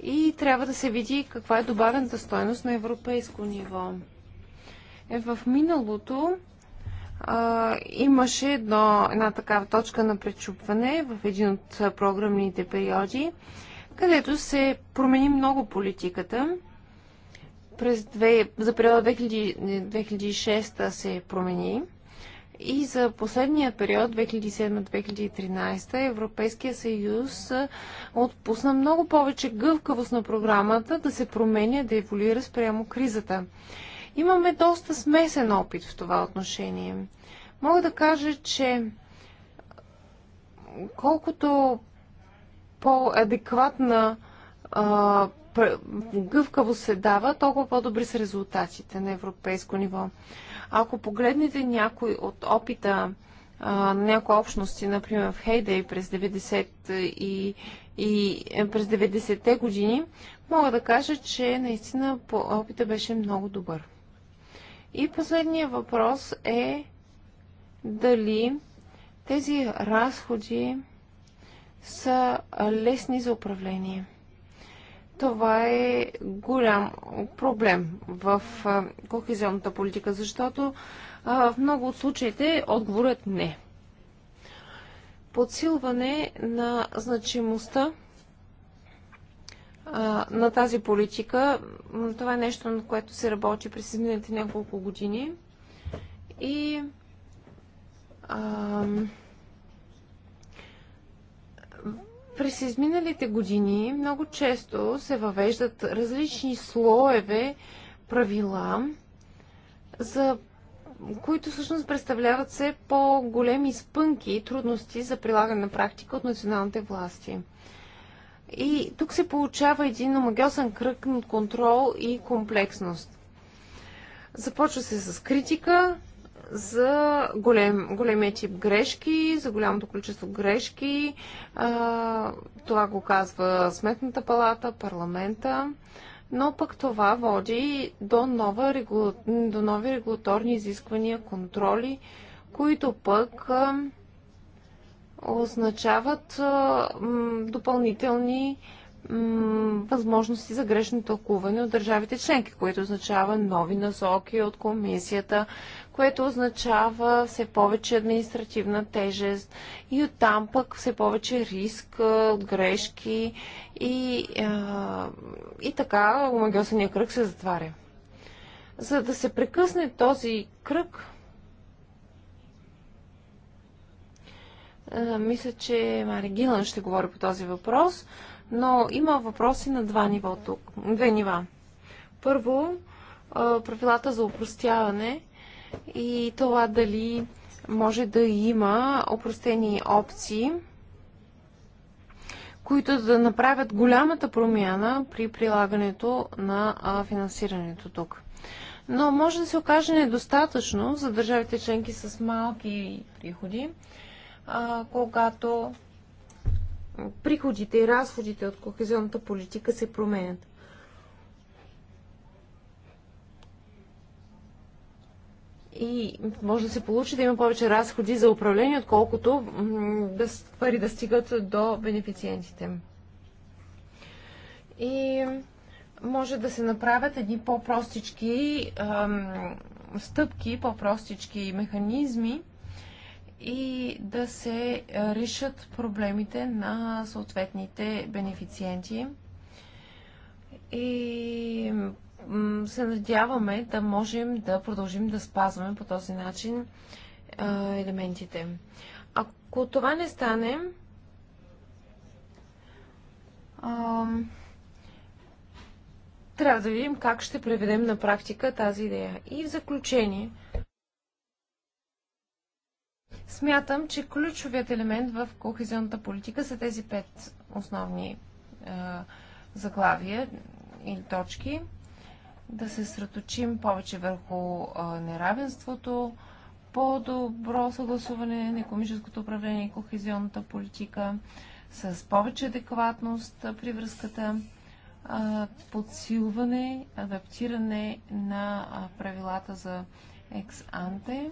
и трябва да се види каква е добавената стойност на европейско ниво. Е, в миналото а, имаше едно, една такава точка на пречупване в един от програмните периоди, където се промени много политиката. През две, за периода 2006 се промени и за последния период 2007-2013 Европейския съюз отпусна много повече гъвкавост на програмата да се променя, да еволюира спрямо кризата. Имаме доста смесен опит в това отношение. Мога да кажа, че колкото по-адекватна гъвкаво се дава, толкова по-добри са резултатите на европейско ниво. Ако погледнете някой от опита на някои общности, например в Хейдей през 90 и, и е, през 90-те години, мога да кажа, че наистина опита беше много добър. И последния въпрос е дали тези разходи са лесни за управление. Това е голям проблем в кохезионната политика, защото в много от случаите отговорът е не. Подсилване на значимостта на тази политика. Това е нещо, на което се работи през изминалите няколко години. И а, през изминалите години много често се въвеждат различни слоеве правила, за които всъщност представляват все по-големи спънки и трудности за прилагане на практика от националните власти. И тук се получава един омагиосен кръг на контрол и комплексност. Започва се с критика за голем, големия тип грешки, за голямото количество грешки. А, това го казва Сметната палата, парламента. Но пък това води до, нова до нови регулаторни изисквания, контроли, които пък означават допълнителни възможности за грешно тълкуване от държавите членки, което означава нови насоки от комисията, което означава все повече административна тежест и оттам пък все повече риск от грешки и, и така омагиосания кръг се затваря. За да се прекъсне този кръг, Е, мисля, че Мари Гилан ще говори по този въпрос, но има въпроси на два нива тук. Две нива. Първо, е, правилата за упростяване и това дали може да има опростени опции, които да направят голямата промяна при прилагането на финансирането тук. Но може да се окаже недостатъчно за държавите членки с малки приходи, а, когато приходите и разходите от кохезионната политика се променят. И може да се получи да има повече разходи за управление, отколкото да, пари да стигат до бенефициентите. И може да се направят едни по-простички стъпки, по-простички механизми, и да се решат проблемите на съответните бенефициенти. И се надяваме да можем да продължим да спазваме по този начин елементите. Ако това не стане, трябва да видим как ще преведем на практика тази идея. И в заключение – Смятам, че ключовият елемент в кохезионната политика са тези пет основни е, заглавия или точки. Да се сръточим повече върху е, неравенството, по-добро съгласуване на економическото управление и кохезионната политика, с повече адекватност при връзката, е, подсилване, адаптиране на е, правилата за екс-анте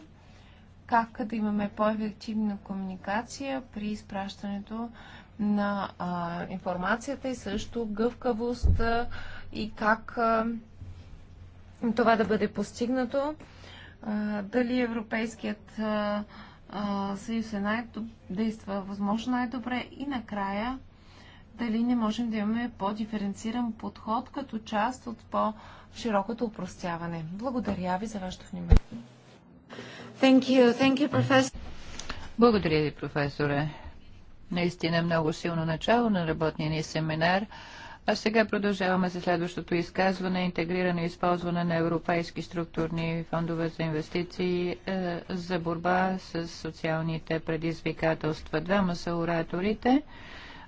как да имаме по-ефективна комуникация при изпращането на а, информацията и също гъвкавост а, и как а, това да бъде постигнато. А, дали Европейският а, съюз е най действа възможно най-добре и накрая дали не можем да имаме по-диференциран подход като част от по-широкото упростяване. Благодаря ви за вашето внимание. Thank you. Thank you, Благодаря ви, професоре. Наистина много силно начало на работния ни семинар. А сега продължаваме за следващото изказване интегрирано използване на европейски структурни фондове за инвестиции е, за борба с социалните предизвикателства. Двама са ораторите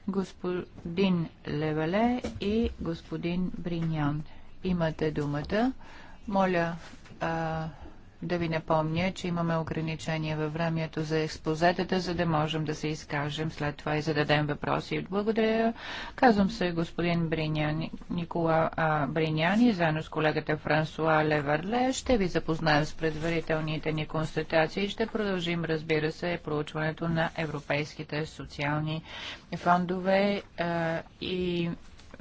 господин Левеле и господин Бриньон. Имате думата. Моля а, да ви напомня, че имаме ограничения във времето за експозетата, за да можем да се изкажем след това и зададем въпроси. Благодаря. Казвам се господин Бриняни, Никола а, Бринян и заедно с колегата Франсуа Леварле ще ви запознаем с предварителните ни констатации и ще продължим, разбира се, проучването на европейските социални фондове а, и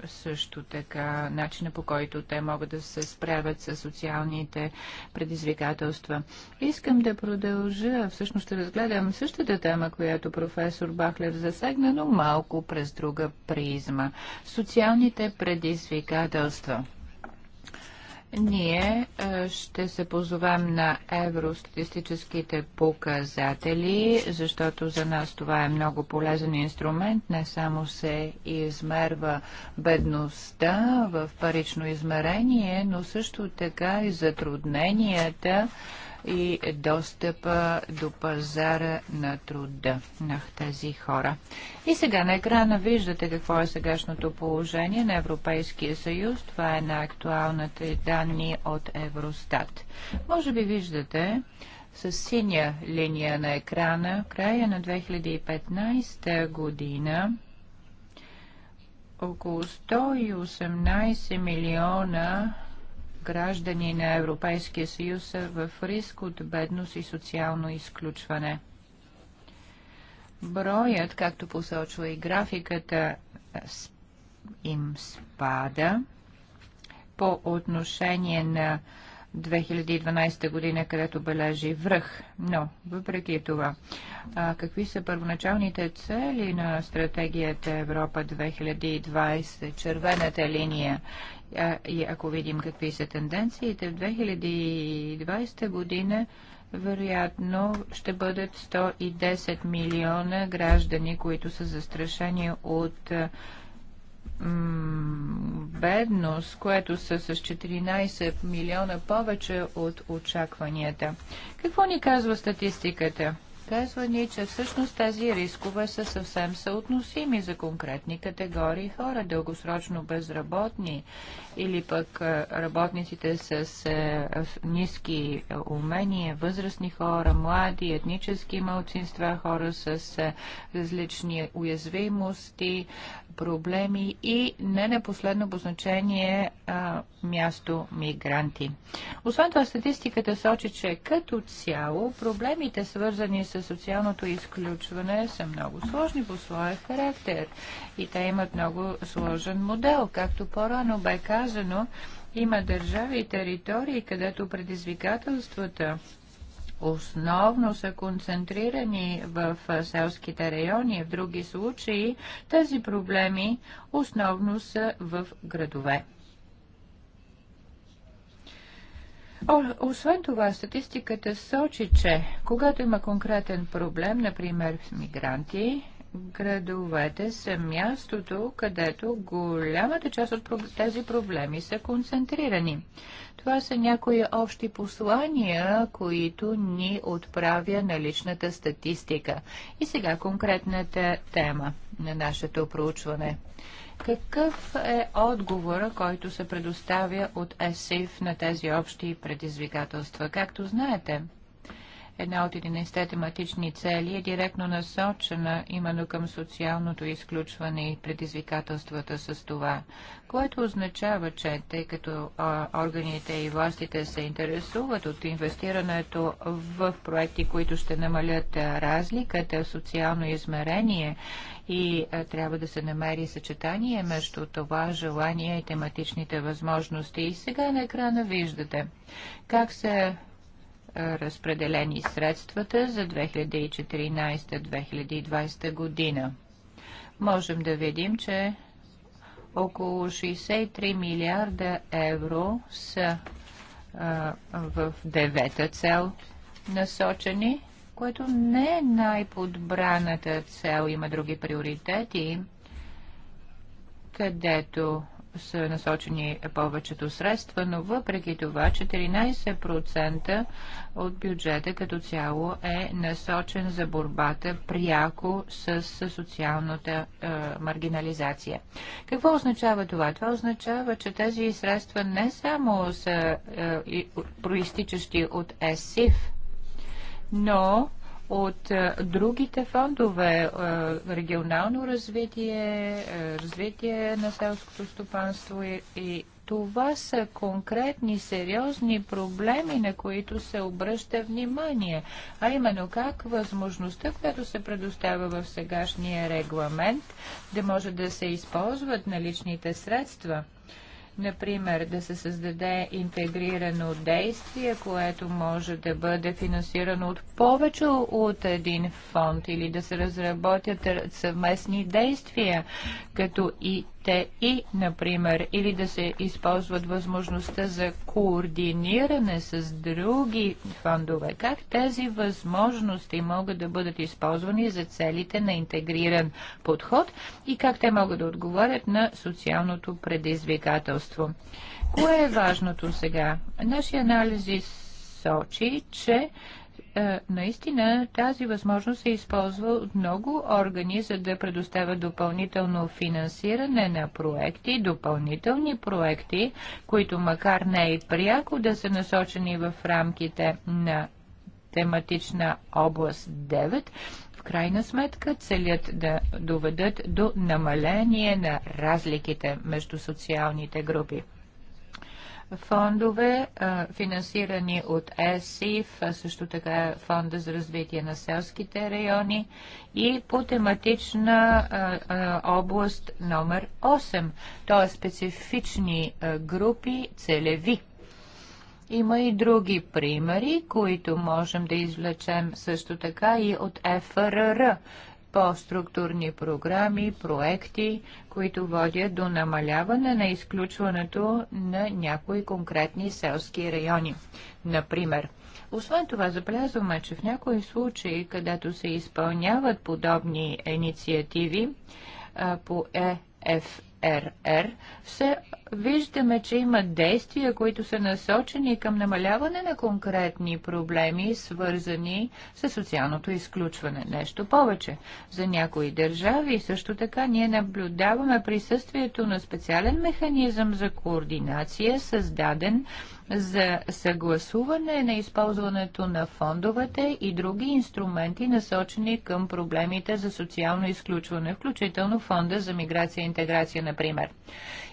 също така начина по който те могат да се справят с социалните предизвикателства. Искам да продължа, всъщност ще разгледам същата тема, която професор Бахлер засегна, но малко през друга призма. Социалните предизвикателства. Ние е, ще се позовем на евростатистическите показатели, защото за нас това е много полезен инструмент. Не само се измерва бедността в парично измерение, но също така и затрудненията и достъпа до пазара на труда на тези хора. И сега на екрана виждате какво е сегашното положение на Европейския съюз. Това е на актуалните данни от Евростат. Може би виждате с синя линия на екрана края на 2015 година около 118 милиона граждани на Европейския съюз са в риск от бедност и социално изключване. Броят, както посочва и графиката, им спада по отношение на 2012 година, където бележи връх. Но, въпреки това, а, какви са първоначалните цели на стратегията Европа 2020, червената линия? И ако видим какви са тенденциите, в 2020 година вероятно ще бъдат 110 милиона граждани, които са застрашени от бедност, което са с 14 милиона повече от очакванията. Какво ни казва статистиката? ни, че всъщност тези рискове са съвсем съотносими за конкретни категории хора, дългосрочно безработни или пък работниците с ниски умения, възрастни хора, млади, етнически малцинства, хора с различни уязвимости, проблеми и не на последно позначение а, място мигранти. Освен това, статистиката сочи, че като цяло проблемите, свързани с социалното изключване, са много сложни по своя характер и те имат много сложен модел. Както по-рано бе казано, има държави и територии, където предизвикателствата основно са концентрирани в селските райони, в други случаи тези проблеми основно са в градове. Освен това, статистиката сочи, че когато има конкретен проблем, например с мигранти, Градовете са мястото, където голямата част от тези проблеми са концентрирани. Това са някои общи послания, които ни отправя наличната статистика. И сега конкретната тема на нашето проучване. Какъв е отговора, който се предоставя от ЕСИФ на тези общи предизвикателства? Както знаете, Една от 11 тематични цели е директно насочена именно към социалното изключване и предизвикателствата с това, което означава, че тъй като а, органите и властите се интересуват от инвестирането в проекти, които ще намалят разликата в социално измерение и а, трябва да се намери съчетание между това желание и тематичните възможности. И сега на екрана виждате как се разпределени средствата за 2014-2020 година. Можем да видим, че около 63 милиарда евро са в девета цел насочени, което не е най-подбраната цел. Има други приоритети, където са насочени повечето средства, но въпреки това 14% от бюджета като цяло е насочен за борбата пряко с социалната е, маргинализация. Какво означава това? Това означава, че тези средства не само са е, проистичащи от ЕСИФ, но от е, другите фондове е, регионално развитие, е, развитие на селското стопанство и това са конкретни, сериозни проблеми, на които се обръща внимание, а именно как възможността, която се предоставя в сегашния регламент, да може да се използват наличните средства – Например, да се създаде интегрирано действие, което може да бъде финансирано от повече от един фонд или да се разработят съвместни действия, като и те и, например, или да се използват възможността за координиране с други фондове, как тези възможности могат да бъдат използвани за целите на интегриран подход и как те могат да отговорят на социалното предизвикателство. Кое е важното сега? Наши анализи сочи, че е, наистина тази възможност се използва от много органи, за да предоставят допълнително финансиране на проекти, допълнителни проекти, които макар не и пряко да са насочени в рамките на тематична област 9, в крайна сметка целят да доведат до намаление на разликите между социалните групи фондове, финансирани от ЕСИФ, също така фонда за развитие на селските райони и по тематична област номер 8, т.е. специфични групи целеви. Има и други примери, които можем да извлечем също така и от ФРР по структурни програми, проекти, които водят до намаляване на изключването на някои конкретни селски райони. Например, освен това, забелязваме, че в някои случаи, където се изпълняват подобни инициативи по ЕФРР, се виждаме, че има действия, които са насочени към намаляване на конкретни проблеми, свързани с социалното изключване. Нещо повече. За някои държави също така ние наблюдаваме присъствието на специален механизъм за координация, създаден за съгласуване на използването на фондовете и други инструменти, насочени към проблемите за социално изключване, включително фонда за миграция и интеграция, например.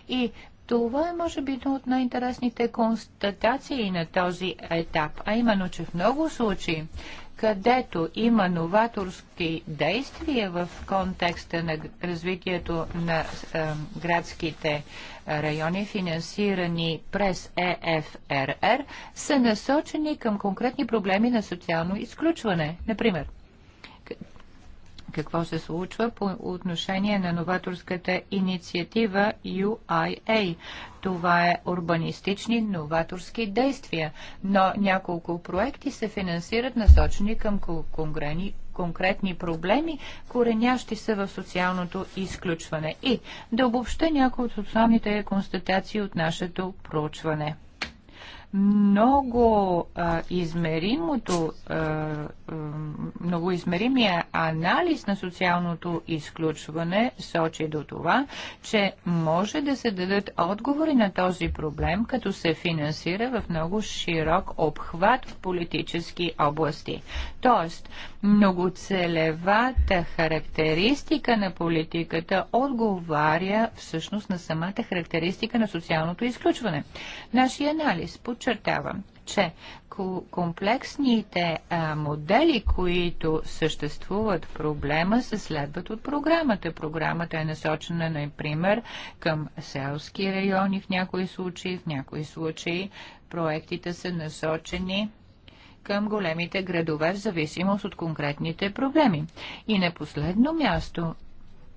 И това е, може би, едно от най-интересните констатации на този етап, а именно, че в много случаи, където има новаторски действия в контекста на развитието на е, градските райони, финансирани през ЕФРР, са насочени към конкретни проблеми на социално изключване. Например, какво се случва по отношение на новаторската инициатива UIA. Това е урбанистични новаторски действия, но няколко проекти се финансират насочени към конгрени конкретни проблеми, коренящи се в социалното изключване. И да обобща някои от основните констатации от нашето проучване много а, измеримото, а, многоизмеримия анализ на социалното изключване сочи до това, че може да се дадат отговори на този проблем, като се финансира в много широк обхват в политически области. Тоест, многоцелевата характеристика на политиката отговаря всъщност на самата характеристика на социалното изключване. Нашия анализ по подчертавам, че комплексните а, модели, които съществуват в проблема, се следват от програмата. Програмата е насочена, например, към селски райони в някои случаи, в някои случаи проектите са насочени към големите градове в зависимост от конкретните проблеми. И на последно място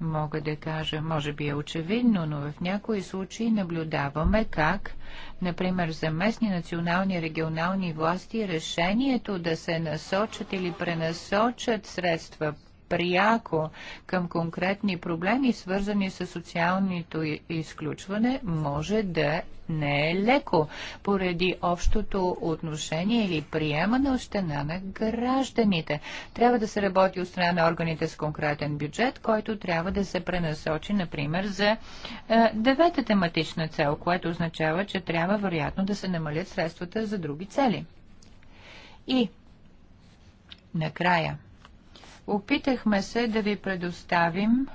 мога да кажа, може би е очевидно, но в някои случаи наблюдаваме как, например, за местни национални регионални власти решението да се насочат или пренасочат средства пряко към конкретни проблеми, свързани с социалното изключване, може да не е леко, поради общото отношение или приемане от страна на гражданите. Трябва да се работи от страна на органите с конкретен бюджет, който трябва да се пренасочи, например, за е, девета тематична цел, което означава, че трябва вероятно да се намалят средствата за други цели. И накрая – Опитахме се да ви предоставим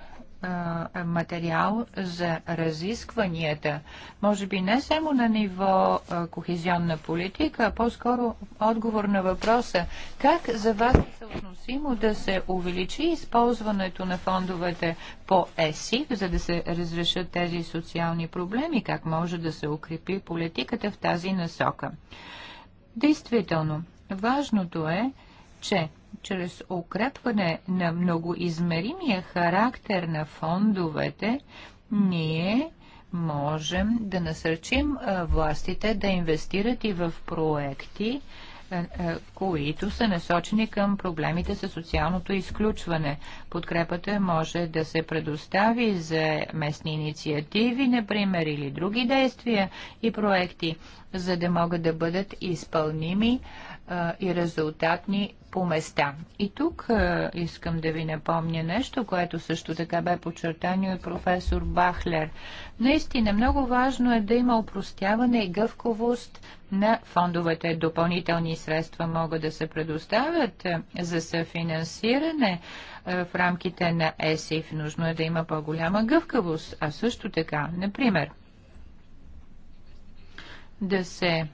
материал за разискванията. Може би не само на ниво кохезионна политика, а по-скоро отговор на въпроса как за вас е съотносимо да се увеличи използването на фондовете по ЕСИ, за да се разрешат тези социални проблеми, как може да се укрепи политиката в тази насока. Действително, важното е, че чрез укрепване на многоизмеримия характер на фондовете, ние можем да насърчим властите да инвестират и в проекти, които са насочени към проблемите със социалното изключване. Подкрепата може да се предостави за местни инициативи, например, или други действия и проекти, за да могат да бъдат изпълними и резултатни по места. И тук искам да ви напомня нещо, което също така бе подчертано от професор Бахлер. Наистина много важно е да има упростяване и гъвковост на фондовете. Допълнителни средства могат да се предоставят за съфинансиране в рамките на ЕСИФ. Нужно е да има по-голяма гъвкавост, а също така, например, да се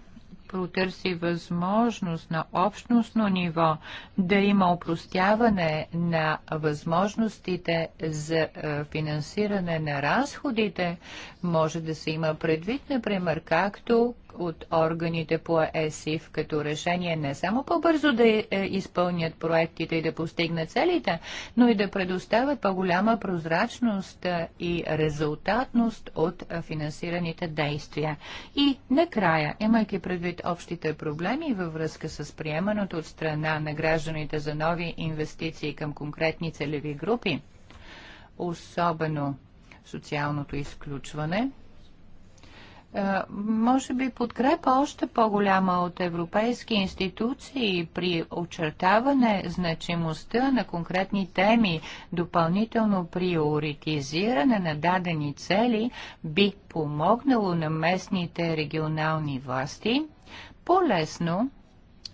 потърси възможност на общностно ниво да има упростяване на възможностите за е, финансиране на разходите, може да се има предвид, например, както от органите по ЕСИФ като решение не само по-бързо да е, изпълнят проектите и да постигнат целите, но и да предоставят по-голяма прозрачност е, и резултатност от е, финансираните действия. И накрая, имайки предвид общите проблеми във връзка с приемането от страна на гражданите за нови инвестиции към конкретни целеви групи, особено социалното изключване, е, може би подкрепа още по-голяма от европейски институции при очертаване значимостта на конкретни теми, допълнително приоритизиране на дадени цели би помогнало на местните регионални власти по-лесно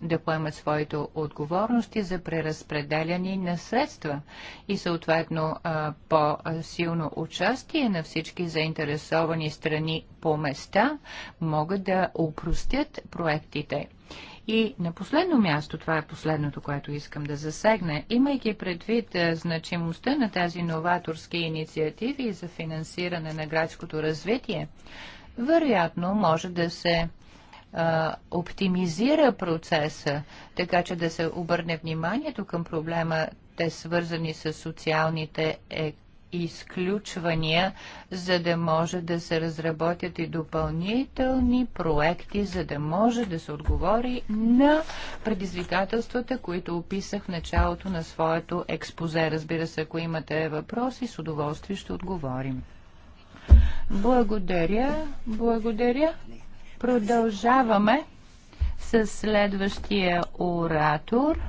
да поемат своите отговорности за преразпределяне на средства и съответно по-силно участие на всички заинтересовани страни по места могат да упростят проектите. И на последно място, това е последното, което искам да засегна, имайки предвид значимостта на тези новаторски инициативи за финансиране на градското развитие, вероятно може да се оптимизира процеса, така че да се обърне вниманието към проблема, те свързани с социалните е, изключвания, за да може да се разработят и допълнителни проекти, за да може да се отговори на предизвикателствата, които описах в началото на своето експозе. Разбира се, ако имате въпроси, с удоволствие ще отговорим. Благодаря, благодаря. Продължаваме с следващия оратор.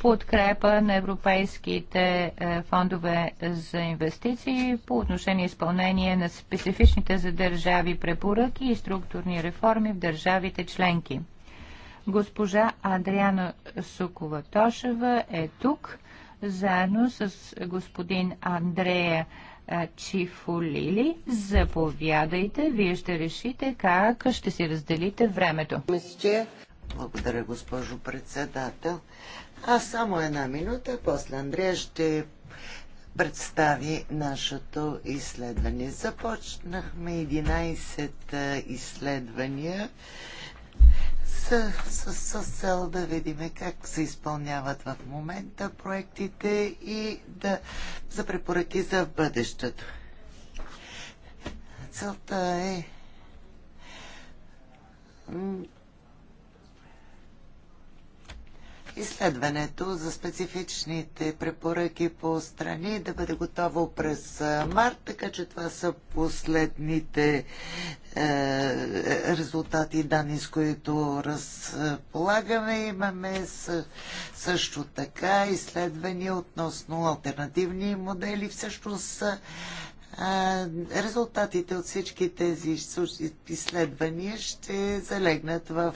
Подкрепа на европейските е, фондове за инвестиции по отношение изпълнение на специфичните за държави препоръки и структурни реформи в държавите членки. Госпожа Адриана Сукова-Тошева е тук, заедно с господин Андрея Лили, Заповядайте, вие ще решите как ще си разделите времето. Благодаря, госпожо председател. А само една минута, после Андрея ще представи нашето изследване. Започнахме 11 изследвания с, с, с цел да видим как се изпълняват в момента проектите и да, за препоръки за бъдещето. Целта е изследването за специфичните препоръки по страни да бъде готово през март, така че това са последните е, резултати и данни, с които разполагаме. Имаме също така изследвания относно альтернативни модели. Всъщност резултатите от всички тези изследвания ще залегнат в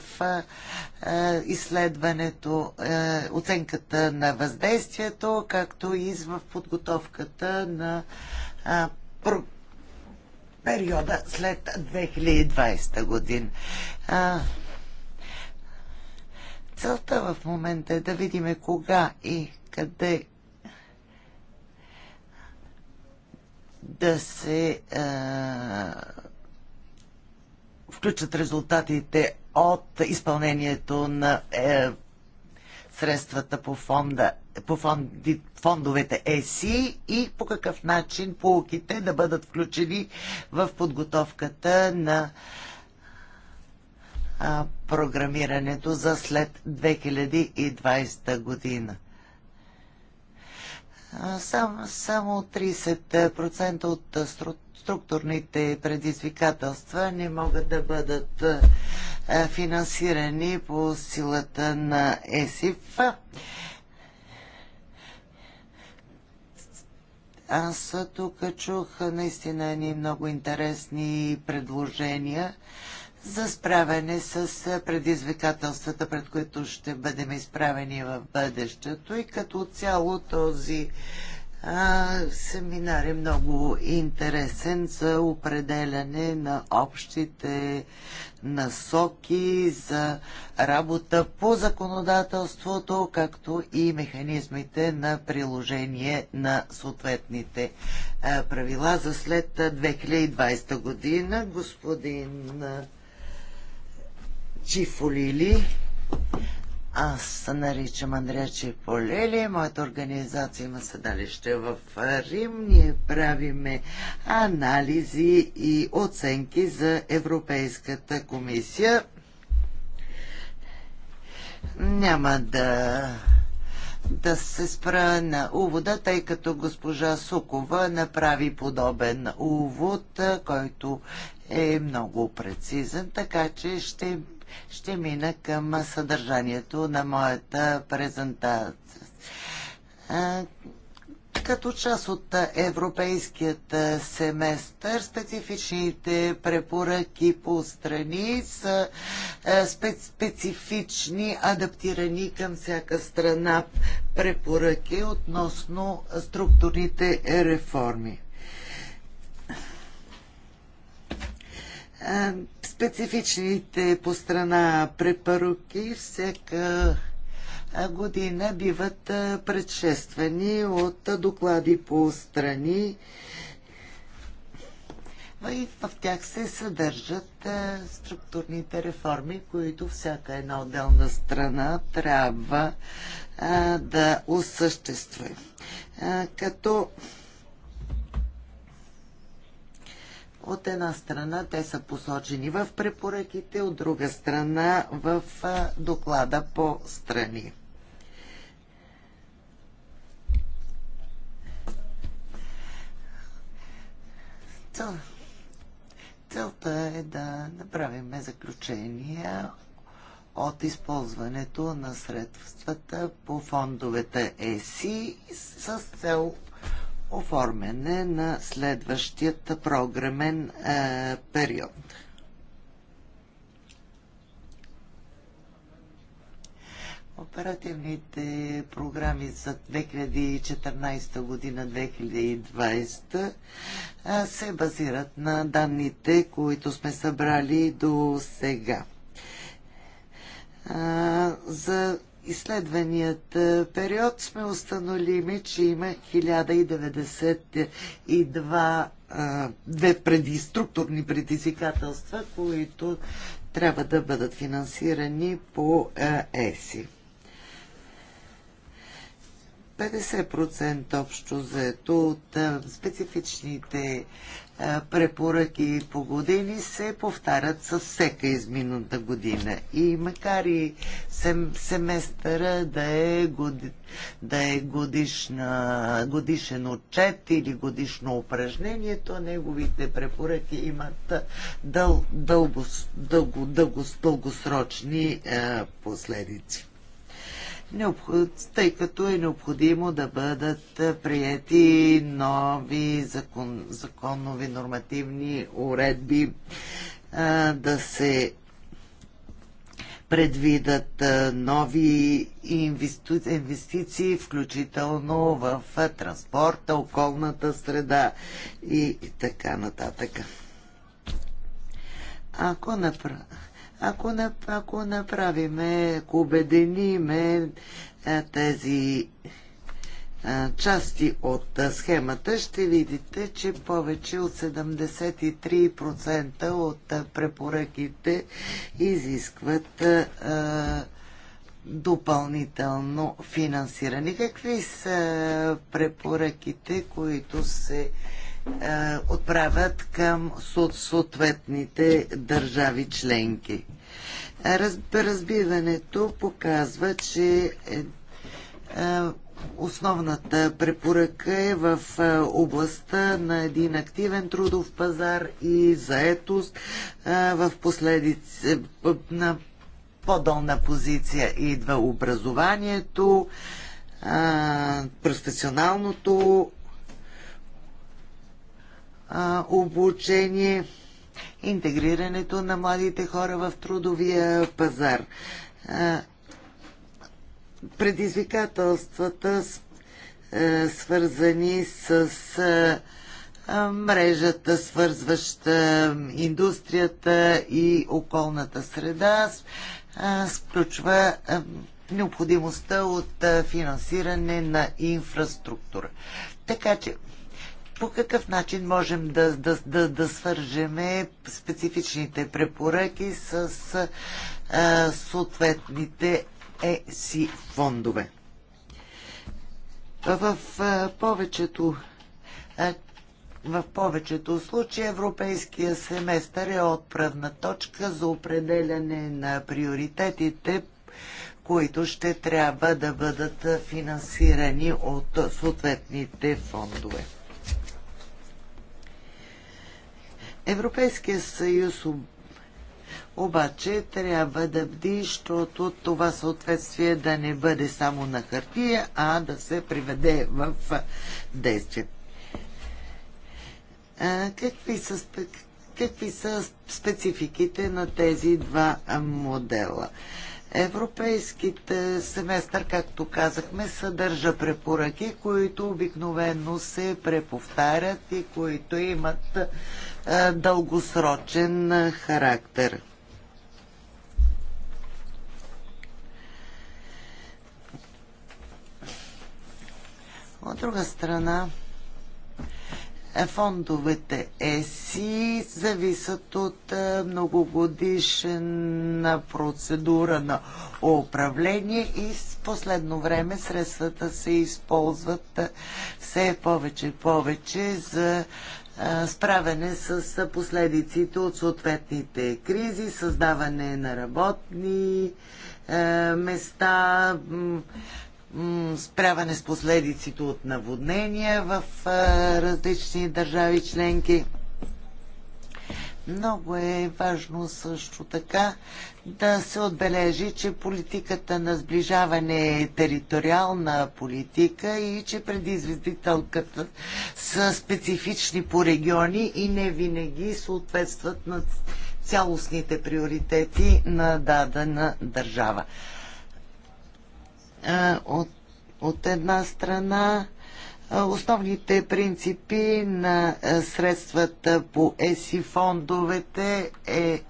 изследването, оценката на въздействието, както и в подготовката на периода след 2020 година. Целта в момента е да видим кога и къде да се а, включат резултатите от изпълнението на е, средствата по, фонда, по фонди, фондовете ЕСИ и по какъв начин полуките да бъдат включени в подготовката на а, програмирането за след 2020 година. Само, само 30% от структурните предизвикателства не могат да бъдат финансирани по силата на ЕСИФ. Аз тук чух наистина ни много интересни предложения за справяне с предизвикателствата, пред които ще бъдем изправени в бъдещето. И като цяло този а, семинар е много интересен за определяне на общите насоки за работа по законодателството, както и механизмите на приложение на съответните правила за след 2020 година. Господин Чифолили. Аз се наричам Андрея Чифолили. Моята организация има седалище в Рим. Ние правиме анализи и оценки за Европейската комисия. Няма да да се спра на увода, тъй като госпожа Сукова направи подобен увод, който е много прецизен, така че ще ще мина към съдържанието на моята презентация. Като част от европейският семестър, специфичните препоръки по страни са специфични, адаптирани към всяка страна препоръки относно структурните реформи специфичните по страна препоръки всяка година биват предшествани от доклади по страни и в тях се съдържат структурните реформи, които всяка една отделна страна трябва да осъществи. Като От една страна те са посочени в препоръките, от друга страна в доклада по страни. Цел... Целта е да направим заключения от използването на средствата по фондовете ЕСИ с цел оформяне на следващият програмен е, период. Оперативните програми за 2014 година 2020 е, се базират на данните, които сме събрали до сега. Е, за изследваният период сме установили, че има 1092 две преди, структурни предизвикателства, които трябва да бъдат финансирани по ЕСИ. 50% общо заето от специфичните е, препоръки по години се повтарят с всека измината година. И макар и сем, семестъра да е, годи, да е годишна, годишен отчет или годишно упражнение, то неговите препоръки имат дъл, дълго, дълго, дълго, дългосрочни е, последици тъй като е необходимо да бъдат приети нови закон, законови нормативни уредби, да се предвидат нови инвестиции, включително в транспорта, околната среда и така нататък. Ако направя ако, ако направиме, ако обединиме тези части от схемата, ще видите, че повече от 73% от препоръките изискват допълнително финансиране. Какви са препоръките, които се е, отправят към съответните държави членки. Разбиването показва, че е, е, основната препоръка е в областта на един активен трудов пазар и заетост в последици на по-долна позиция идва образованието, професионалното обучение, интегрирането на младите хора в трудовия пазар. Предизвикателствата, е, свързани с е, е, мрежата, свързваща индустрията и околната среда, включва необходимостта от финансиране на инфраструктура. Така че по какъв начин можем да, да, да, да свържеме специфичните препоръки с а, съответните ЕСИ фондове. В а, повечето а, в повечето случаи европейския семестър е отправна точка за определяне на приоритетите, които ще трябва да бъдат финансирани от съответните фондове. Европейския съюз обаче трябва да бди, защото това съответствие да не бъде само на хартия, а да се приведе в действие. какви са какви са спецификите на тези два модела. Европейските семестър, както казахме, съдържа препоръки, които обикновено се преповтарят и които имат е, дългосрочен е, характер. От друга страна, фондовете ЕСИ зависят от е, многогодишна процедура на управление и в последно време средствата се използват е, все повече и повече за е, справяне с последиците от съответните кризи, създаване на работни места, справяне с последиците от наводнения в различни държави членки. Много е важно също така да се отбележи, че политиката на сближаване е териториална политика и че предизвестителката са специфични по региони и не винаги съответстват на цялостните приоритети на дадена държава от, от една страна основните принципи на средствата по ЕСИ фондовете е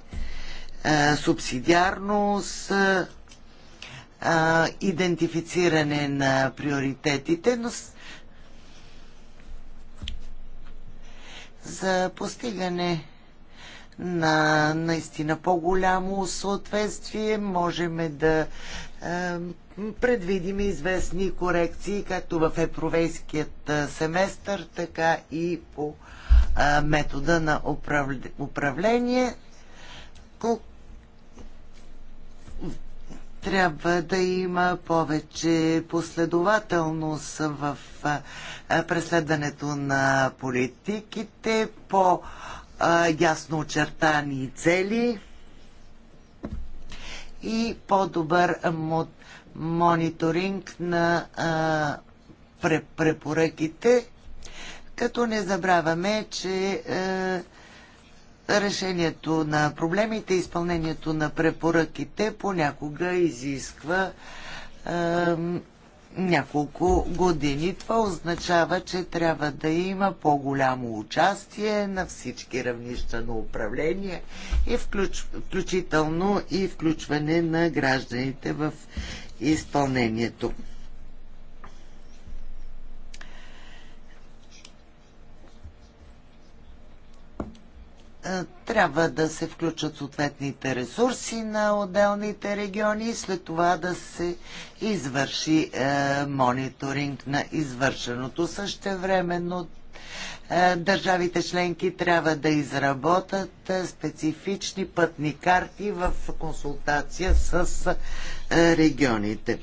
субсидиарност, идентифициране на приоритетите, но за постигане на наистина по-голямо съответствие можем да предвидим известни корекции, както в европейският семестър, така и по метода на управление. Трябва да има повече последователност в преследването на политиките по ясно очертани цели и по-добър мод мониторинг на а, препоръките, като не забравяме, че а, решението на проблемите, изпълнението на препоръките понякога изисква а, няколко години. Това означава, че трябва да има по-голямо участие на всички равнища на управление и включ, включително и включване на гражданите в изпълнението. Е, трябва да се включат съответните ресурси на отделните региони и след това да се извърши е, мониторинг на извършеното. Същевременно е, държавите членки трябва да изработят е, специфични пътни карти в консултация с регионите.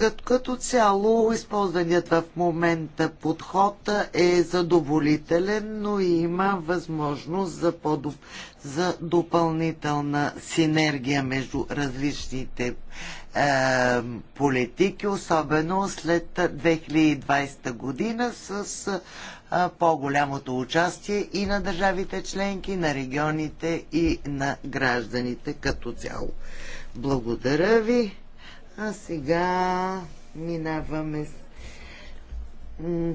Като, като цяло, използваният в момента подход е задоволителен, но има възможност за, подоб... за допълнителна синергия между различните е, политики, особено след 2020 година с е, по-голямото участие и на държавите членки, на регионите и на гражданите като цяло. Благодаря ви. А сега минаваме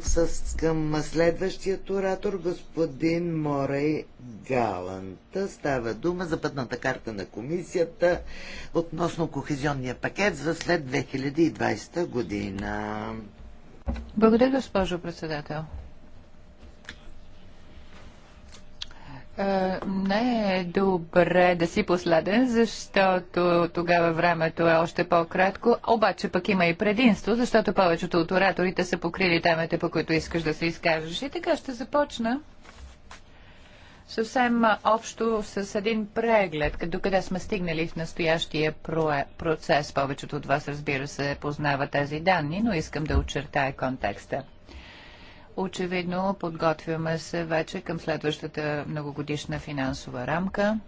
с, с, към следващият оратор, господин Морей Галанта. Става дума за пътната карта на комисията относно кохезионния пакет за след 2020 година. Благодаря, госпожо председател. Е, не е добре да си последен, защото тогава времето е още по-кратко, обаче пък има и предимство, защото повечето от ораторите са покрили темите, по които искаш да се изкажеш. И така ще започна съвсем общо с един преглед, до къде сме стигнали в настоящия процес. Повечето от вас, разбира се, познава тези данни, но искам да очертая контекста. Очевидно подготвяме се вече към следващата многогодишна финансова рамка.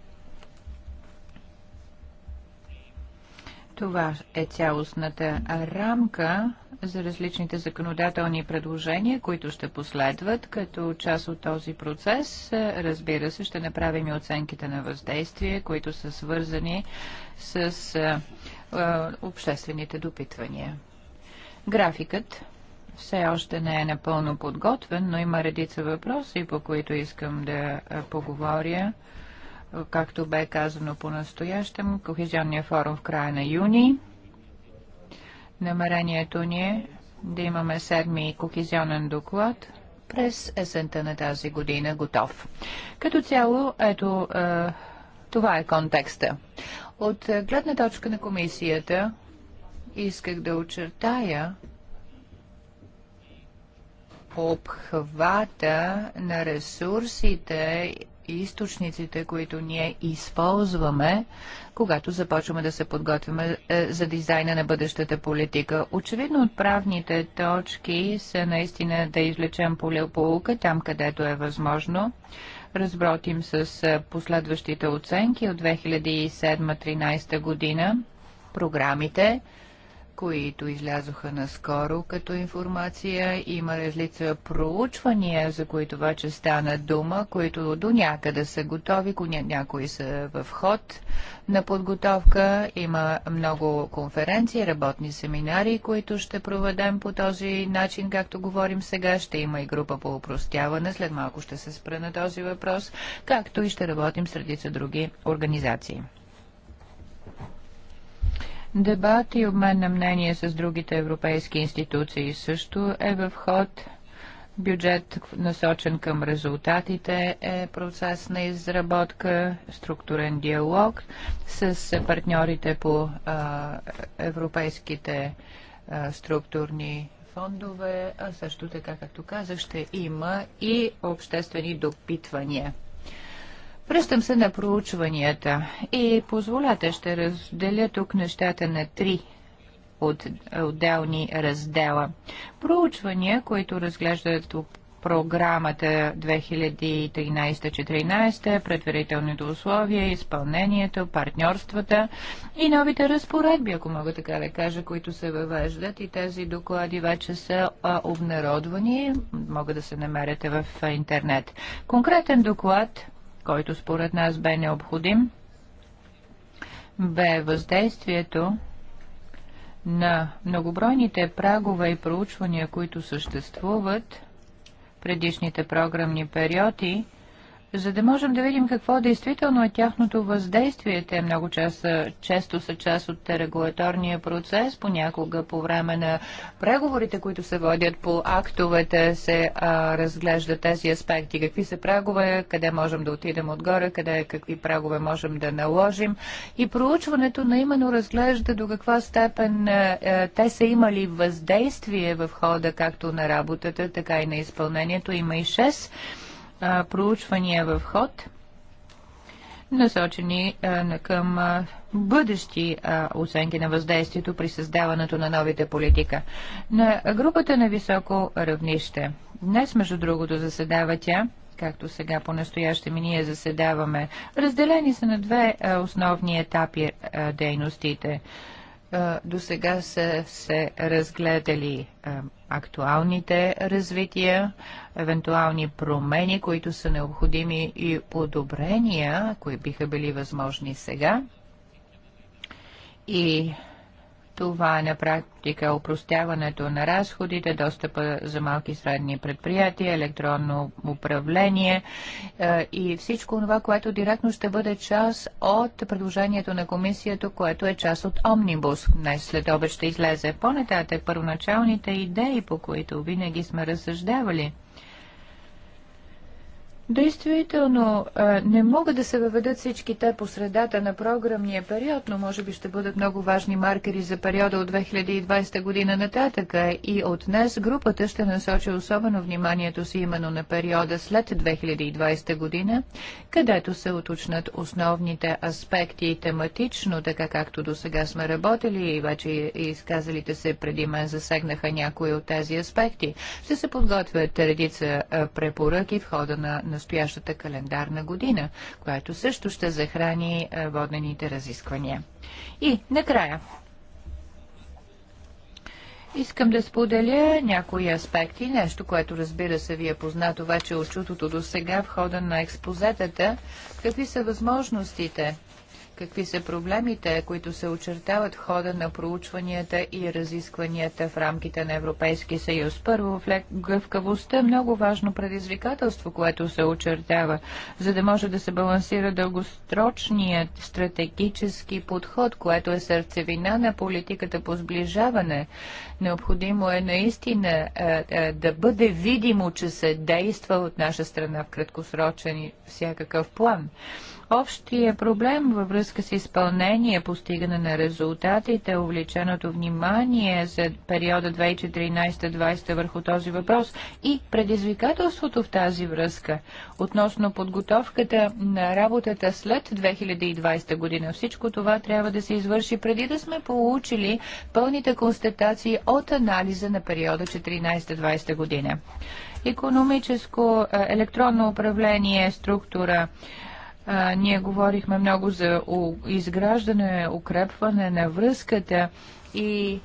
Това е цялостната рамка за различните законодателни предложения, които ще последват. Като част от този процес, разбира се, ще направим и оценките на въздействие, които са свързани с обществените допитвания. Графикът все още не е напълно подготвен, но има редица въпроси, по които искам да е, поговоря. Както бе казано по-настоящем, Кохезионния форум в края на юни. Намерението ни е да имаме седми кохезионен доклад през есента на тази година готов. Като цяло, ето, е, това е контекста. От гледна точка на комисията исках да очертая обхвата на ресурсите и източниците, които ние използваме, когато започваме да се подготвяме е, за дизайна на бъдещата политика. Очевидно отправните точки са наистина да извлечем полеополука там, където е възможно. Разбротим с е, последващите оценки от 2007-2013 година програмите, които излязоха наскоро като информация. Има различни проучвания, за които вече стана дума, които до някъде са готови, някои са в ход на подготовка. Има много конференции, работни семинари, които ще проведем по този начин, както говорим сега. Ще има и група по упростяване. След малко ще се спра на този въпрос, както и ще работим с редица други организации. Дебат и обмен на мнение с другите европейски институции също е в ход. Бюджет насочен към резултатите е процес на изработка, структурен диалог с партньорите по а, европейските а, структурни фондове, а също така, както казах, ще има и обществени допитвания. Връщам се на проучванията и позволете ще разделя тук нещата на три от отделни раздела. Проучвания, които разглеждат програмата 2013 2014 предварителните условия, изпълнението, партньорствата и новите разпоредби, ако мога така да кажа, които се въвеждат и тези доклади вече са обнародвани, могат да се намерят в интернет. Конкретен доклад който според нас бе необходим, бе въздействието на многобройните прагове и проучвания, които съществуват предишните програмни периоди, за да можем да видим какво действително е тяхното въздействие. Те много часа, често са част от регулаторния процес, понякога по време на преговорите, които се водят по актовете, се а, разглежда тези аспекти. Какви са прагове, къде можем да отидем отгоре, къде какви прагове можем да наложим. И проучването наименно разглежда до каква степен а, а, те са имали въздействие в хода както на работата, така и на изпълнението. Има и 6 а, проучвания в ход, насочени а, към а, бъдещи а, оценки на въздействието при създаването на новите политика. На групата на високо равнище. Днес, между другото, заседава тя както сега по-настояще ми ние заседаваме. Разделени са на две основни етапи дейностите до сега са се разгледали актуалните развития, евентуални промени, които са необходими и подобрения, които биха били възможни сега. И това е на практика упростяването на разходите, достъпа за малки и средни предприятия, електронно управление е, и всичко това, което директно ще бъде част от предложението на комисията, което е част от Омнибус. Днес след обед ще излезе по-нататък първоначалните идеи, по които винаги сме разсъждавали – Действително, не могат да се въведат всички те по средата на програмния период, но може би ще бъдат много важни маркери за периода от 2020 година нататъка и от днес групата ще насочи особено вниманието си именно на периода след 2020 година, където се уточнат основните аспекти тематично, така както до сега сме работили и вече изказалите се преди мен засегнаха някои от тези аспекти. Ще се подготвят редица препоръки в хода на настоящата календарна година, която също ще захрани е, водените разисквания. И накрая. Искам да споделя някои аспекти, нещо, което разбира се ви е познато вече от чутото до сега в хода на експозетата. Какви са възможностите какви са проблемите, които се очертават в хода на проучванията и разискванията в рамките на Европейски съюз. Първо, в гъвкавостта е много важно предизвикателство, което се очертава, за да може да се балансира дългосрочният стратегически подход, което е сърцевина на политиката по сближаване. Необходимо е наистина е, е, да бъде видимо, че се действа от наша страна в краткосрочен и всякакъв план. Общия проблем във връзка с изпълнение, постигане на резултатите, увлеченото внимание за периода 2014-2020 върху този въпрос и предизвикателството в тази връзка относно подготовката на работата след 2020 година. Всичко това трябва да се извърши преди да сме получили пълните констатации от анализа на периода 2014 20 година. Економическо е, електронно управление, структура, а, ние говорихме много за изграждане, укрепване на връзката и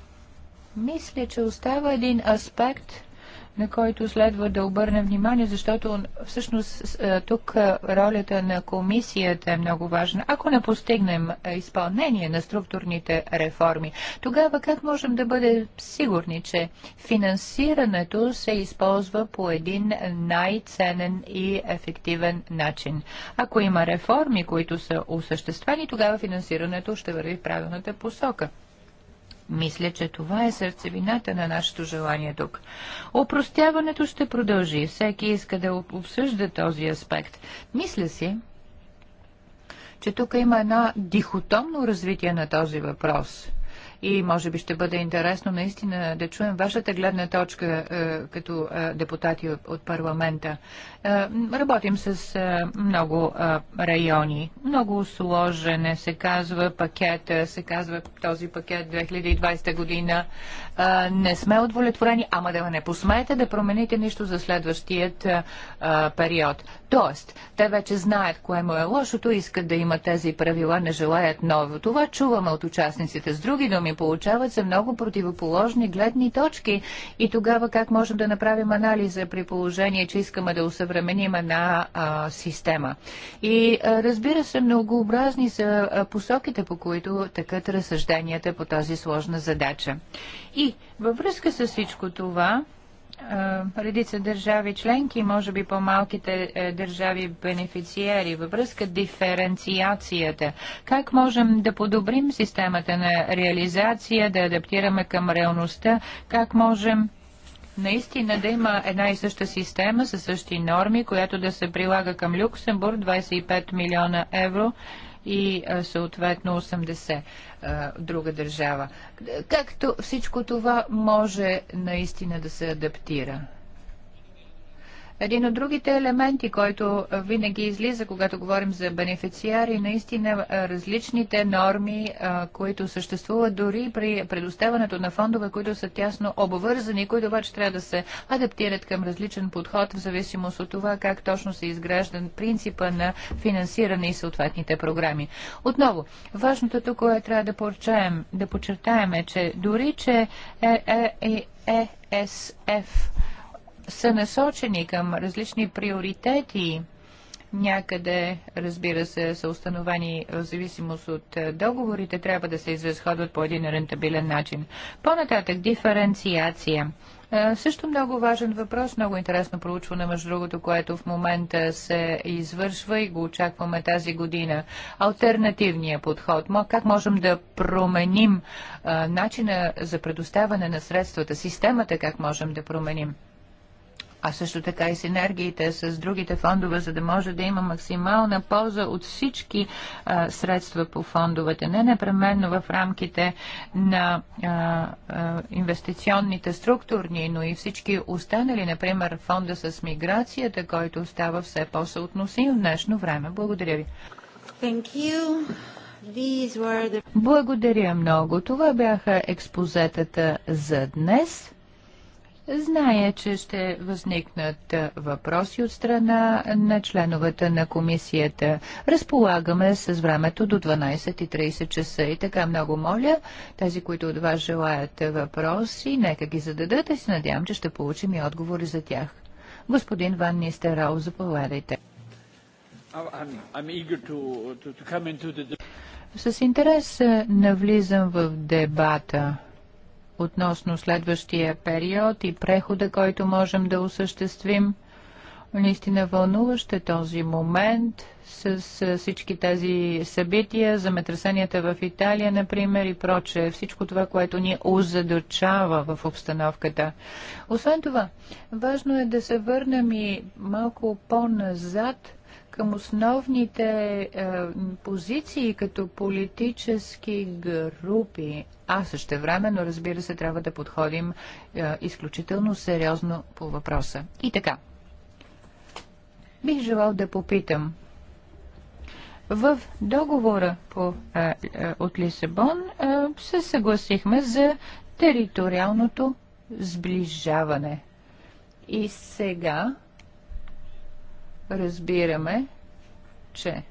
мисля, че остава един аспект – на който следва да обърнем внимание, защото всъщност е, тук е, ролята на комисията е много важна. Ако не постигнем е, изпълнение на структурните реформи, тогава как можем да бъдем сигурни, че финансирането се използва по един най-ценен и ефективен начин? Ако има реформи, които са осъществени, тогава финансирането ще върви в правилната посока. Мисля, че това е сърцевината на нашето желание тук. Опростяването ще продължи. Всеки иска да обсъжда този аспект. Мисля си, че тук има едно дихотомно развитие на този въпрос – и може би ще бъде интересно наистина да чуем вашата гледна точка е, като е, депутати от парламента. Е, работим с много райони. Много сложен се казва пакета, се казва този пакет 2020 година не сме удовлетворени, ама да не посмеете да промените нищо за следващият а, период. Тоест, те вече знаят кое му е лошото, искат да има тези правила, не желаят ново. Това чуваме от участниците. С други думи, получават се много противоположни гледни точки. И тогава как можем да направим анализа при положение, че искаме да усъвременим една а, система? И а, разбира се, многообразни са посоките, по които такът разсъжденията по тази сложна задача. И във връзка с всичко това, редица държави членки, може би по-малките е, държави бенефициери, във връзка диференциацията. Как можем да подобрим системата на реализация, да адаптираме към реалността? Как можем наистина да има една и съща система със същи норми, която да се прилага към Люксембург 25 милиона евро и съответно 80 друга държава. Както всичко това може наистина да се адаптира? Един от другите елементи, който винаги излиза, когато говорим за бенефициари, наистина различните норми, които съществуват дори при предоставянето на фондове, които са тясно обвързани, които обаче трябва да се адаптират към различен подход в зависимост от това как точно се изгражда принципа на финансиране и съответните програми. Отново, важното тук, което трябва да, порчаем, да подчертаем е, че дори, че е, е, е, са насочени към различни приоритети. Някъде, разбира се, са установени в зависимост от е, договорите, трябва да се изразходват по един рентабилен начин. По-нататък, диференциация. Е, също много важен въпрос, много интересно проучване, между другото, което в момента се извършва и го очакваме тази година. Альтернативният подход. Как можем да променим е, начина за предоставяне на средствата, системата, как можем да променим? а също така и синергиите с другите фондове, за да може да има максимална полза от всички а, средства по фондовете. Не непременно в рамките на а, а, инвестиционните структурни, но и всички останали, например фонда с миграцията, който става все по-съотносим в днешно време. Благодаря ви. Thank you. These were the... Благодаря много. Това бяха експозетата за днес. Зная, че ще възникнат въпроси от страна на членовете на комисията. Разполагаме с времето до 12.30 часа и така много моля тези, които от вас желаят въпроси, нека ги зададат и се надявам, че ще получим и отговори за тях. Господин Ван Нистерал, заповядайте. Oh, с интерес навлизам в дебата относно следващия период и прехода, който можем да осъществим. Наистина вълнуващ е този момент с всички тези събития, земетресенията в Италия, например, и прочее. Всичко това, което ни озадочава в обстановката. Освен това, важно е да се върнем и малко по-назад – към основните е, позиции като политически групи, а също времено, разбира се, трябва да подходим е, изключително сериозно по въпроса. И така, бих желал да попитам. В договора по, е, е, от Лисабон е, се съгласихме за териториалното сближаване. И сега разбираме, че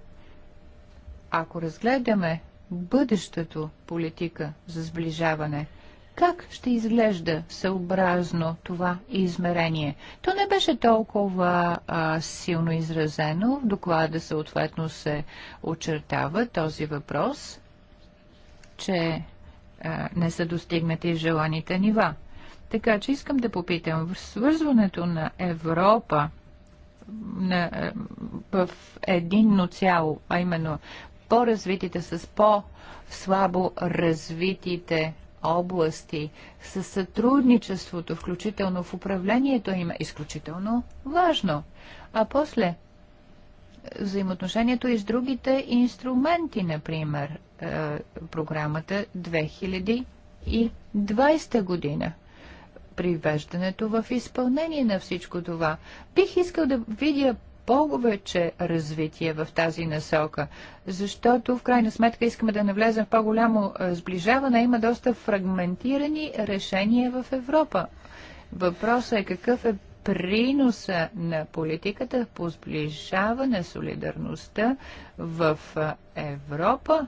ако разгледаме бъдещето политика за сближаване, как ще изглежда съобразно това измерение. То не беше толкова а, силно изразено. В доклада съответно се очертава този въпрос, че а, не са достигнати желаните нива. Така че искам да попитам, свързването на Европа на, в единно цяло, а именно по-развитите с по-слабо развитите области, с сътрудничеството, включително в управлението им, е изключително важно. А после взаимоотношението и с другите инструменти, например, е, програмата 2020 година привеждането в изпълнение на всичко това. Бих искал да видя повече развитие в тази насока, защото в крайна сметка искаме да навлезем в по-голямо сближаване. Има доста фрагментирани решения в Европа. Въпросът е какъв е приноса на политиката по сближаване солидарността в Европа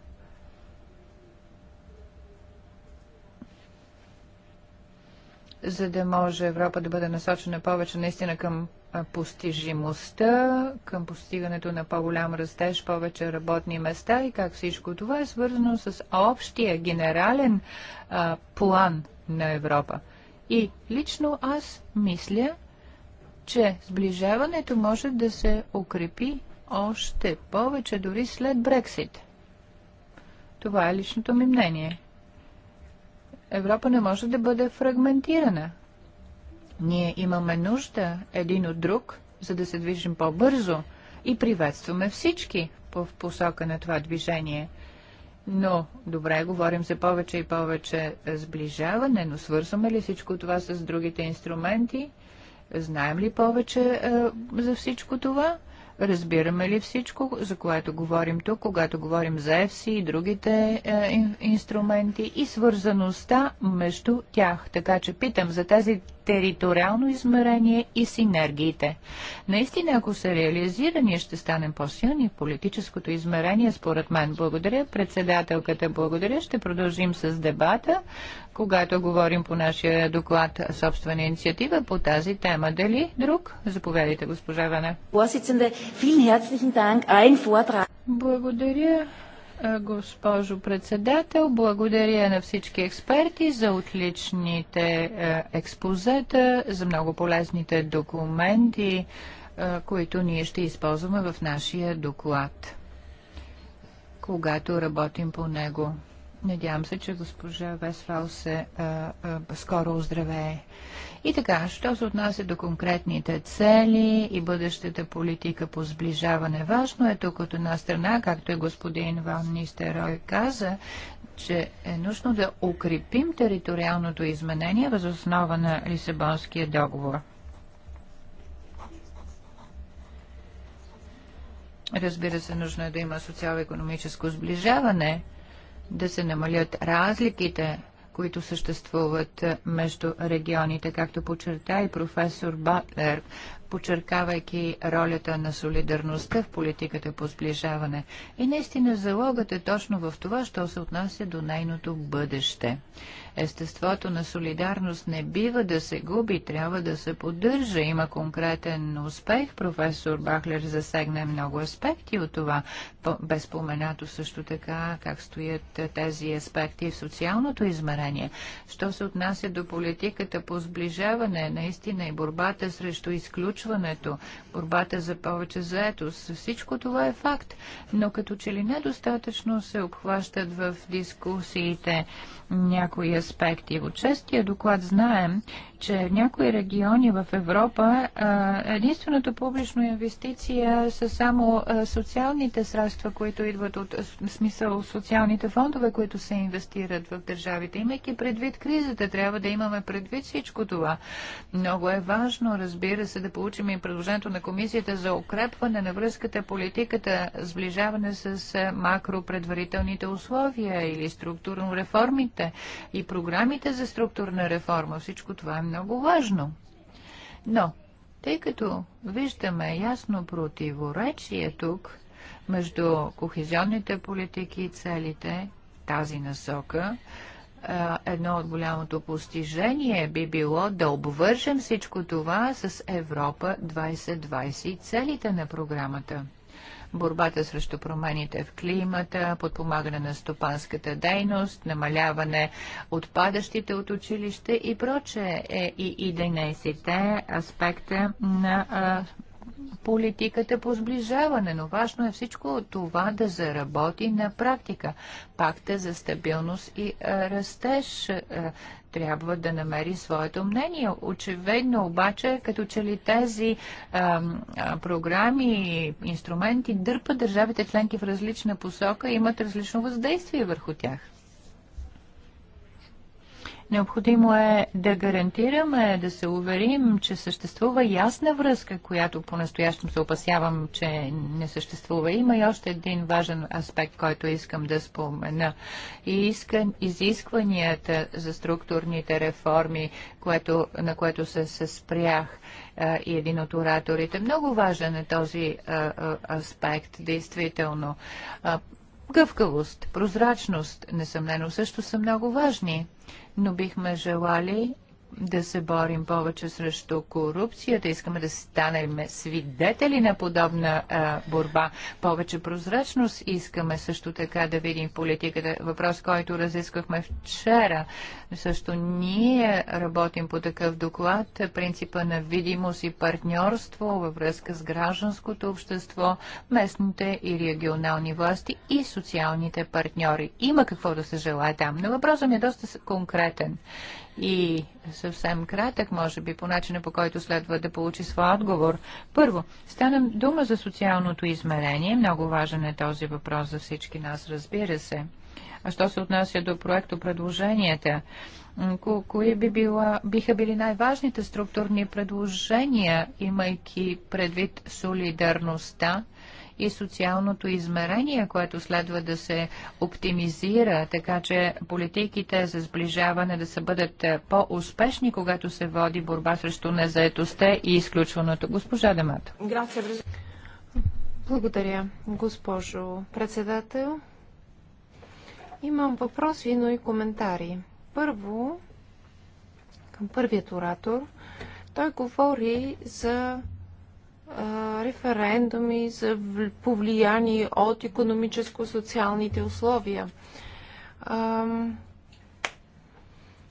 за да може Европа да бъде насочена повече наистина към постижимостта, към постигането на по-голям растеж, повече работни места и как всичко това е свързано с общия генерален а, план на Европа. И лично аз мисля, че сближаването може да се укрепи още повече дори след Брексит. Това е личното ми мнение. Европа не може да бъде фрагментирана. Ние имаме нужда един от друг, за да се движим по-бързо и приветстваме всички в посока на това движение. Но, добре, говорим за повече и повече сближаване, но свързваме ли всичко това с другите инструменти? Знаем ли повече е, за всичко това? Разбираме ли всичко, за което говорим тук, когато говорим за ЕФСИ и другите е, инструменти и свързаността между тях? Така че питам за тези териториално измерение и синергиите. Наистина, ако са ние ще станем по-силни в политическото измерение, според мен. Благодаря. Председателката, благодаря. Ще продължим с дебата, когато говорим по нашия доклад собствена инициатива по тази тема. Дали друг? Заповядайте, госпожа Вене. Благодаря госпожо председател. Благодаря на всички експерти за отличните експозета, за много полезните документи, които ние ще използваме в нашия доклад, когато работим по него. Надявам се, че госпожа Весфал се а, а, скоро оздравее. И така, що се отнася до конкретните цели и бъдещата политика по сближаване, важно е тук от една страна, както и господин Ван Нистерой каза, че е нужно да укрепим териториалното изменение възоснова на Лисабонския договор. Разбира се, нужно е да има социално-економическо сближаване, да се намалят разликите, които съществуват е, между регионите, както подчерта и професор Батлер, подчеркавайки ролята на солидарността в политиката по сближаване. И наистина залогът е точно в това, що се отнася до нейното бъдеще. Естеството на солидарност не бива да се губи, трябва да се поддържа. Има конкретен успех. Професор Бахлер засегна много аспекти от това. Без споменато също така как стоят тези аспекти в социалното измерение. Що се отнася до политиката по сближаване, наистина и борбата срещу изключването, борбата за повече заетост, всичко това е факт. Но като че ли недостатъчно се обхващат в дискусиите някои аспекти. От доклад знаем, че в някои региони в Европа единственото публично инвестиция са само социалните средства, които идват от смисъл социалните фондове, които се инвестират в държавите. Имайки предвид кризата, трябва да имаме предвид всичко това. Много е важно, разбира се, да получим и предложението на комисията за укрепване на връзката политиката, сближаване с макропредварителните условия или структурно реформите и програмите за структурна реформа. Всичко това е много много важно. Но, тъй като виждаме ясно противоречие тук между кохезионните политики и целите, тази насока, едно от голямото постижение би било да обвържем всичко това с Европа 2020 и целите на програмата – борбата срещу промените в климата, подпомагане на стопанската дейност, намаляване отпадащите от училище и прочее е и 11-те аспекта на политиката по сближаване, но важно е всичко това да заработи на практика. Пакта за стабилност и растеж трябва да намери своето мнение. Очевидно обаче, като че ли тези а, а, програми, инструменти дърпат държавите членки в различна посока и имат различно въздействие върху тях. Необходимо е да гарантираме, да се уверим, че съществува ясна връзка, която по-настоящем се опасявам, че не съществува. Има и още един важен аспект, който искам да спомена. И искам изискванията за структурните реформи, което, на което се, се спрях а, и един от ораторите. Много важен е този а, а, аспект, действително. Гъвкавост, прозрачност, несъмнено, също са много важни но бихме желали да се борим повече срещу корупцията, искаме да станем свидетели на подобна а, борба, повече прозрачност искаме също така да видим политиката. Въпрос, който разисквахме вчера, също ние работим по такъв доклад, принципа на видимост и партньорство във връзка с гражданското общество, местните и регионални власти и социалните партньори. Има какво да се желая там, но въпросът ми е доста конкретен и съвсем кратък, може би, по начина по който следва да получи своя отговор. Първо, станам дума за социалното измерение. Много важен е този въпрос за всички нас, разбира се. А що се отнася до проекто предложенията, ко- кои би била, биха били най-важните структурни предложения, имайки предвид солидарността и социалното измерение, което следва да се оптимизира, така че политиките за сближаване да се бъдат е, по-успешни, когато се води борба срещу незаетостта и изключването. Госпожа Демата. Благодаря, госпожо председател. Имам въпроси, но и коментари. Първо, към първият оратор. Той говори за референдуми за повлияние от економическо-социалните условия.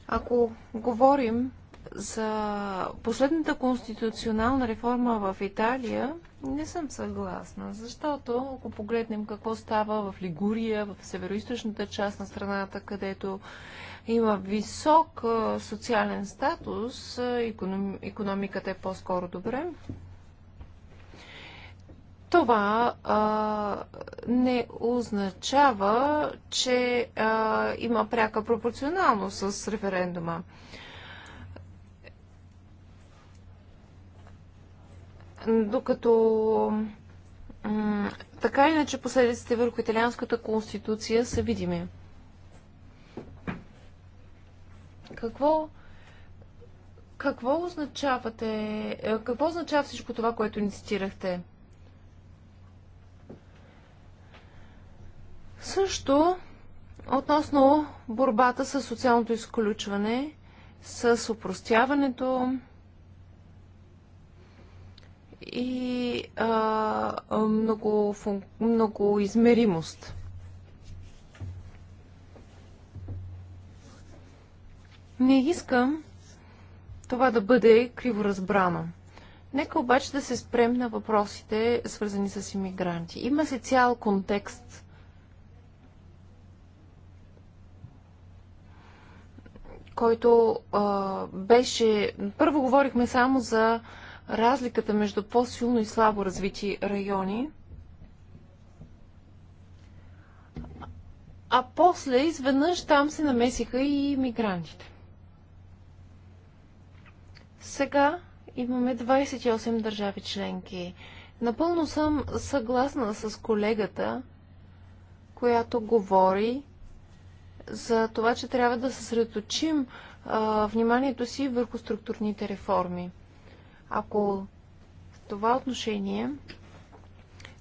Ако говорим за последната конституционална реформа в Италия, не съм съгласна, защото ако погледнем какво става в Лигурия, в северо-источната част на страната, където има висок социален статус, економиката е по-скоро добре, това а, не означава, че а, има пряка пропорционалност с референдума. Докато така иначе последиците върху италианската конституция са видими. Какво, какво, означавате, какво означава всичко това, което ни цитирахте? Също относно борбата с социалното изключване, с упростяването и а, много, много измеримост. Не искам това да бъде криво разбрано. Нека обаче да се спрем на въпросите, свързани с иммигранти. Има се цял контекст който а, беше... Първо говорихме само за разликата между по-силно и слабо развити райони. А после изведнъж там се намесиха и мигрантите. Сега имаме 28 държави членки. Напълно съм съгласна с колегата, която говори за това, че трябва да съсредоточим вниманието си върху структурните реформи. Ако в това отношение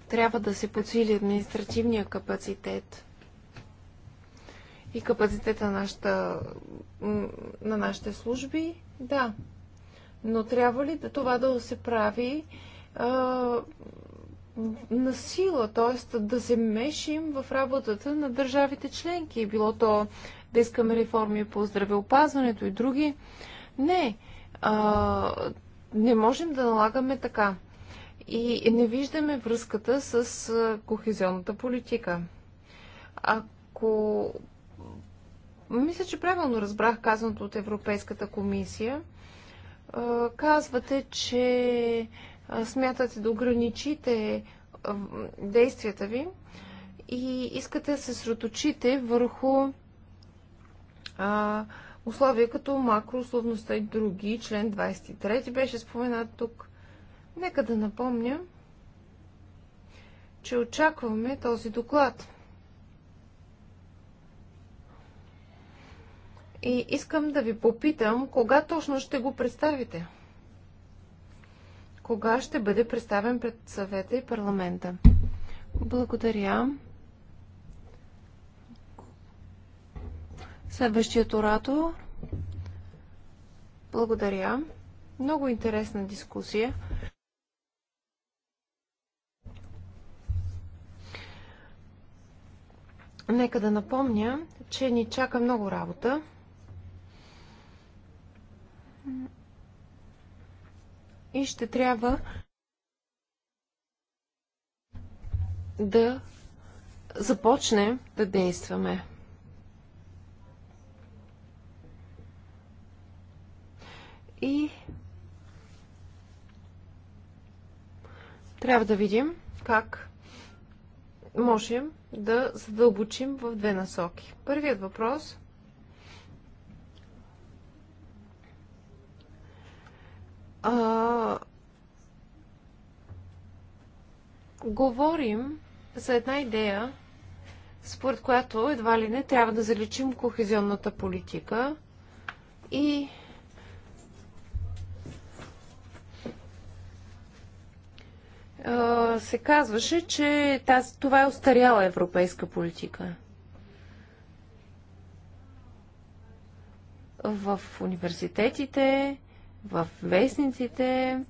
трябва да се подсили административния капацитет и капацитета на, нашата, на нашите служби, да. Но трябва ли това да се прави а, на сила, т.е. да се мешим в работата на държавите членки, било то да искаме реформи по здравеопазването и други. Не, а, не можем да налагаме така. И не виждаме връзката с кохезионната политика. Ако мисля, че правилно разбрах казаното от Европейската комисия, а, казвате, че смятате да ограничите действията ви и искате да се сроточите върху а, условия като макроусловността и други. Член 23 беше споменат тук. Нека да напомня, че очакваме този доклад. И искам да ви попитам, кога точно ще го представите? кога ще бъде представен пред съвета и парламента. Благодаря. Следващият оратор. Благодаря. Много интересна дискусия. Нека да напомня, че ни чака много работа и ще трябва да започнем да действаме. И трябва да видим как можем да задълбочим в две насоки. Първият въпрос а, говорим за една идея, според която едва ли не трябва да заличим кохезионната политика и а, се казваше, че тази, това е остаряла европейска политика. В университетите, в вестниците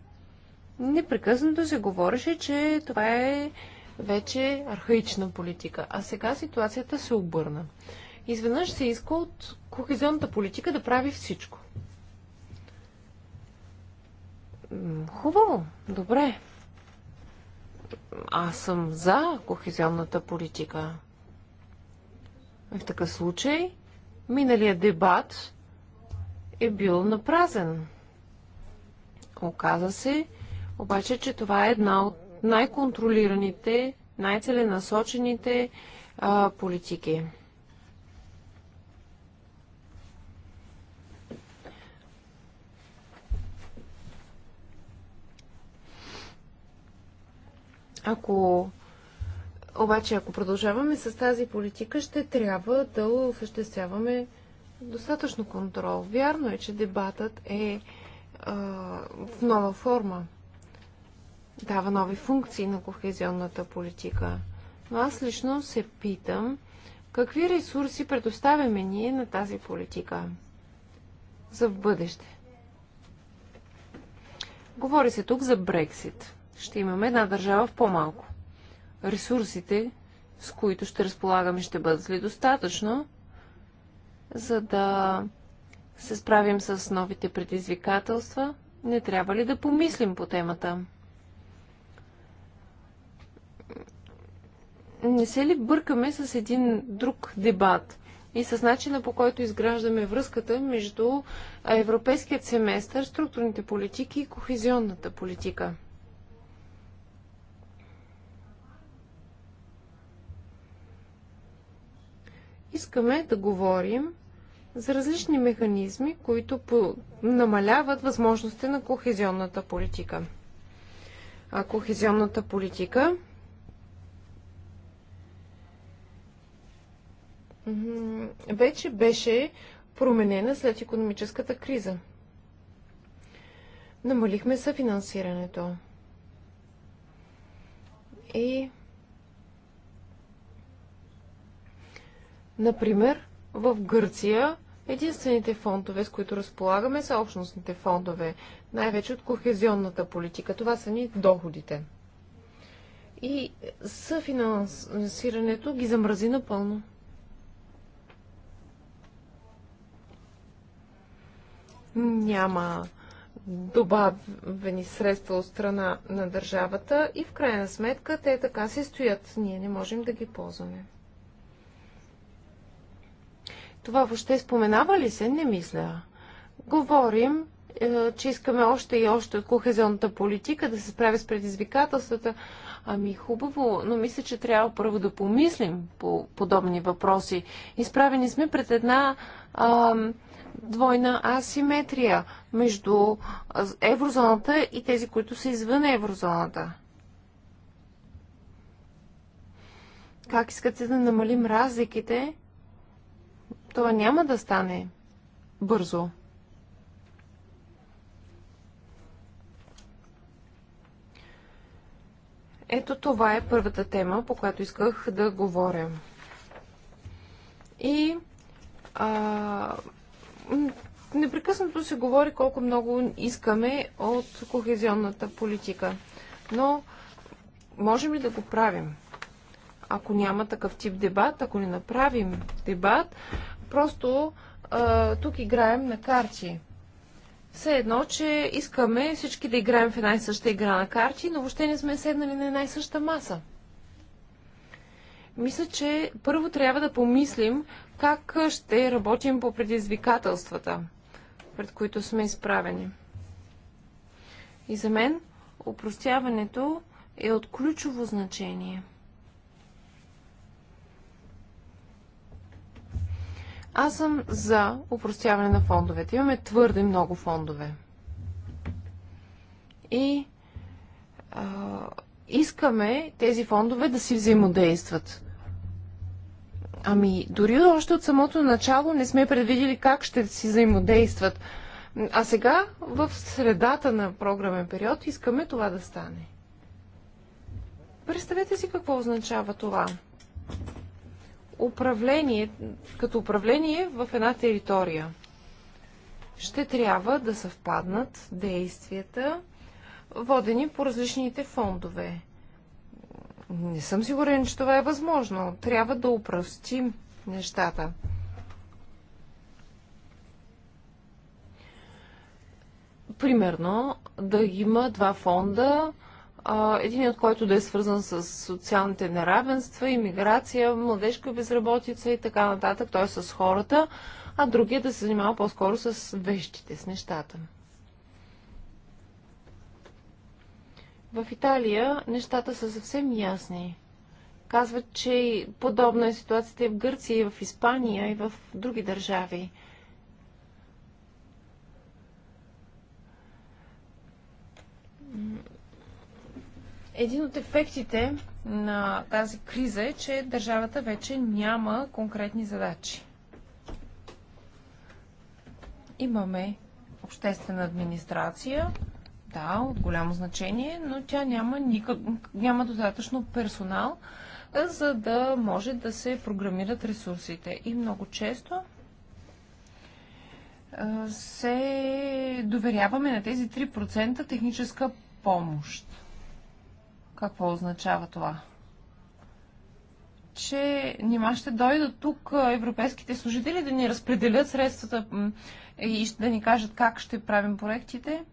непрекъснато се говореше, че това е вече архаична политика. А сега ситуацията се обърна. Изведнъж се иска от кохезионната политика да прави всичко. Хубаво, добре. Аз съм за кохезионната политика. В такъв случай, миналият дебат е бил напразен. Оказа се, обаче, че това е една от най-контролираните, най-целенасочените политики. Ако обаче, ако продължаваме с тази политика, ще трябва да осъществяваме достатъчно контрол. Вярно е, че дебатът е а, в нова форма. Дава нови функции на кохезионната политика. Но аз лично се питам, какви ресурси предоставяме ние на тази политика за в бъдеще? Говори се тук за Брексит. Ще имаме една държава в по-малко. Ресурсите, с които ще разполагаме, ще бъдат ли достатъчно, за да се справим с новите предизвикателства, не трябва ли да помислим по темата? Не се ли бъркаме с един друг дебат и с начина по който изграждаме връзката между европейският семестър, структурните политики и кохезионната политика? Искаме да говорим за различни механизми, които намаляват възможностите на кохезионната политика. А кохезионната политика вече беше променена след економическата криза. Намалихме съфинансирането. И, например, в Гърция Единствените фондове, с които разполагаме, са общностните фондове, най-вече от кохезионната политика. Това са ни доходите. И съфинансирането ги замрази напълно. Няма добавени средства от страна на държавата и в крайна сметка те така се стоят. Ние не можем да ги ползваме. Това въобще споменава ли се? Не мисля. Говорим, е, че искаме още и още от кохезионната политика да се справи с предизвикателствата. Ами хубаво, но мисля, че трябва първо да помислим по подобни въпроси. Изправени сме пред една а, двойна асиметрия между еврозоната и тези, които са извън еврозоната. Как искате да намалим разликите това няма да стане бързо. Ето това е първата тема, по която исках да говоря. И а, непрекъснато се говори колко много искаме от кохезионната политика. Но можем ли да го правим? Ако няма такъв тип дебат, ако не направим дебат, Просто а, тук играем на карти. Все едно, че искаме всички да играем в една и съща игра на карти, но въобще не сме седнали на една и съща маса. Мисля, че първо трябва да помислим как ще работим по предизвикателствата, пред които сме изправени. И за мен упростяването е от ключово значение – Аз съм за упростяване на фондовете. Имаме твърде много фондове. И а, искаме тези фондове да си взаимодействат. Ами, дори още от самото начало не сме предвидели как ще си взаимодействат. А сега, в средата на програмен период, искаме това да стане. Представете си какво означава това управление, като управление в една територия. Ще трябва да съвпаднат действията, водени по различните фондове. Не съм сигурен, че това е възможно. Трябва да упростим нещата. Примерно, да има два фонда, един от който да е свързан с социалните неравенства, иммиграция, младежка безработица и така нататък, т.е. с хората, а другия да се занимава по-скоро с вещите, с нещата. В Италия нещата са съвсем ясни. Казват, че подобна е ситуацията и в Гърция, и в Испания, и в други държави. Един от ефектите на тази криза е, че държавата вече няма конкретни задачи. Имаме обществена администрация, да, от голямо значение, но тя няма, никак, няма достатъчно персонал, за да може да се програмират ресурсите. И много често се доверяваме на тези 3% техническа помощ. Какво означава това? Че нима ще дойдат тук европейските служители да ни разпределят средствата и да ни кажат как ще правим проектите.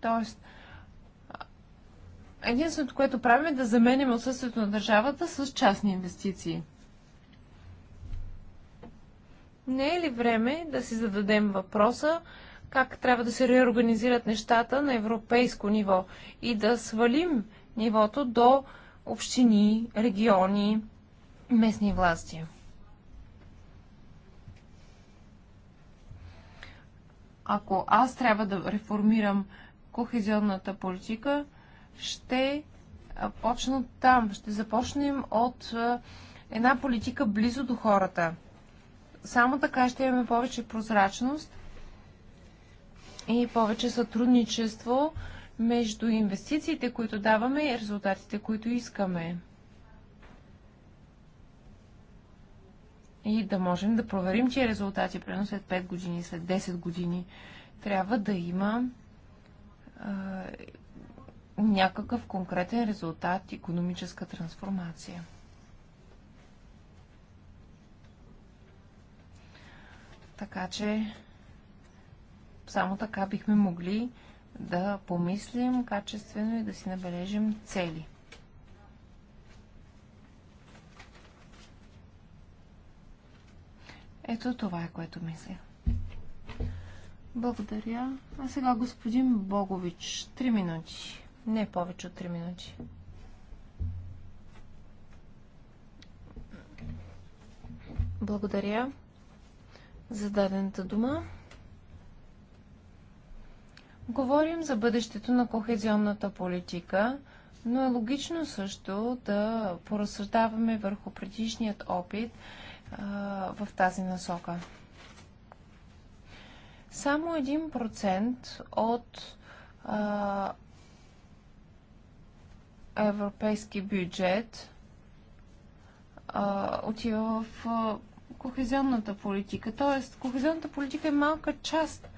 Тоест, единственото, което правим е да заменим отсъствието на държавата с частни инвестиции. Не е ли време да си зададем въпроса как трябва да се реорганизират нещата на европейско ниво и да свалим нивото до общини, региони, местни власти. Ако аз трябва да реформирам кохезионната политика, ще почна там. Ще започнем от една политика близо до хората. Само така ще имаме повече прозрачност и повече сътрудничество между инвестициите, които даваме и резултатите, които искаме. И да можем да проверим, че резултати, примерно след 5 години, след 10 години, трябва да има а, някакъв конкретен резултат, економическа трансформация. Така че само така бихме могли да помислим качествено и да си набележим цели. Ето това е, което мисля. Благодаря. А сега господин Богович, 3 минути. Не повече от 3 минути. Благодаря за дадената дума. Говорим за бъдещето на кохезионната политика, но е логично също да поразсъждаваме върху предишният опит в тази насока. Само 1% от а, европейски бюджет а, отива в а, кохезионната политика. Тоест, кохезионната политика е малка част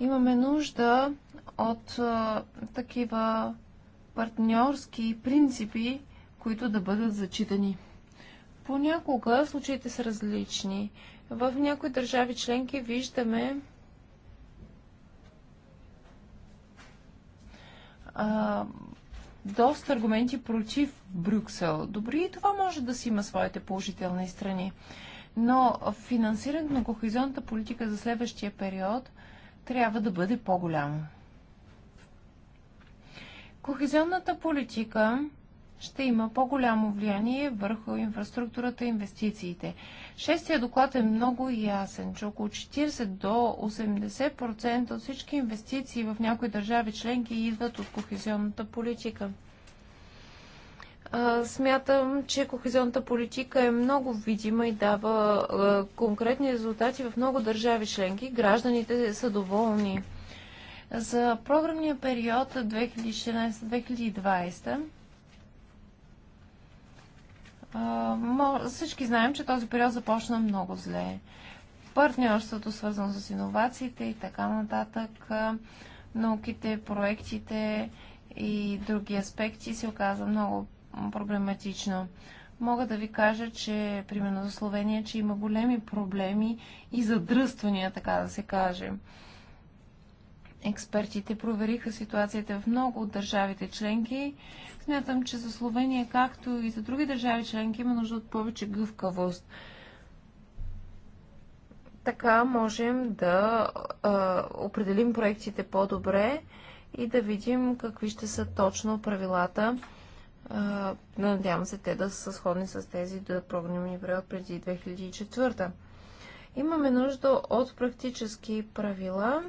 Имаме нужда от а, такива партньорски принципи, които да бъдат зачитани. Понякога случаите са различни. В някои държави членки виждаме а, доста аргументи против Брюксел. Добри и това може да си има своите положителни страни. Но финансирането на кохезионната политика за следващия период трябва да бъде по-голямо. Кохезионната политика ще има по-голямо влияние върху инфраструктурата и инвестициите. Шестия доклад е много ясен, че около 40 до 80% от всички инвестиции в някои държави членки идват от кохезионната политика. Смятам, че кохезионната политика е много видима и дава конкретни резултати в много държави членки. Гражданите са доволни. За програмния период 2016-2020 всички знаем, че този период започна много зле. Партньорството, свързано с иновациите и така нататък, науките, проектите и други аспекти се оказа много проблематично. Мога да ви кажа, че примерно за Словения, че има големи проблеми и задръствания, така да се каже. Експертите провериха ситуацията в много от държавите членки. Смятам, че за Словения, както и за други държави членки, има нужда от повече гъвкавост. Така можем да а, определим проектите по-добре и да видим какви ще са точно правилата Надявам се те да са сходни с тези до програмния време преди 2004. Имаме нужда от практически правила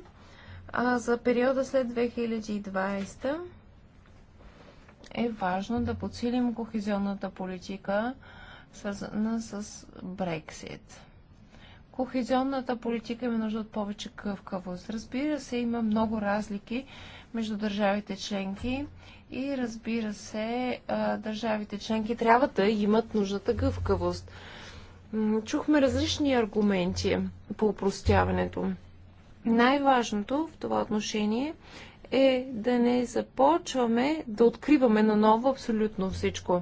а за периода след 2020 е важно да подсилим кохезионната политика свързана с Брексит. Кохезионната политика има нужда от повече къвкавост. Разбира се, има много разлики между държавите членки и разбира се, държавите членки трябва да имат нуждата гъвкавост. Чухме различни аргументи по упростяването. Най-важното в това отношение е да не започваме да откриваме наново абсолютно всичко.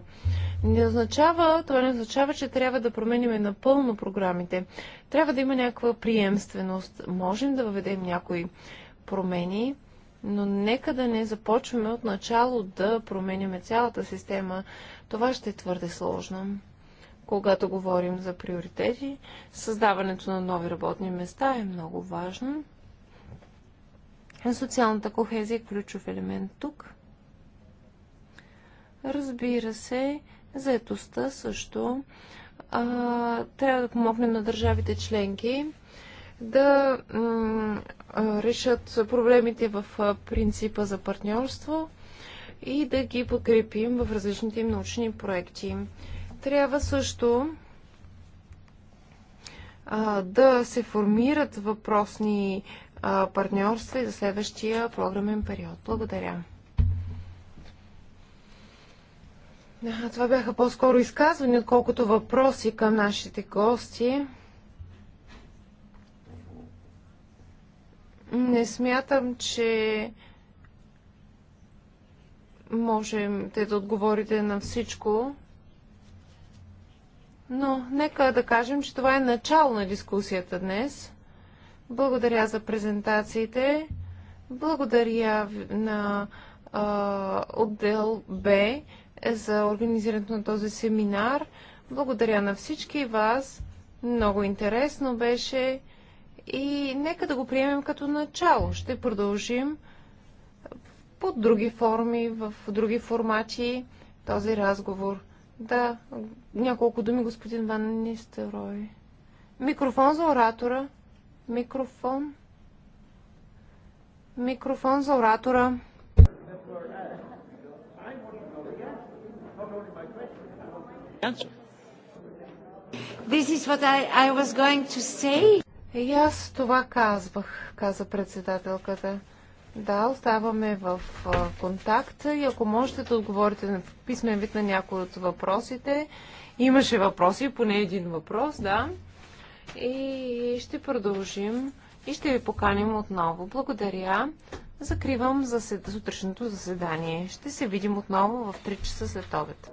Не означава, това не означава, че трябва да променим напълно програмите. Трябва да има някаква приемственост. Можем да въведем някои промени, но нека да не започваме от начало да променяме цялата система. Това ще е твърде сложно. Когато говорим за приоритети, създаването на нови работни места е много важно. Социалната кохезия е ключов елемент тук. Разбира се, заетостта също а, трябва да помогнем на държавите членки да решат проблемите в принципа за партньорство и да ги подкрепим в различните им научни проекти. Трябва също да се формират въпросни партньорства и за следващия програмен период. Благодаря. това бяха по-скоро изказвани, отколкото въпроси към нашите гости. Не смятам, че можем те да отговорите на всичко, но нека да кажем, че това е начало на дискусията днес. Благодаря за презентациите. Благодаря на а, отдел Б за организирането на този семинар. Благодаря на всички вас. Много интересно беше и нека да го приемем като начало. Ще продължим под други форми, в други формати този разговор. Да, няколко думи, господин Ван Нистерой. Микрофон за оратора. Микрофон. Микрофон за оратора. This is what I, I was going to say. И аз това казвах, каза председателката. Да, оставаме в контакт и ако можете да отговорите на писмен вид на някои от въпросите. Имаше въпроси, поне един въпрос, да. И ще продължим и ще ви поканим отново. Благодаря. Закривам за сутрешното заседание. Ще се видим отново в 3 часа след обед.